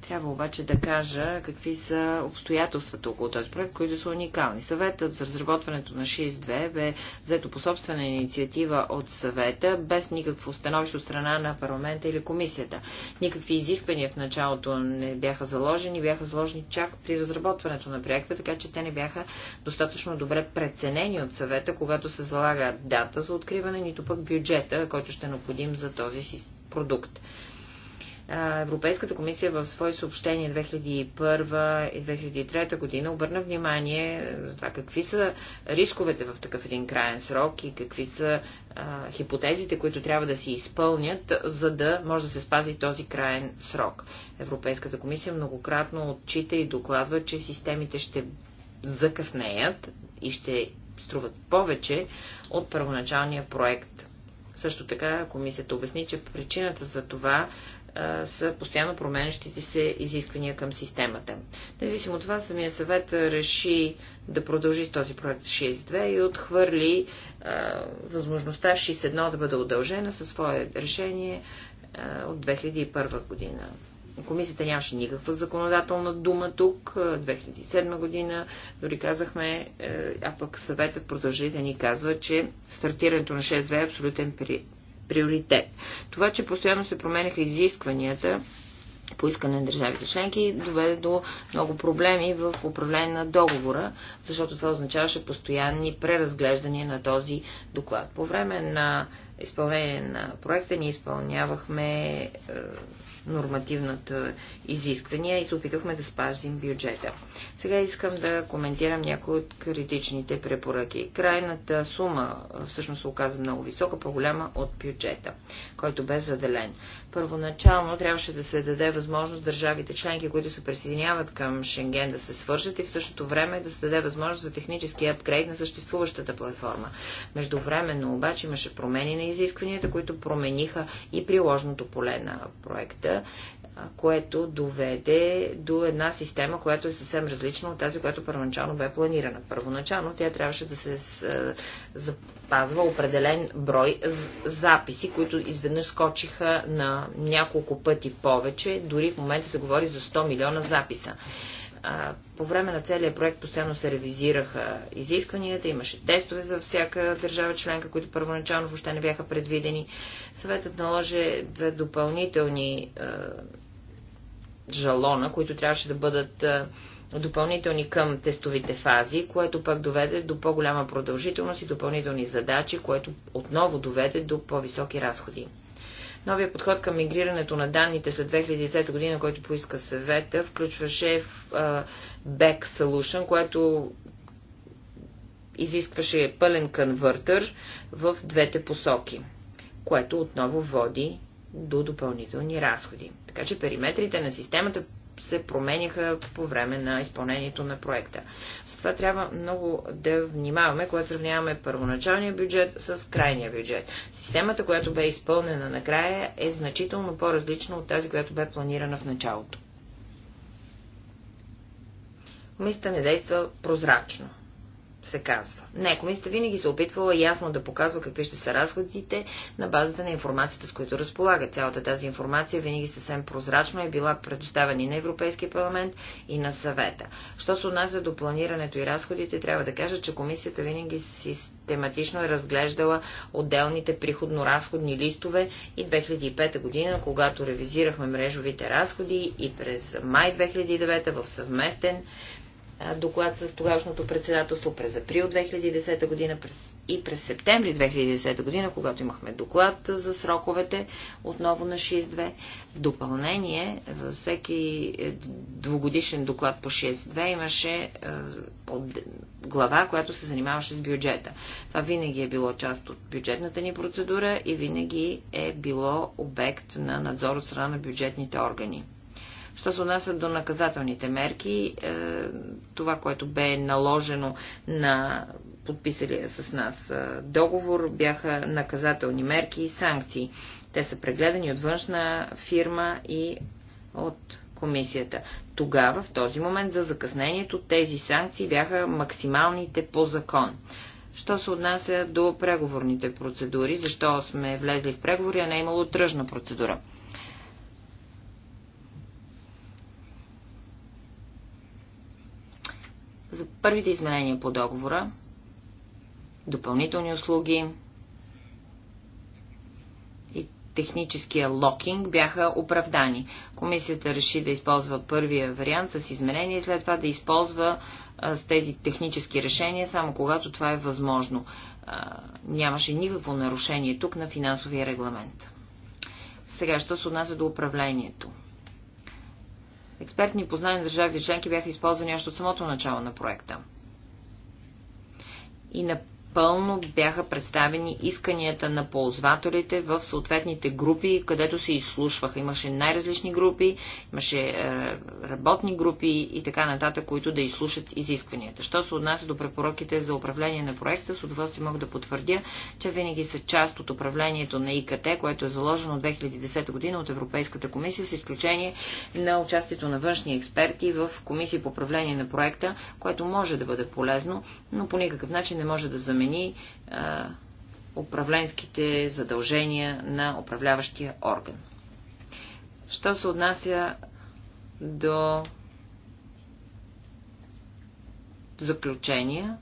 Трябва обаче да кажа какви са обстоятелствата около този проект, които са уникални. Съветът за разработването на 6.2 бе взето по собствена инициатива от съвета, без никакво становище от страна на парламента или комисията. Никакви изисквания в началото не бяха заложени, бяха заложени чак при разработването на проекта, така че те не бяха достатъчно добре преценени от съвета, когато се залага дата за откриване, нито пък бюджета, който ще е необходим за този систем продукт. Европейската комисия в свои съобщения 2001 и 2003 година обърна внимание за това какви са рисковете в такъв един крайен срок и какви са а, хипотезите, които трябва да се изпълнят, за да може да се спази този крайен срок. Европейската комисия многократно отчита и докладва, че системите ще закъснеят и ще струват повече от първоначалния проект също така комисията обясни, че причината за това а, са постоянно променящите се изисквания към системата. Независимо от това, самия съвет реши да продължи този проект 6.2 и отхвърли а, възможността 6.1 да бъде удължена със свое решение а, от 2001 година. Комисията нямаше никаква законодателна дума тук, 2007 е, година, дори казахме, е, а пък съветът продължи да ни казва, че стартирането на 6.2 е абсолютен приоритет. Това, че постоянно се променяха изискванията, по искане на държавите членки доведе до много проблеми в управление на договора, защото това означаваше постоянни преразглеждания на този доклад. По време на изпълнение на проекта ние изпълнявахме е, нормативната изисквания и се опитахме да спазим бюджета. Сега искам да коментирам някои от критичните препоръки. Крайната сума всъщност се оказа много висока, по-голяма от бюджета, който бе заделен. Първоначално трябваше да се даде възможност държавите членки, които се присъединяват към Шенген да се свържат и в същото време да се даде възможност за технически апгрейд на съществуващата платформа. Междувременно обаче имаше промени на изискванията, които промениха и приложното поле на проекта което доведе до една система, която е съвсем различна от тази, която първоначално бе планирана. Първоначално тя трябваше да се запазва определен брой записи, които изведнъж скочиха на няколко пъти повече. Дори в момента се говори за 100 милиона записа по време на целия проект постоянно се ревизираха изискванията, имаше тестове за всяка държава членка, които първоначално въобще не бяха предвидени. Съветът наложи две допълнителни а, жалона, които трябваше да бъдат а, допълнителни към тестовите фази, което пък доведе до по-голяма продължителност и допълнителни задачи, което отново доведе до по-високи разходи. Новия подход към мигрирането на данните след 2010 година, който поиска съвета, включваше в, Back Solution, което изискваше пълен конвертър в двете посоки, което отново води до допълнителни разходи. Така че периметрите на системата се променяха по време на изпълнението на проекта. С това трябва много да внимаваме, когато сравняваме първоначалния бюджет с крайния бюджет. Системата, която бе изпълнена накрая, е значително по-различна от тази, която бе планирана в началото. Комисията не действа прозрачно се казва. Не, комисията винаги се е опитвала ясно да показва какви ще са разходите на базата на информацията, с които разполага. Цялата тази информация винаги съвсем прозрачно е била предоставена и на Европейския парламент и на съвета. Що се отнася до планирането и разходите, трябва да кажа, че комисията винаги систематично е разглеждала отделните приходно-разходни листове и 2005 година, когато ревизирахме мрежовите разходи и през май 2009 в съвместен доклад с тогавашното председателство през април 2010 година и през септември 2010 година, когато имахме доклад за сроковете отново на 6.2. В допълнение, за всеки двугодишен доклад по 6.2 имаше глава, която се занимаваше с бюджета. Това винаги е било част от бюджетната ни процедура и винаги е било обект на надзор от страна на бюджетните органи. Що се отнася до наказателните мерки, е, това, което бе наложено на подписали с нас е, договор, бяха наказателни мерки и санкции. Те са прегледани от външна фирма и от комисията. Тогава, в този момент за закъснението, тези санкции бяха максималните по закон. Що се отнася до преговорните процедури, защо сме влезли в преговори, а не е имало тръжна процедура. за първите изменения по договора, допълнителни услуги и техническия локинг бяха оправдани. Комисията реши да използва първия вариант с изменение и след това да използва с тези технически решения, само когато това е възможно. нямаше никакво нарушение тук на финансовия регламент. Сега, що се отнася до управлението – Експертни познания на държавите членки бяха използвани още от самото начало на проекта. И на Пълно бяха представени исканията на ползвателите в съответните групи, където се изслушваха. Имаше най-различни групи, имаше е, работни групи и така нататък, които да изслушат изискванията. Що се отнася до препоръките за управление на проекта, с удоволствие мога да потвърдя, че винаги са част от управлението на ИКТ, което е заложено от 2010 година от Европейската комисия, с изключение на участието на външни експерти в комисии по управление на проекта, което може да бъде полезно, но по никакъв начин не може да замени промени а, управленските задължения на управляващия орган. Що се отнася до заключения?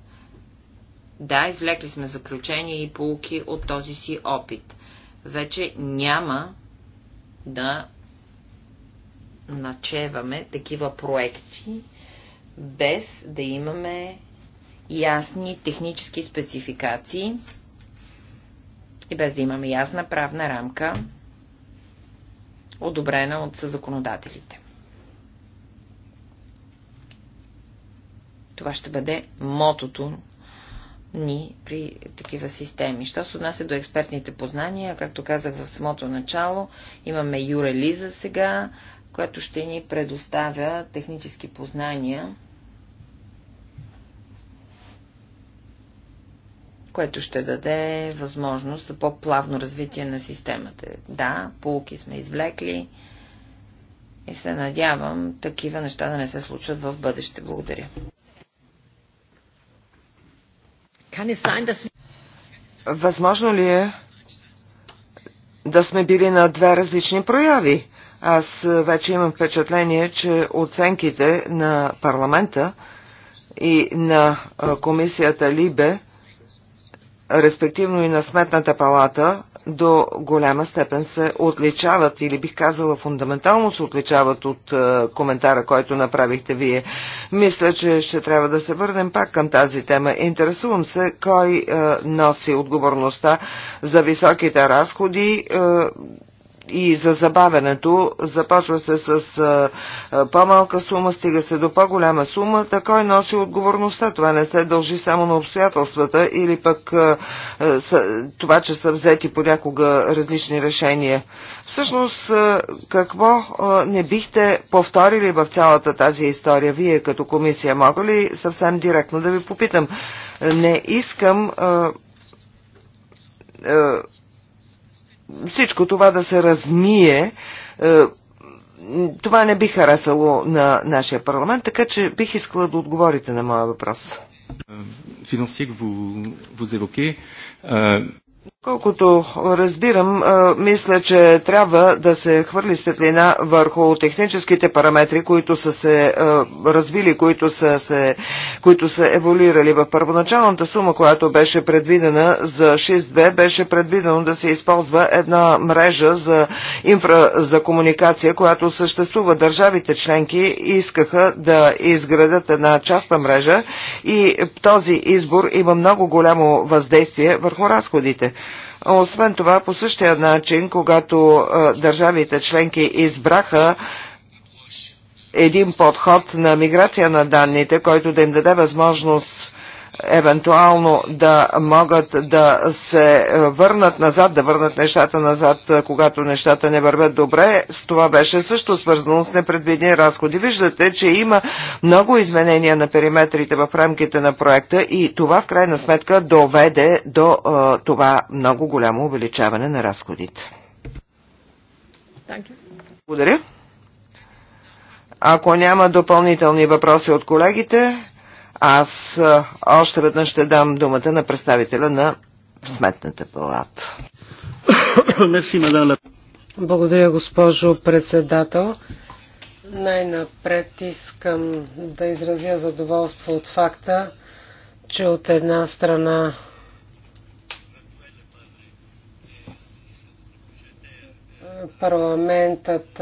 Да, извлекли сме заключения и полуки от този си опит. Вече няма да начеваме такива проекти без да имаме ясни технически спецификации и без да имаме ясна правна рамка, одобрена от съзаконодателите. Това ще бъде мотото ни при такива системи. Що се отнася до експертните познания, както казах в самото начало, имаме Юрелиза сега, която ще ни предоставя технически познания което ще даде възможност за по-плавно развитие на системата. Да, полуки сме извлекли и се надявам такива неща да не се случват в бъдеще. Благодаря. Възможно ли е да сме били на две различни прояви? Аз вече имам впечатление, че оценките на парламента и на комисията Либе – респективно и на Сметната палата, до голяма степен се отличават или бих казала фундаментално се отличават от е, коментара, който направихте вие. Мисля, че ще трябва да се върнем пак към тази тема. Интересувам се кой е, носи отговорността за високите разходи. Е, и за забавенето. Започва се с по-малка сума, стига се до по-голяма сума, така и носи отговорността. Това не се дължи само на обстоятелствата или пък това, че са взети понякога различни решения. Всъщност, какво не бихте повторили в цялата тази история? Вие като комисия мога ли съвсем директно да ви попитам? Не искам всичко това да се размие, е, това не би харесало на нашия парламент, така че бих искала да отговорите на моя въпрос. Финансик, vous, е, Колкото разбирам, мисля, че трябва да се хвърли светлина върху техническите параметри, които са се развили, които са, се, които са еволюирали. В първоначалната сума, която беше предвидена за 6.2, беше предвидено да се използва една мрежа за, инфра, за комуникация, която съществува. Държавите членки искаха да изградат една частна мрежа и този избор има много голямо въздействие върху разходите. Освен това, по същия начин, когато държавите членки избраха един подход на миграция на данните, който да им даде възможност евентуално да могат да се върнат назад, да върнат нещата назад, когато нещата не вървят добре. С това беше също свързано с непредвидни разходи. Виждате, че има много изменения на периметрите в рамките на проекта и това в крайна сметка доведе до а, това много голямо увеличаване на разходите. Благодаря. Ако няма допълнителни въпроси от колегите, аз още веднъж ще дам думата на представителя на Сметната палата. Благодаря, госпожо председател. Най-напред искам да изразя задоволство от факта, че от една страна парламентът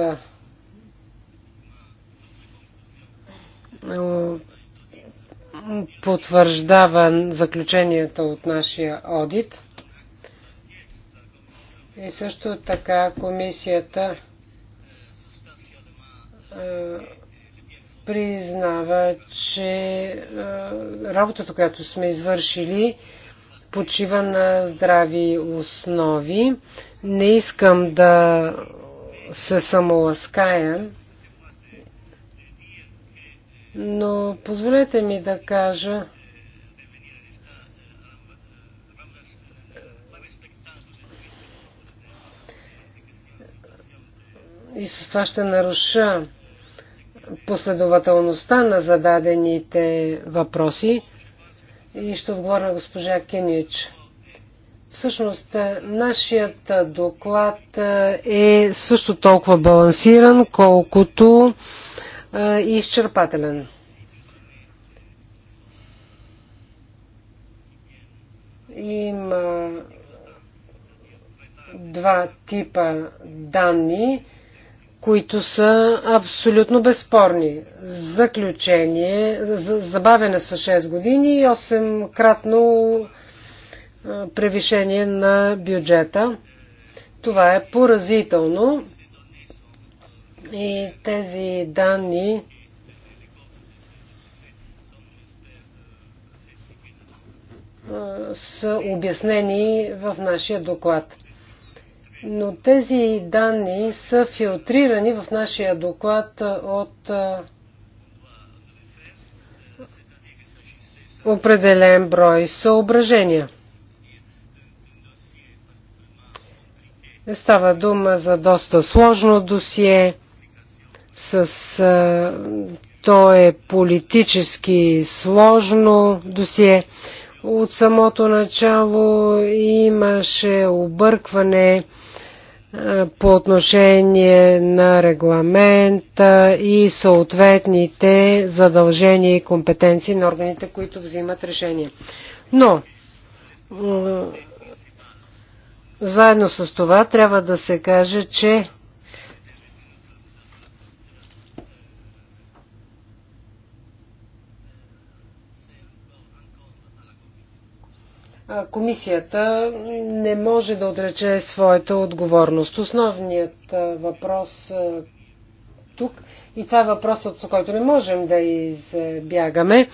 потвърждава заключенията от нашия одит. И също така комисията признава, че работата, която сме извършили, почива на здрави основи. Не искам да се самолаская, но позволете ми да кажа, и с това ще наруша последователността на зададените въпроси и ще отговоря на госпожа Кенич. Всъщност, е, нашият е, доклад е също толкова балансиран, колкото е, и изчерпателен. Има два типа данни, които са абсолютно безспорни. Заключение, забавяне с 6 години и 8-кратно е, превишение на бюджета. Това е поразително. И тези данни са обяснени в нашия доклад. Но тези данни са филтрирани в нашия доклад от определен брой съображения. Става дума за доста сложно досие с то е политически сложно досие. От самото начало имаше объркване по отношение на регламента и съответните задължения и компетенции на органите, които взимат решения. Но заедно с това трябва да се каже, че комисията не може да отрече своята отговорност. Основният въпрос тук, и това е въпросът, от който не можем да избягаме,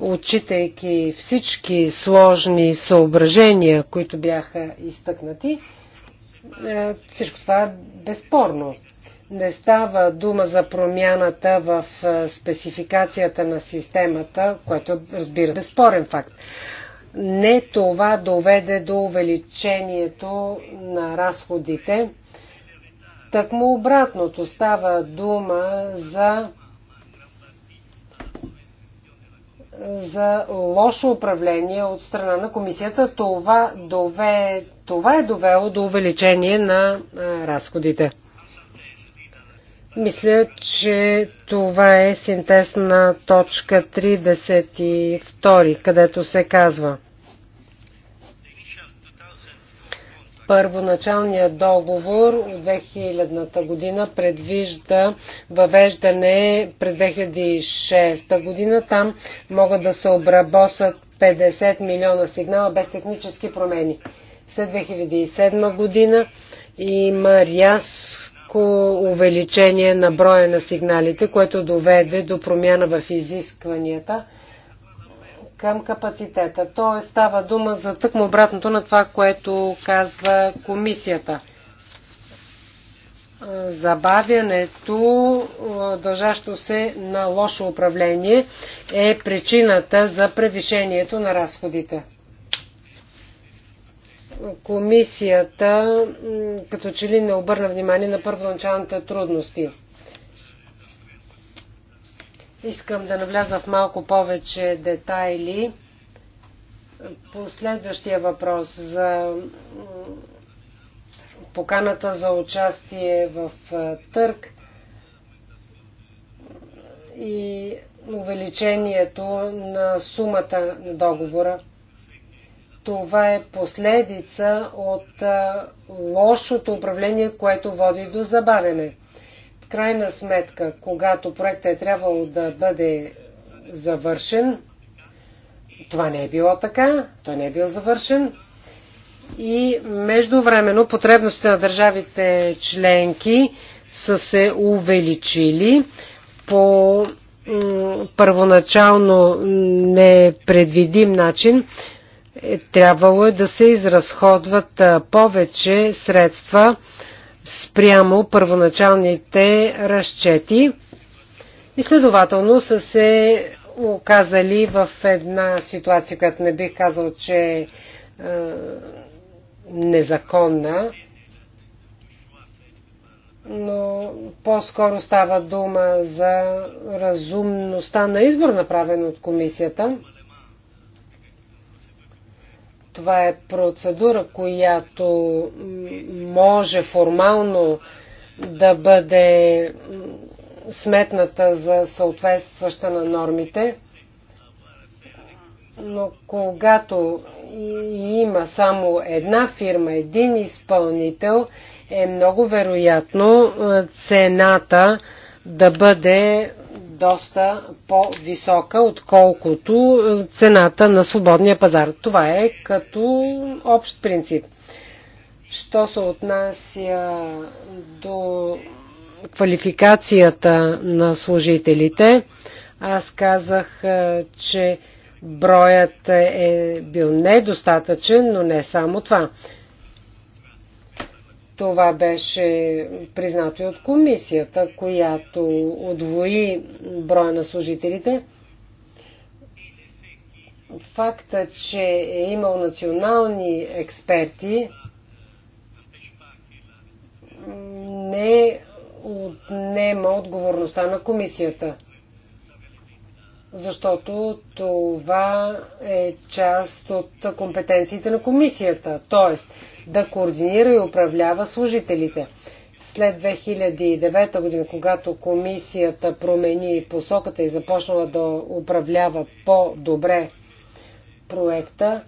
отчитайки всички сложни съображения, които бяха изтъкнати, е, всичко това е безспорно. Не става дума за промяната в спецификацията на системата, което разбира е безспорен факт не това доведе до увеличението на разходите. такмо обратното става дума за за лошо управление от страна на комисията. Това, дове, това е довело до увеличение на разходите. Мисля, че това е синтез на точка 32, където се казва. Първоначалният договор от 2000-та година предвижда въвеждане през 2006 година. Там могат да се обработват 50 милиона сигнала без технически промени. След 2007 година има рязко рязко увеличение на броя на сигналите, което доведе до промяна в изискванията към капацитета. Тоест става дума за тъкмо обратното на това, което казва комисията. Забавянето, дължащо се на лошо управление, е причината за превишението на разходите комисията като че ли не обърна внимание на първоначалните трудности. Искам да навляза в малко повече детайли. Последващия въпрос за поканата за участие в търг и увеличението на сумата на договора – това е последица от а, лошото управление, което води до забавене. В крайна сметка, когато проектът е трябвало да бъде завършен, това не е било така, той не е бил завършен. И междувременно потребностите на държавите членки са се увеличили по първоначално непредвидим начин е, трябвало е да се изразходват повече средства спрямо първоначалните разчети и следователно са се оказали в една ситуация, която не бих казал, че е незаконна, но по-скоро става дума за разумността на избор, направен от комисията. Това е процедура, която може формално да бъде сметната за съответстваща на нормите, но когато има само една фирма, един изпълнител, е много вероятно цената да бъде доста по-висока, отколкото е, цената на свободния пазар. Това е като общ принцип. Що се отнася до квалификацията на служителите, аз казах, е, че броят е бил недостатъчен, но не само това. Това беше признато и от комисията, която отвои броя на служителите. Факта, че е имал национални експерти, не отнема отговорността на комисията. Защото това е част от компетенциите на комисията. Тоест, да координира и управлява служителите. След 2009 година, когато комисията промени посоката и започнала да управлява по-добре проекта,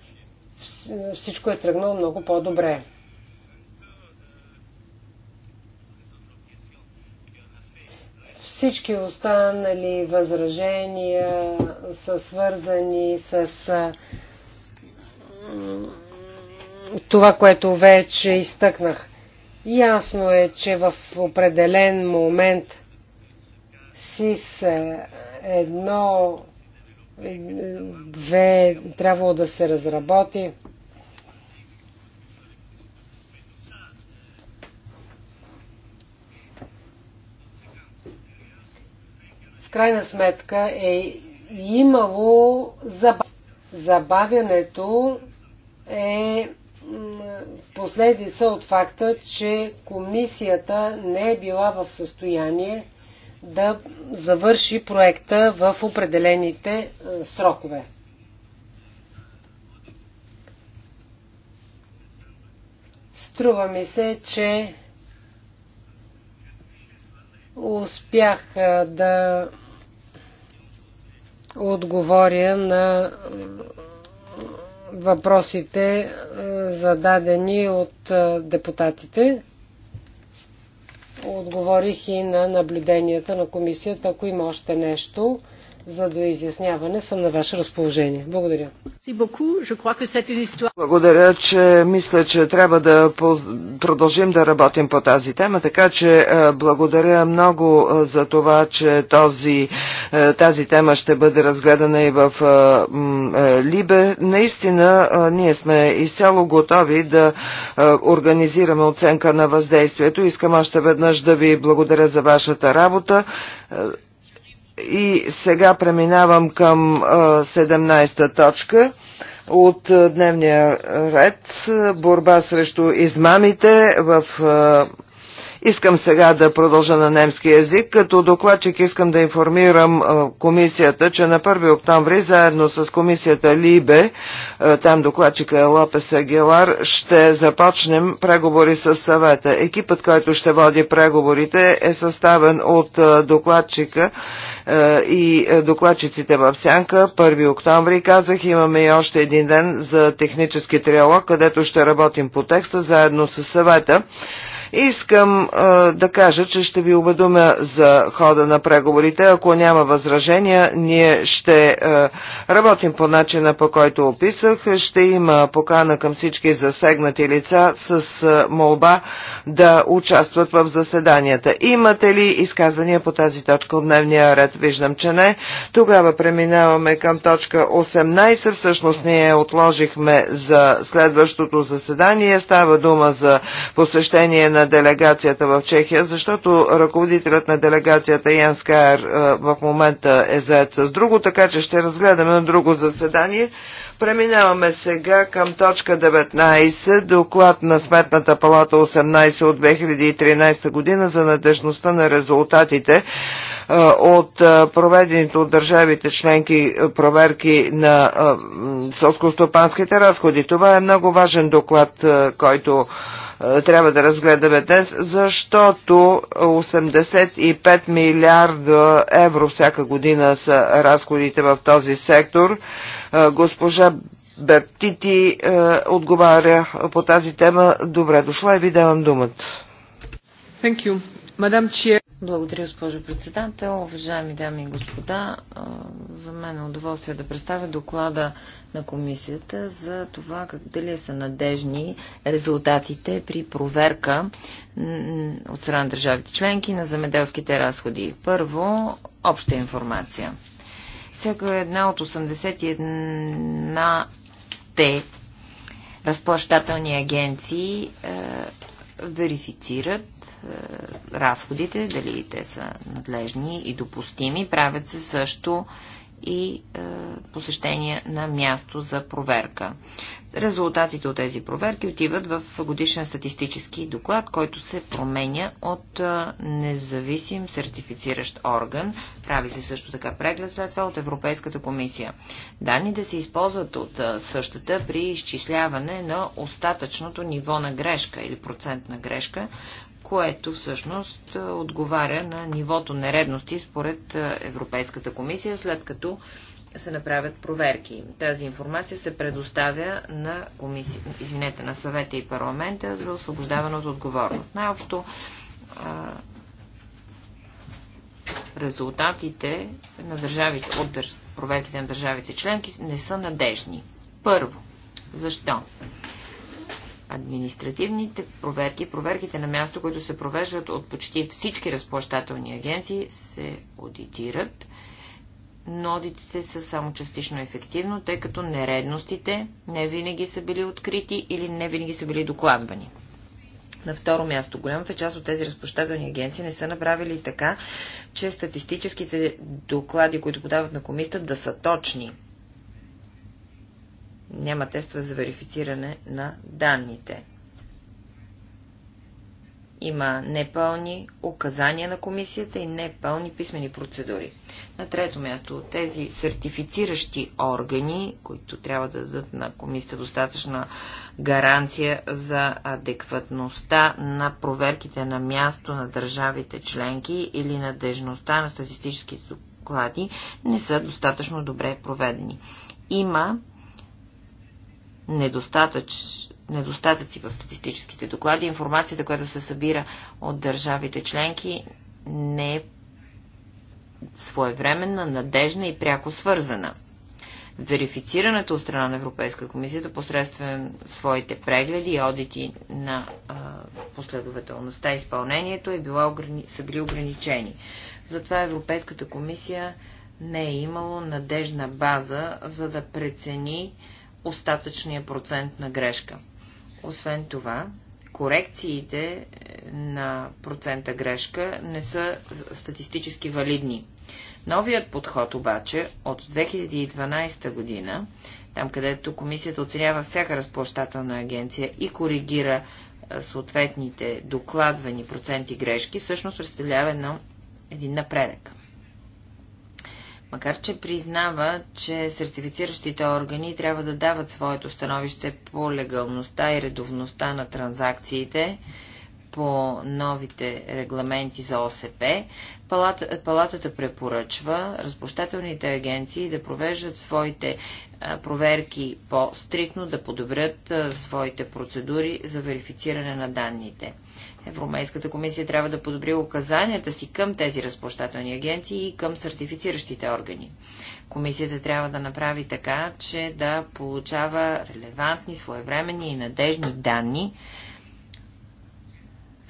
всичко е тръгнало много по-добре. Всички останали възражения са свързани с това, което вече изтъкнах. Ясно е, че в определен момент СИС е, едно, е, две трябвало да се разработи. В крайна сметка е имало забавянето е последица от факта, че комисията не е била в състояние да завърши проекта в определените е, срокове. Струва ми се, че успях е, да отговоря на е, въпросите, е, зададени от е, депутатите. Отговорих и на наблюденията на комисията. Ако има още нещо, за доизясняване съм на ваше разположение. Благодаря. Благодаря, че мисля, че трябва да продължим да работим по тази тема, така че е, благодаря много е, за това, че този, е, тази тема ще бъде разгледана и в Либе. Наистина, ние сме изцяло готови да организираме оценка на въздействието. Искам още веднъж да ви благодаря за вашата работа. И сега преминавам към 17-та точка от дневния ред борба срещу измамите в Искам сега да продължа на немски язик. Като докладчик искам да информирам комисията, че на 1 октомври заедно с комисията Либе, там докладчика е Лопес Агилар, ще започнем преговори с съвета. Екипът, който ще води преговорите е съставен от докладчика е, и е, докладчиците в Сянка. 1 октомври казах, имаме и още един ден за технически триалог, където ще работим по текста заедно с съвета. Искам а, да кажа, че ще ви уведомя за хода на преговорите. Ако няма възражения, ние ще а, работим по начина, по който описах. Ще има покана към всички засегнати лица с а, молба да участват в заседанията. Имате ли изказвания по тази точка от дневния ред? Виждам, че не. Тогава преминаваме към точка 18. Всъщност ние отложихме за следващото заседание. Става дума за посещение на на делегацията в Чехия, защото ръководителят на делегацията Ян Скайер е, в момента е заед с друго, така че ще разгледаме на друго заседание. Преминаваме сега към точка 19, доклад на Сметната палата 18 от 2013 година за надежността на резултатите е, от е, проведените от държавите членки проверки на сълско-стопанските разходи. Това е много важен доклад, който е, трябва да разгледаме днес, защото 85 милиарда евро всяка година са разходите в този сектор. Е, госпожа Бертити е, отговаря по тази тема. Добре дошла и ви давам думата. Thank you. Мадам Чиер. Благодаря, госпожо председател. Уважаеми дами и господа, за мен е удоволствие да представя доклада на комисията за това как дали са надежни резултатите при проверка от страна на държавите членки на земеделските разходи. Първо, обща информация. Всяка една от 81 те разплащателни агенции е, верифицират е, разходите, дали те са надлежни и допустими. Правят се също и е, посещения на място за проверка. Резултатите от тези проверки отиват в годишен статистически доклад, който се променя от е, независим сертифициращ орган. Прави се също така преглед след това от Европейската комисия. Данните се използват от е, същата при изчисляване на остатъчното ниво на грешка или процент на грешка, което всъщност е, отговаря на нивото нередности според е, Европейската комисия, след като се направят проверки. Тази информация се предоставя на, комиси... Извинете, на съвета и парламента за освобождаване от отговорност. Най-общо е, резултатите на държавите, от дър... проверките на държавите членки не са надежни. Първо, защо? Административните проверки, проверките на място, които се провеждат от почти всички разплащателни агенции, се аудитират, но одитите са само частично ефективно, тъй като нередностите не винаги са били открити или не винаги са били докладвани. На второ място, голямата част от тези разплащателни агенции не са направили така, че статистическите доклади, които подават на комисията, да са точни няма тества за верифициране на данните. Има непълни указания на комисията и непълни писмени процедури. На трето място, тези сертифициращи органи, които трябва да дадат на комисията достатъчна гаранция за адекватността на проверките на място на държавите членки или надежността на статистическите доклади, не са достатъчно добре проведени. Има недостатъч, недостатъци в статистическите доклади. Информацията, която се събира от държавите членки, не е своевременна, надежна и пряко свързана. Верифицирането от страна на Европейска комисията посредством своите прегледи и одити на а, последователността и изпълнението е била, са били ограничени. Затова Европейската комисия не е имало надежна база, за да прецени а, остатъчния процент на грешка. Освен това, корекциите на процента грешка не са статистически валидни. Новият подход обаче от 2012 година, там където комисията оценява всяка разплащателна агенция и коригира съответните докладвани проценти грешки, всъщност представлява едно, един напредък макар че признава, че сертифициращите органи трябва да дават своето становище по легалността и редовността на транзакциите по новите регламенти за ОСП, палата, палатата препоръчва разплащателните агенции да провеждат своите проверки по-стрикно, да подобрят своите процедури за верифициране на данните. Европейската комисия трябва да подобри указанията си към тези разплащателни агенции и към сертифициращите органи. Комисията трябва да направи така, че да получава релевантни, своевременни и надежни данни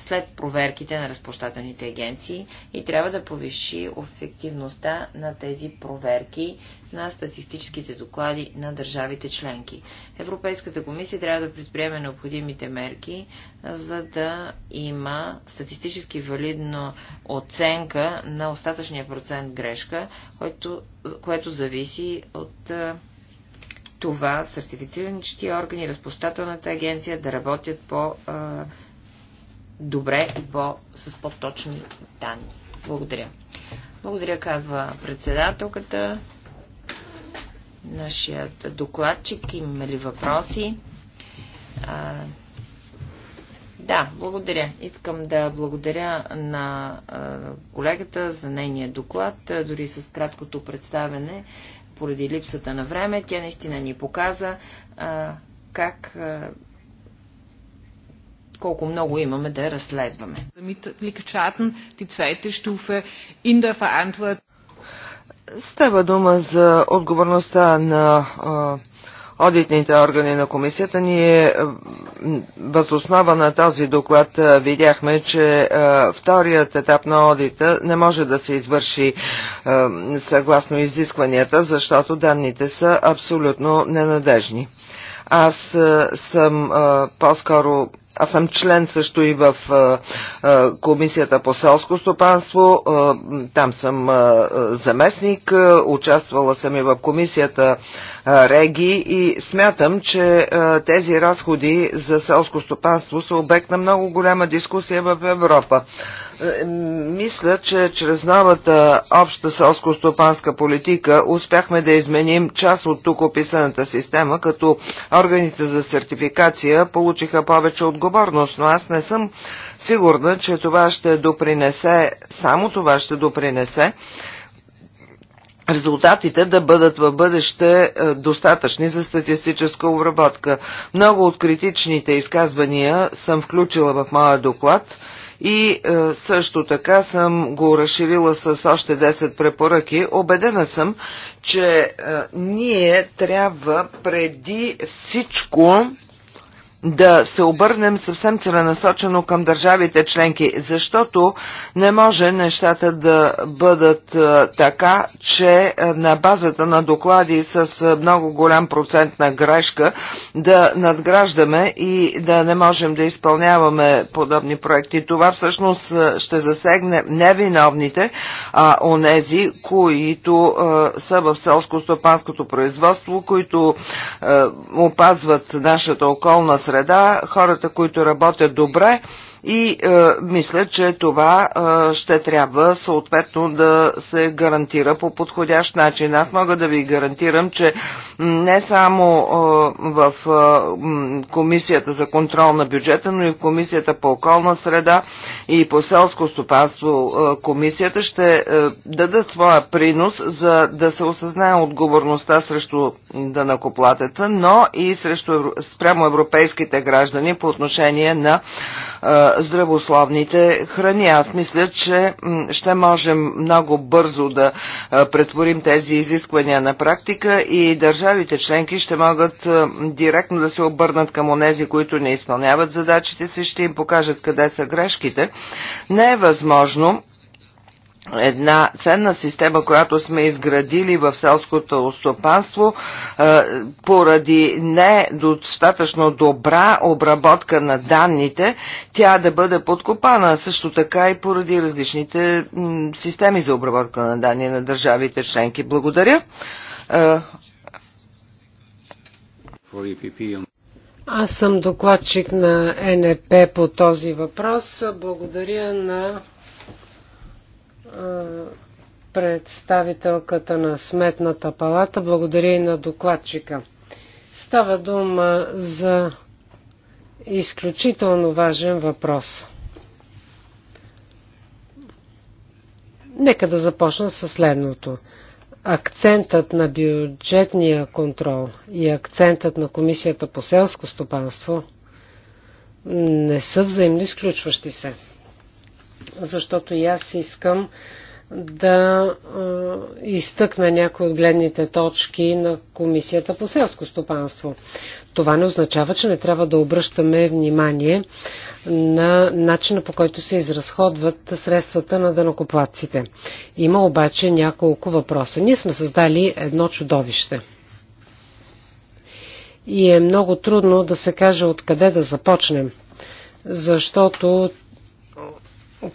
след проверките на разплащателните агенции и трябва да повиши ефективността на тези проверки на статистическите доклади на държавите членки. Европейската комисия трябва да предприеме необходимите мерки, за да има статистически валидна оценка на остатъчния процент грешка, което, което зависи от това сертифициращи органи, разплащателната агенция да работят по а, добре и по, с по-точни данни. Благодаря. Благодаря, казва председателката. Нашият докладчик имаме ли въпроси? А, да, благодаря. Искам да благодаря на а, колегата за нейния доклад, дори с краткото представене, поради липсата на време. Тя наистина ни показа а, как а, колко много имаме да разследваме. Става дума за отговорността на Одитните органи на комисията ние възоснова на този доклад видяхме, че вторият етап на одита не може да се извърши съгласно изискванията, защото данните са абсолютно ненадежни. Аз съм по-скоро аз съм член също и в Комисията по селско стопанство. Там съм заместник. Участвала съм и в Комисията Реги и смятам, че тези разходи за селско стопанство са обект на много голяма дискусия в Европа. Е, мисля, че чрез новата обща селско-стопанска политика успяхме да изменим част от тук описаната система, като органите за сертификация получиха повече отговорност, но аз не съм сигурна, че това ще допринесе, само това ще допринесе резултатите да бъдат в бъдеще е, достатъчни за статистическа обработка. Много от критичните изказвания съм включила в моя доклад – и е, също така съм го разширила с още 10 препоръки. Обедена съм, че е, ние трябва преди всичко да се обърнем съвсем целенасочено към държавите членки, защото не може нещата да бъдат така, че на базата на доклади с много голям процент на грешка да надграждаме и да не можем да изпълняваме подобни проекти. Това всъщност ще засегне не виновните, а онези, които са в селско-стопанското производство, които опазват нашата околна среда среда, хората, които работят добре, и е, мисля, че това е, ще трябва съответно да се гарантира по подходящ начин. Аз мога да ви гарантирам, че не само е, в е, Комисията за контрол на бюджета, но и в Комисията по околна среда и по селско стопанство е, Комисията ще е, дадат своя принос за да се осъзнае отговорността срещу данакоплатеца, но и срещу, спрямо европейските граждани по отношение на е, здравословните храни. Аз мисля, че ще можем много бързо да претворим тези изисквания на практика и държавите членки ще могат директно да се обърнат към онези, които не изпълняват задачите си, ще им покажат къде са грешките. Не е възможно една ценна система, която сме изградили в селското стопанство поради недостатъчно добра обработка на данните, тя да бъде подкопана също така и поради различните системи за обработка на данни на държавите членки. Благодаря. Аз съм докладчик на НП по този въпрос. Благодаря на представителката на Сметната палата. Благодаря и на докладчика. Става дума за изключително важен въпрос. Нека да започна с следното. Акцентът на бюджетния контрол и акцентът на Комисията по селско стопанство не са взаимно изключващи се защото и аз искам да изтъкна някои от гледните точки на Комисията по селско стопанство. Това не означава, че не трябва да обръщаме внимание на начина по който се изразходват средствата на дънокоплатците. Има обаче няколко въпроса. Ние сме създали едно чудовище. И е много трудно да се каже откъде да започнем, защото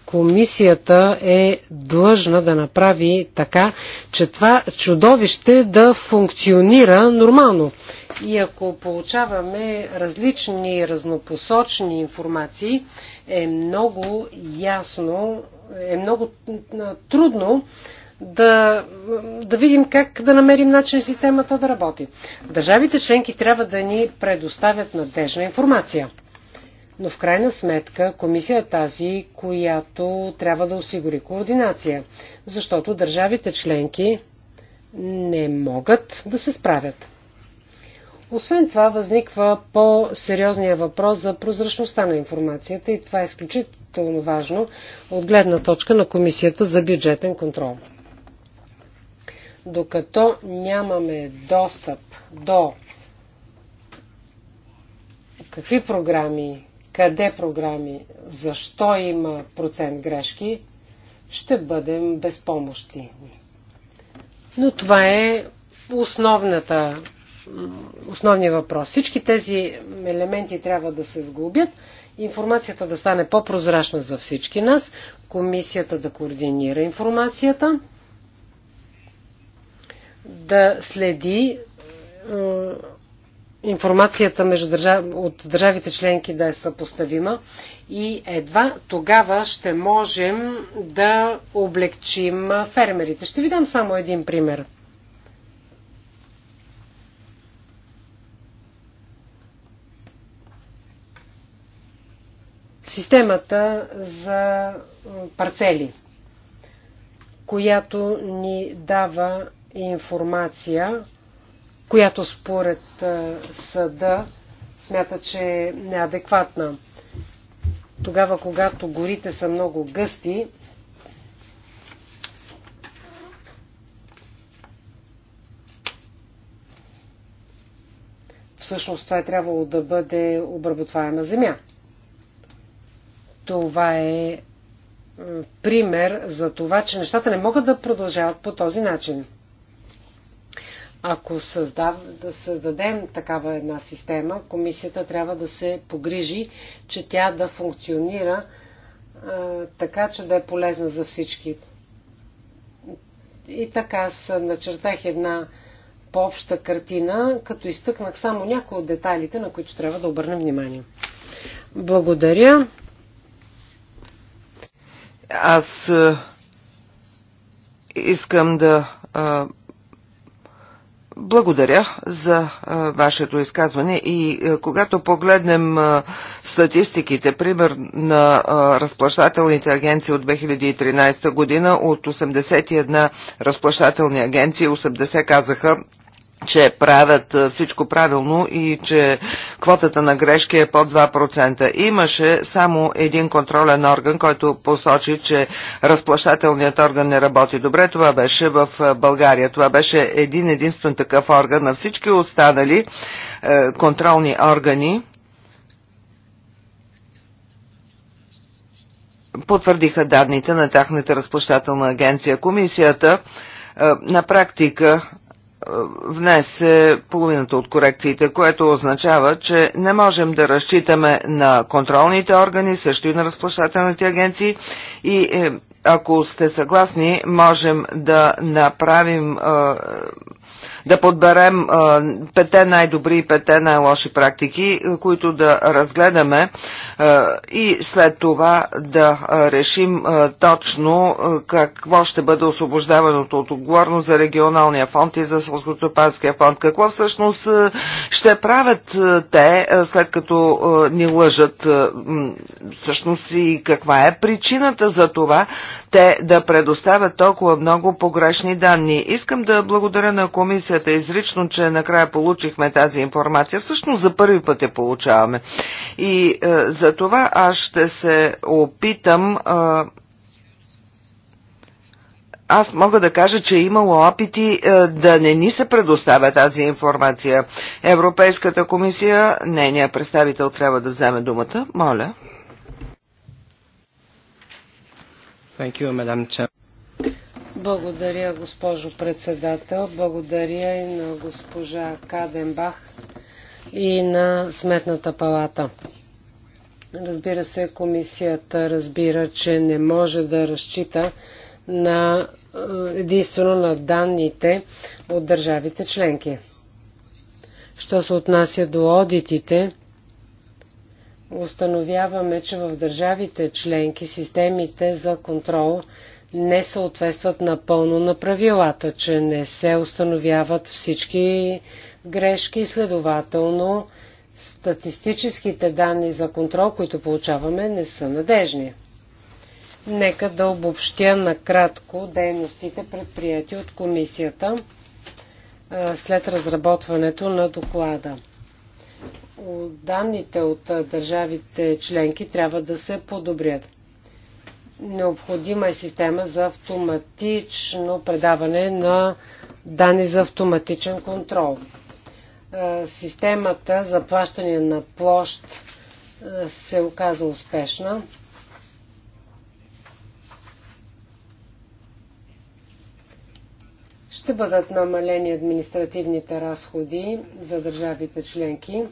комисията е длъжна да направи така, че това чудовище да функционира нормално. И ако получаваме различни разнопосочни информации, е много ясно, е много трудно да, да видим как да намерим начин системата да работи. Държавите членки трябва да ни предоставят надежна информация. Но в крайна сметка комисия е тази, която трябва да осигури координация, защото държавите членки не могат да се справят. Освен това възниква по-сериозния въпрос за прозрачността на информацията и това е изключително важно от гледна точка на Комисията за бюджетен контрол. Докато нямаме достъп до какви програми къде програми, защо има процент грешки, ще бъдем безпомощни. Но това е основната, основния въпрос. Всички тези елементи трябва да се сглобят, информацията да стане по-прозрачна за всички нас, комисията да координира информацията, да следи информацията между държав... от държавите членки да е съпоставима и едва тогава ще можем да облегчим фермерите. Ще ви дам само един пример. Системата за парцели, която ни дава информация която според съда смята, че е неадекватна. Тогава, когато горите са много гъсти, всъщност това е трябвало да бъде обработваема земя. Това е пример за това, че нещата не могат да продължават по този начин. Ако създав, да създадем такава една система, комисията трябва да се погрижи, че тя да функционира а, така, че да е полезна за всички. И така аз начертах една по-обща картина, като изтъкнах само някои от детайлите, на които трябва да обърнем внимание. Благодаря. Аз искам да а, благодаря за вашето изказване и когато погледнем статистиките, пример на разплащателните агенции от 2013 година, от 81 разплащателни агенции 80 казаха, че правят всичко правилно и че квотата на грешки е под 2%. Имаше само един контролен орган, който посочи, че разплащателният орган не работи добре. Това беше в България. Това беше един единствен такъв орган на всички останали е, контролни органи. Потвърдиха данните на тяхната разплащателна агенция. Комисията на практика внесе половината от корекциите, което означава, че не можем да разчитаме на контролните органи, също и на разплащателните агенции и е, ако сте съгласни, можем да направим е, да подберем е, пете най-добри и пете най-лоши практики, които да разгледаме е, и след това да е, решим е, точно какво ще бъде освобождаваното от отговорност за регионалния фонд и за Сълскотопанския фонд. Какво всъщност ще правят те, след като ни лъжат всъщност и каква е причината за това те да предоставят толкова много погрешни данни. Искам да благодаря на комисията изрично, че накрая получихме тази информация. Всъщност за първи път я получаваме. И за за това аз ще се опитам. А, аз мога да кажа, че е имало опити да не ни се предоставя тази информация. Европейската комисия, нейният представител трябва да вземе думата. Моля. Thank you, madam. Благодаря, госпожо председател. Благодаря и на госпожа Каденбах и на Сметната палата. Разбира се, комисията разбира, че не може да разчита на, единствено на данните от държавите членки. Що се отнася до одитите, установяваме, че в държавите членки системите за контрол не съответстват напълно на правилата, че не се установяват всички грешки, следователно статистическите данни за контрол, които получаваме, не са надежни. Нека да обобщя накратко дейностите предприяти от комисията след разработването на доклада. Данните от държавите членки трябва да се подобрят. Необходима е система за автоматично предаване на данни за автоматичен контрол. Е, системата за плащане на площ е, се оказа успешна. Ще бъдат намалени административните разходи за държавите членки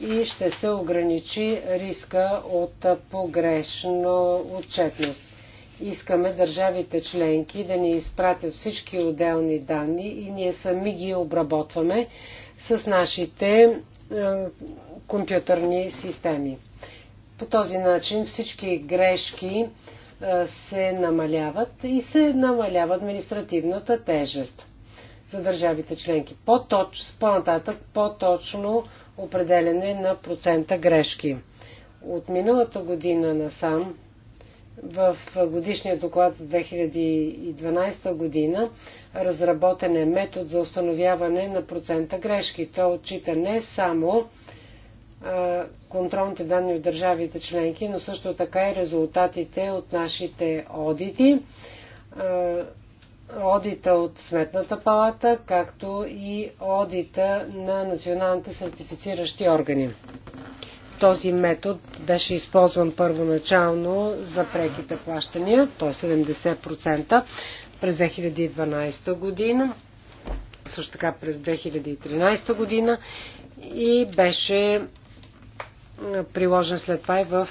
и ще се ограничи риска от погрешно отчетност. Искаме държавите членки да ни изпратят всички отделни данни и ние сами ги обработваме, с нашите е, компютърни системи. По този начин всички грешки е, се намаляват и се намалява административната тежест за държавите членки. По-точ, по-нататък по-точно определене на процента грешки. От миналата година насам в годишния доклад за 2012 година разработен е метод за установяване на процента грешки. Той отчита не само контролните данни в държавите членки, но също така и резултатите от нашите одити, одита от Сметната палата, както и одита на националните сертифициращи органи. Този метод беше използван първоначално за преките плащания, т.е. 70%, през 2012 година, също така през 2013 година и беше приложен след това и в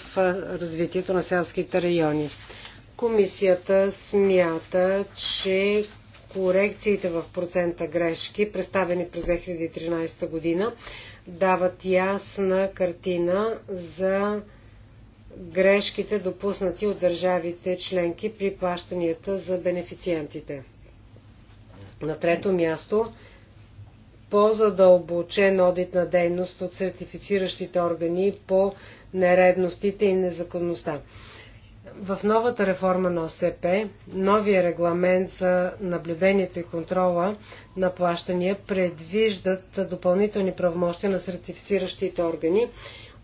развитието на селските райони. Комисията смята, че корекциите в процента грешки, представени през 2013 година, дават ясна картина за грешките, допуснати от държавите членки при плащанията за бенефициентите. На трето място, по-задълбочен одит на дейност от сертифициращите органи по нередностите и незаконността. В новата реформа на ОСП, новия регламент за наблюдението и контрола на плащания предвиждат допълнителни правомощия на сертифициращите органи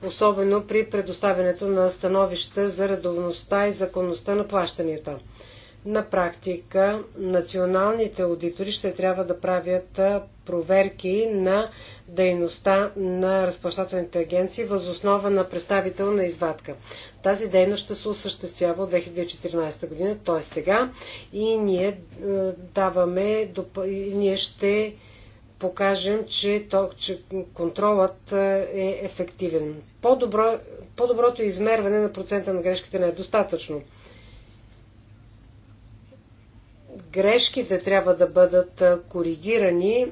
особено при предоставянето на становища за редовността и законността на плащанията. На практика националните аудитори ще трябва да правят проверки на дейността на разплащателните агенции възоснова на представител на извадка. Тази дейност ще се осъществява от 2014 година, т.е. сега, и ние даваме, ние ще покажем, че, то, че контролът е, е ефективен. По-добро, по-доброто измерване на процента на грешките не е достатъчно. Грешките трябва да бъдат е, коригирани е,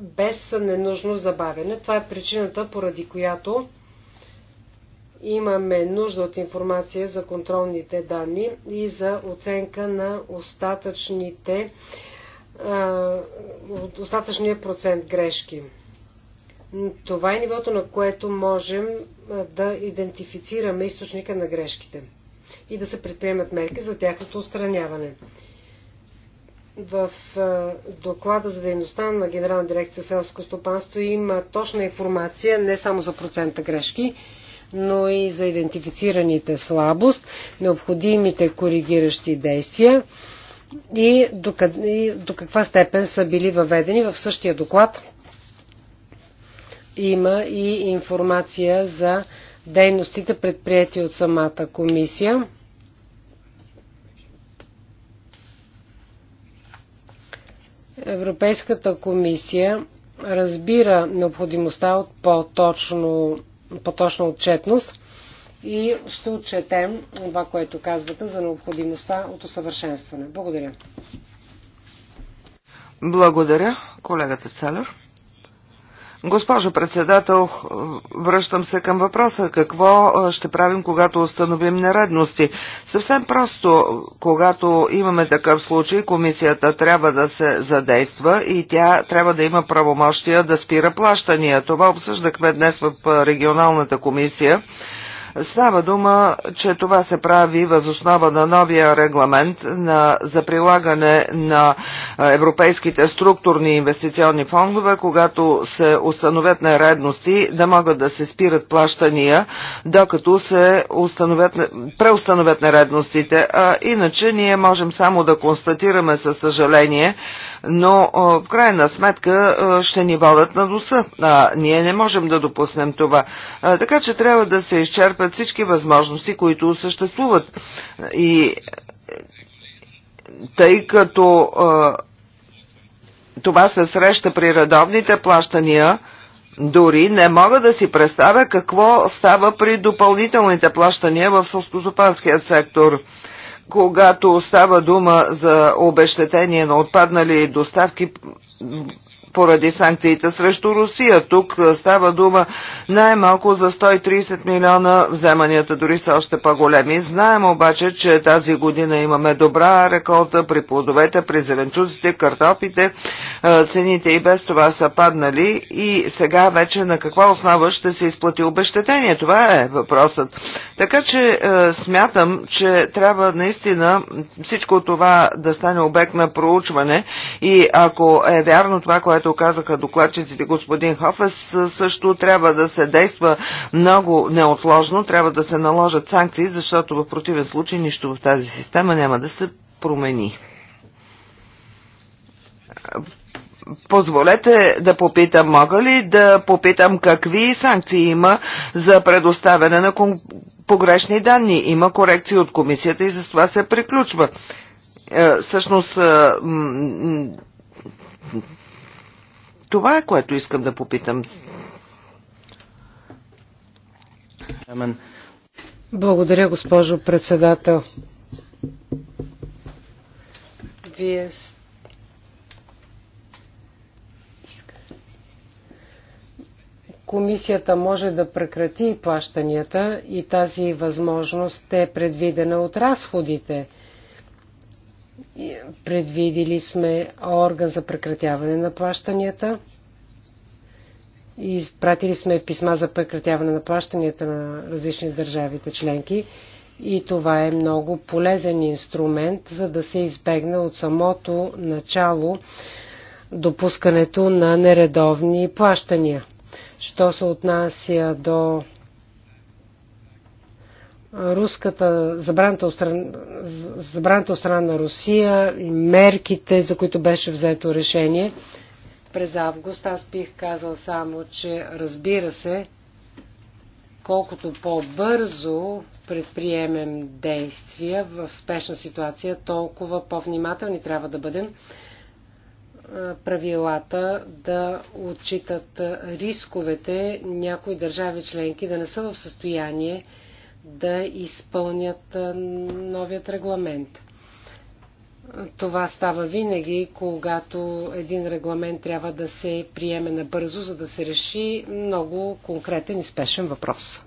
без ненужно забавяне. Това е причината, поради която имаме нужда от информация за контролните данни и за оценка на остатъчните от остатъчния процент грешки. Това е нивото, на което можем да идентифицираме източника на грешките и да се предприемат мерки за тяхното отстраняване. В доклада за дейността на Генерална дирекция селско стопанство има точна информация не само за процента грешки, но и за идентифицираните слабост, необходимите коригиращи действия и до, и до каква степен са били въведени в същия доклад. Има и информация за дейностите предприяти от самата комисия. Европейската комисия разбира необходимостта от по-точно, по-точна отчетност и ще отчетем това, което казвате за необходимостта от усъвършенстване. Благодаря. Благодаря, колегата Целер. Госпожо председател, връщам се към въпроса какво ще правим, когато установим нередности. Съвсем просто, когато имаме такъв случай, комисията трябва да се задейства и тя трябва да има правомощия да спира плащания. Това обсъждахме днес в регионалната комисия Става дума, че това се прави възоснова на новия регламент на, за прилагане на европейските структурни инвестиционни фондове, когато се установят нередности, да могат да се спират плащания, докато се установят, преустановят нередностите. А, иначе ние можем само да констатираме със съжаление, но в крайна сметка ще ни водят на носа. А, ние не можем да допуснем това. А, така че трябва да се изчерпят всички възможности, които съществуват. И тъй като а, това се среща при редовните плащания, дори не мога да си представя какво става при допълнителните плащания в сълскозопанския сектор когато става дума за обещетение на отпаднали доставки поради санкциите срещу Русия. Тук става дума най-малко за 130 милиона, вземанията дори са още по-големи. Знаем обаче, че тази година имаме добра реколта при плодовете, при зеленчуците, картофите. Е, цените и без това са паднали и сега вече на каква основа ще се изплати обещетение? Това е въпросът. Така че е, смятам, че трябва наистина всичко това да стане обект на проучване и ако е вярно това, което казаха докладчиците господин Хофес, е, също трябва да се действа много неотложно, трябва да се наложат санкции, защото в противен случай нищо в тази система няма да се промени. Позволете да попитам, мога ли да попитам какви санкции има за предоставяне на погрешни данни. Има корекции от комисията и с това се приключва. Същност, е, всъщност, е, това е което искам да попитам. Благодаря, госпожо председател. Вие сте комисията може да прекрати плащанията и тази възможност е предвидена от разходите. Предвидили сме орган за прекратяване на плащанията. Изпратили сме писма за прекратяване на плащанията на различни държавите членки и това е много полезен инструмент, за да се избегне от самото начало допускането на нередовни плащания. Що се отнася до руската забраната от, стран, забраната от страна на Русия и мерките, за които беше взето решение през август, аз бих казал само, че разбира се, колкото по-бързо предприемем действия в спешна ситуация, толкова по-внимателни трябва да бъдем правилата да отчитат рисковете някои държави членки да не са в състояние да изпълнят новият регламент. Това става винаги, когато един регламент трябва да се приеме набързо, за да се реши много конкретен и спешен въпрос.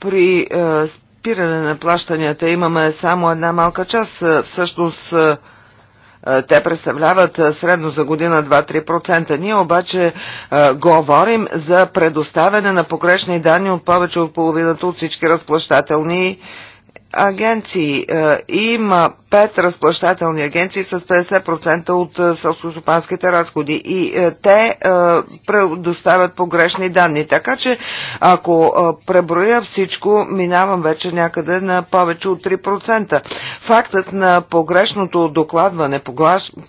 При спиране на плащанията имаме само една малка част. Е, всъщност е, е, те представляват средно за година 2-3%. Ние обаче говорим за предоставяне на погрешни данни от повече от половината от всички разплащателни агенции. Е, има пет разплащателни агенции с 50% от е, сълскостопанските разходи и е, те предоставят погрешни данни. Така че ако преброя всичко, минавам вече някъде на повече от 3%. Фактът на погрешното докладване,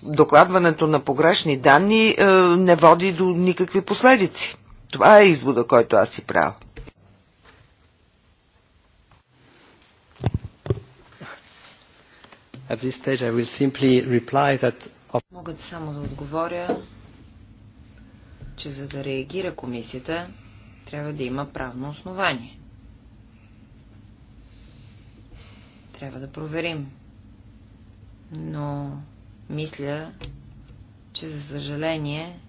докладването на погрешни данни не води до никакви последици. Това е извода, който аз си правя. At this stage I will simply reply that... Могат само да отговоря, че за да реагира комисията, трябва да има правно основание. Трябва да проверим. Но мисля, че за съжаление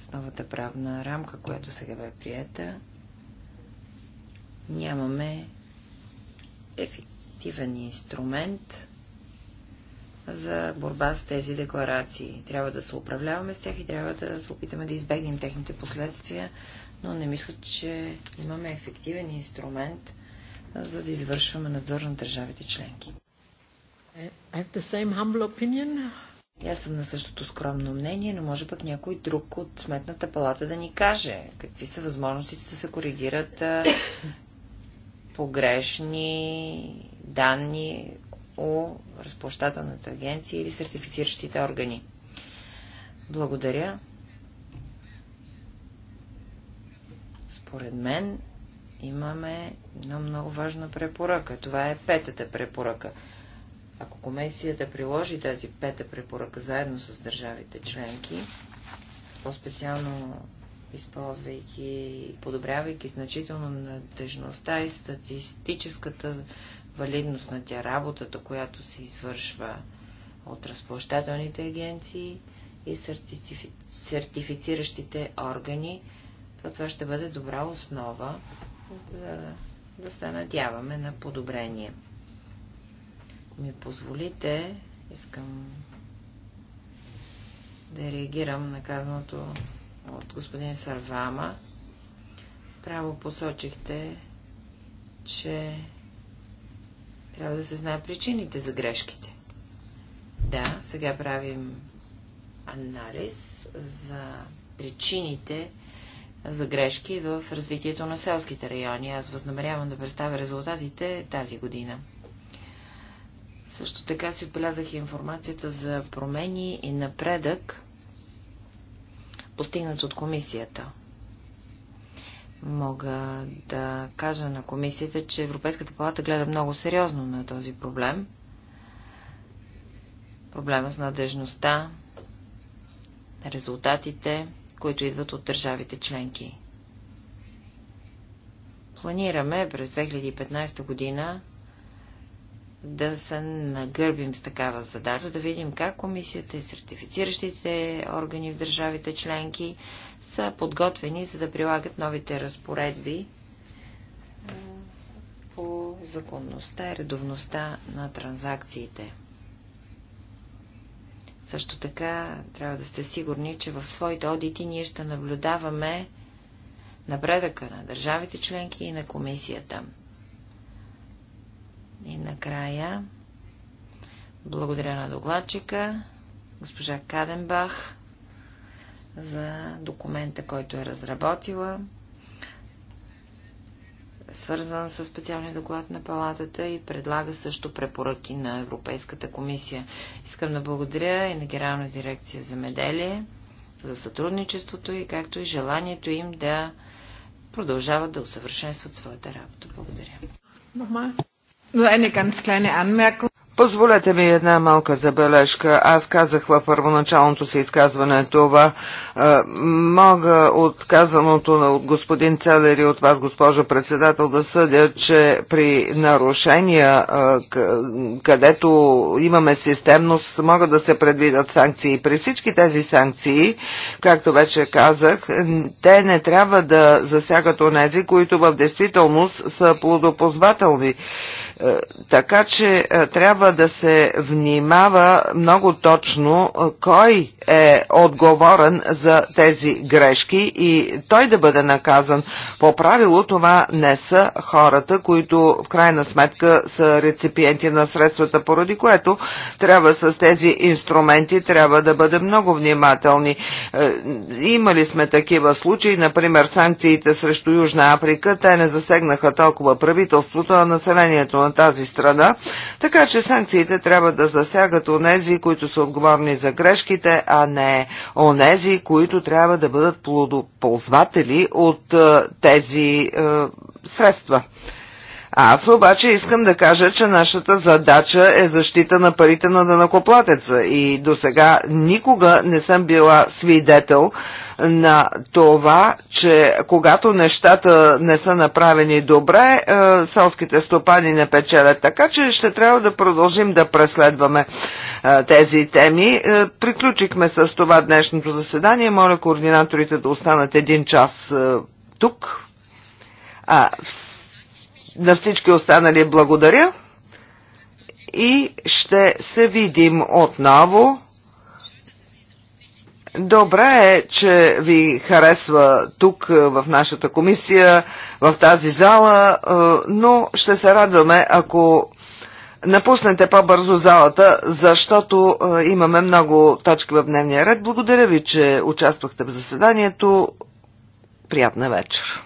с новата правна рамка, която сега бе приета, нямаме ефективен инструмент за борба с тези декларации. Трябва да се управляваме с тях и трябва да се опитаме да избегнем техните последствия, но не мисля, че имаме ефективен инструмент, за да извършваме надзор на държавите членки. I have the same humble opinion. аз съм на същото скромно мнение, но може пък някой друг от сметната палата да ни каже какви са възможностите да се коригират погрешни данни у разплащателната агенция или сертифициращите органи. Благодаря. Според мен имаме една много важна препоръка. Това е петата препоръка. Ако комисията приложи тази пета препоръка заедно с държавите членки, по-специално използвайки и подобрявайки значително надежността и статистическата валидност на тя работата, която се извършва от разплащателните агенции и сертифици... сертифициращите органи, то това ще бъде добра основа за да се надяваме на подобрение. Ако ми позволите, искам да реагирам на казаното от господин Сарвама. Право посочихте, че трябва да се знае причините за грешките. Да, сега правим анализ за причините за грешки в развитието на селските райони. Аз възнамерявам да представя резултатите тази година. Също така си отбелязах информацията за промени и напредък, постигнат от комисията. Мога да кажа на комисията, че Европейската палата гледа много сериозно на този проблем. Проблема с надежността, резултатите, които идват от държавите членки. Планираме през 2015 година да се нагърбим с такава задача, да видим как комисията и сертифициращите органи в държавите членки са подготвени, за да прилагат новите разпоредби е, по законността и редовността на транзакциите. Също така трябва да сте сигурни, че в своите одити ние ще наблюдаваме напредъка на държавите членки и на комисията. И накрая, благодаря на докладчика, госпожа Каденбах, за документа, който е разработила, свързан с специалния доклад на палатата и предлага също препоръки на Европейската комисия. Искам да благодаря и на Генерална дирекция за меделие за сътрудничеството и както и желанието им да продължават да усъвършенстват своята работа. Благодаря. Позволете ми една малка забележка. Аз казах във първоначалното си изказване това. Е, мога от казаното от господин Целер и от вас, госпожо председател, да съдя, че при нарушения, е, където имаме системност, могат да се предвидят санкции. При всички тези санкции, както вече казах, те не трябва да засягат онези, които в действителност са плодопозвателни. Е, така че е, трябва да се внимава много точно е, кой е отговорен за тези грешки и той да бъде наказан. По правило това не са хората, които в крайна сметка са реципиенти на средствата, поради което трябва с тези инструменти трябва да бъде много внимателни. Имали сме такива случаи, например санкциите срещу Южна Африка, те не засегнаха толкова правителството, а населението на на тази страна, така че санкциите трябва да засягат онези, които са отговорни за грешките, а не онези, които трябва да бъдат плодоползватели от е, тези е, средства. Аз обаче искам да кажа, че нашата задача е защита на парите на данакоплатеца и до сега никога не съм била свидетел на това, че когато нещата не са направени добре, е, селските стопани не печелят. Така че ще трябва да продължим да преследваме е, тези теми. Е, приключихме с това днешното заседание. Моля координаторите да останат един час тук. А, на всички останали благодаря и ще се видим отново. Добре е, че ви харесва тук е, в нашата комисия, в тази зала, е, но ще се радваме, ако напуснете по-бързо залата, защото е, имаме много точки в дневния ред. Благодаря ви, че участвахте в заседанието. Приятна вечер!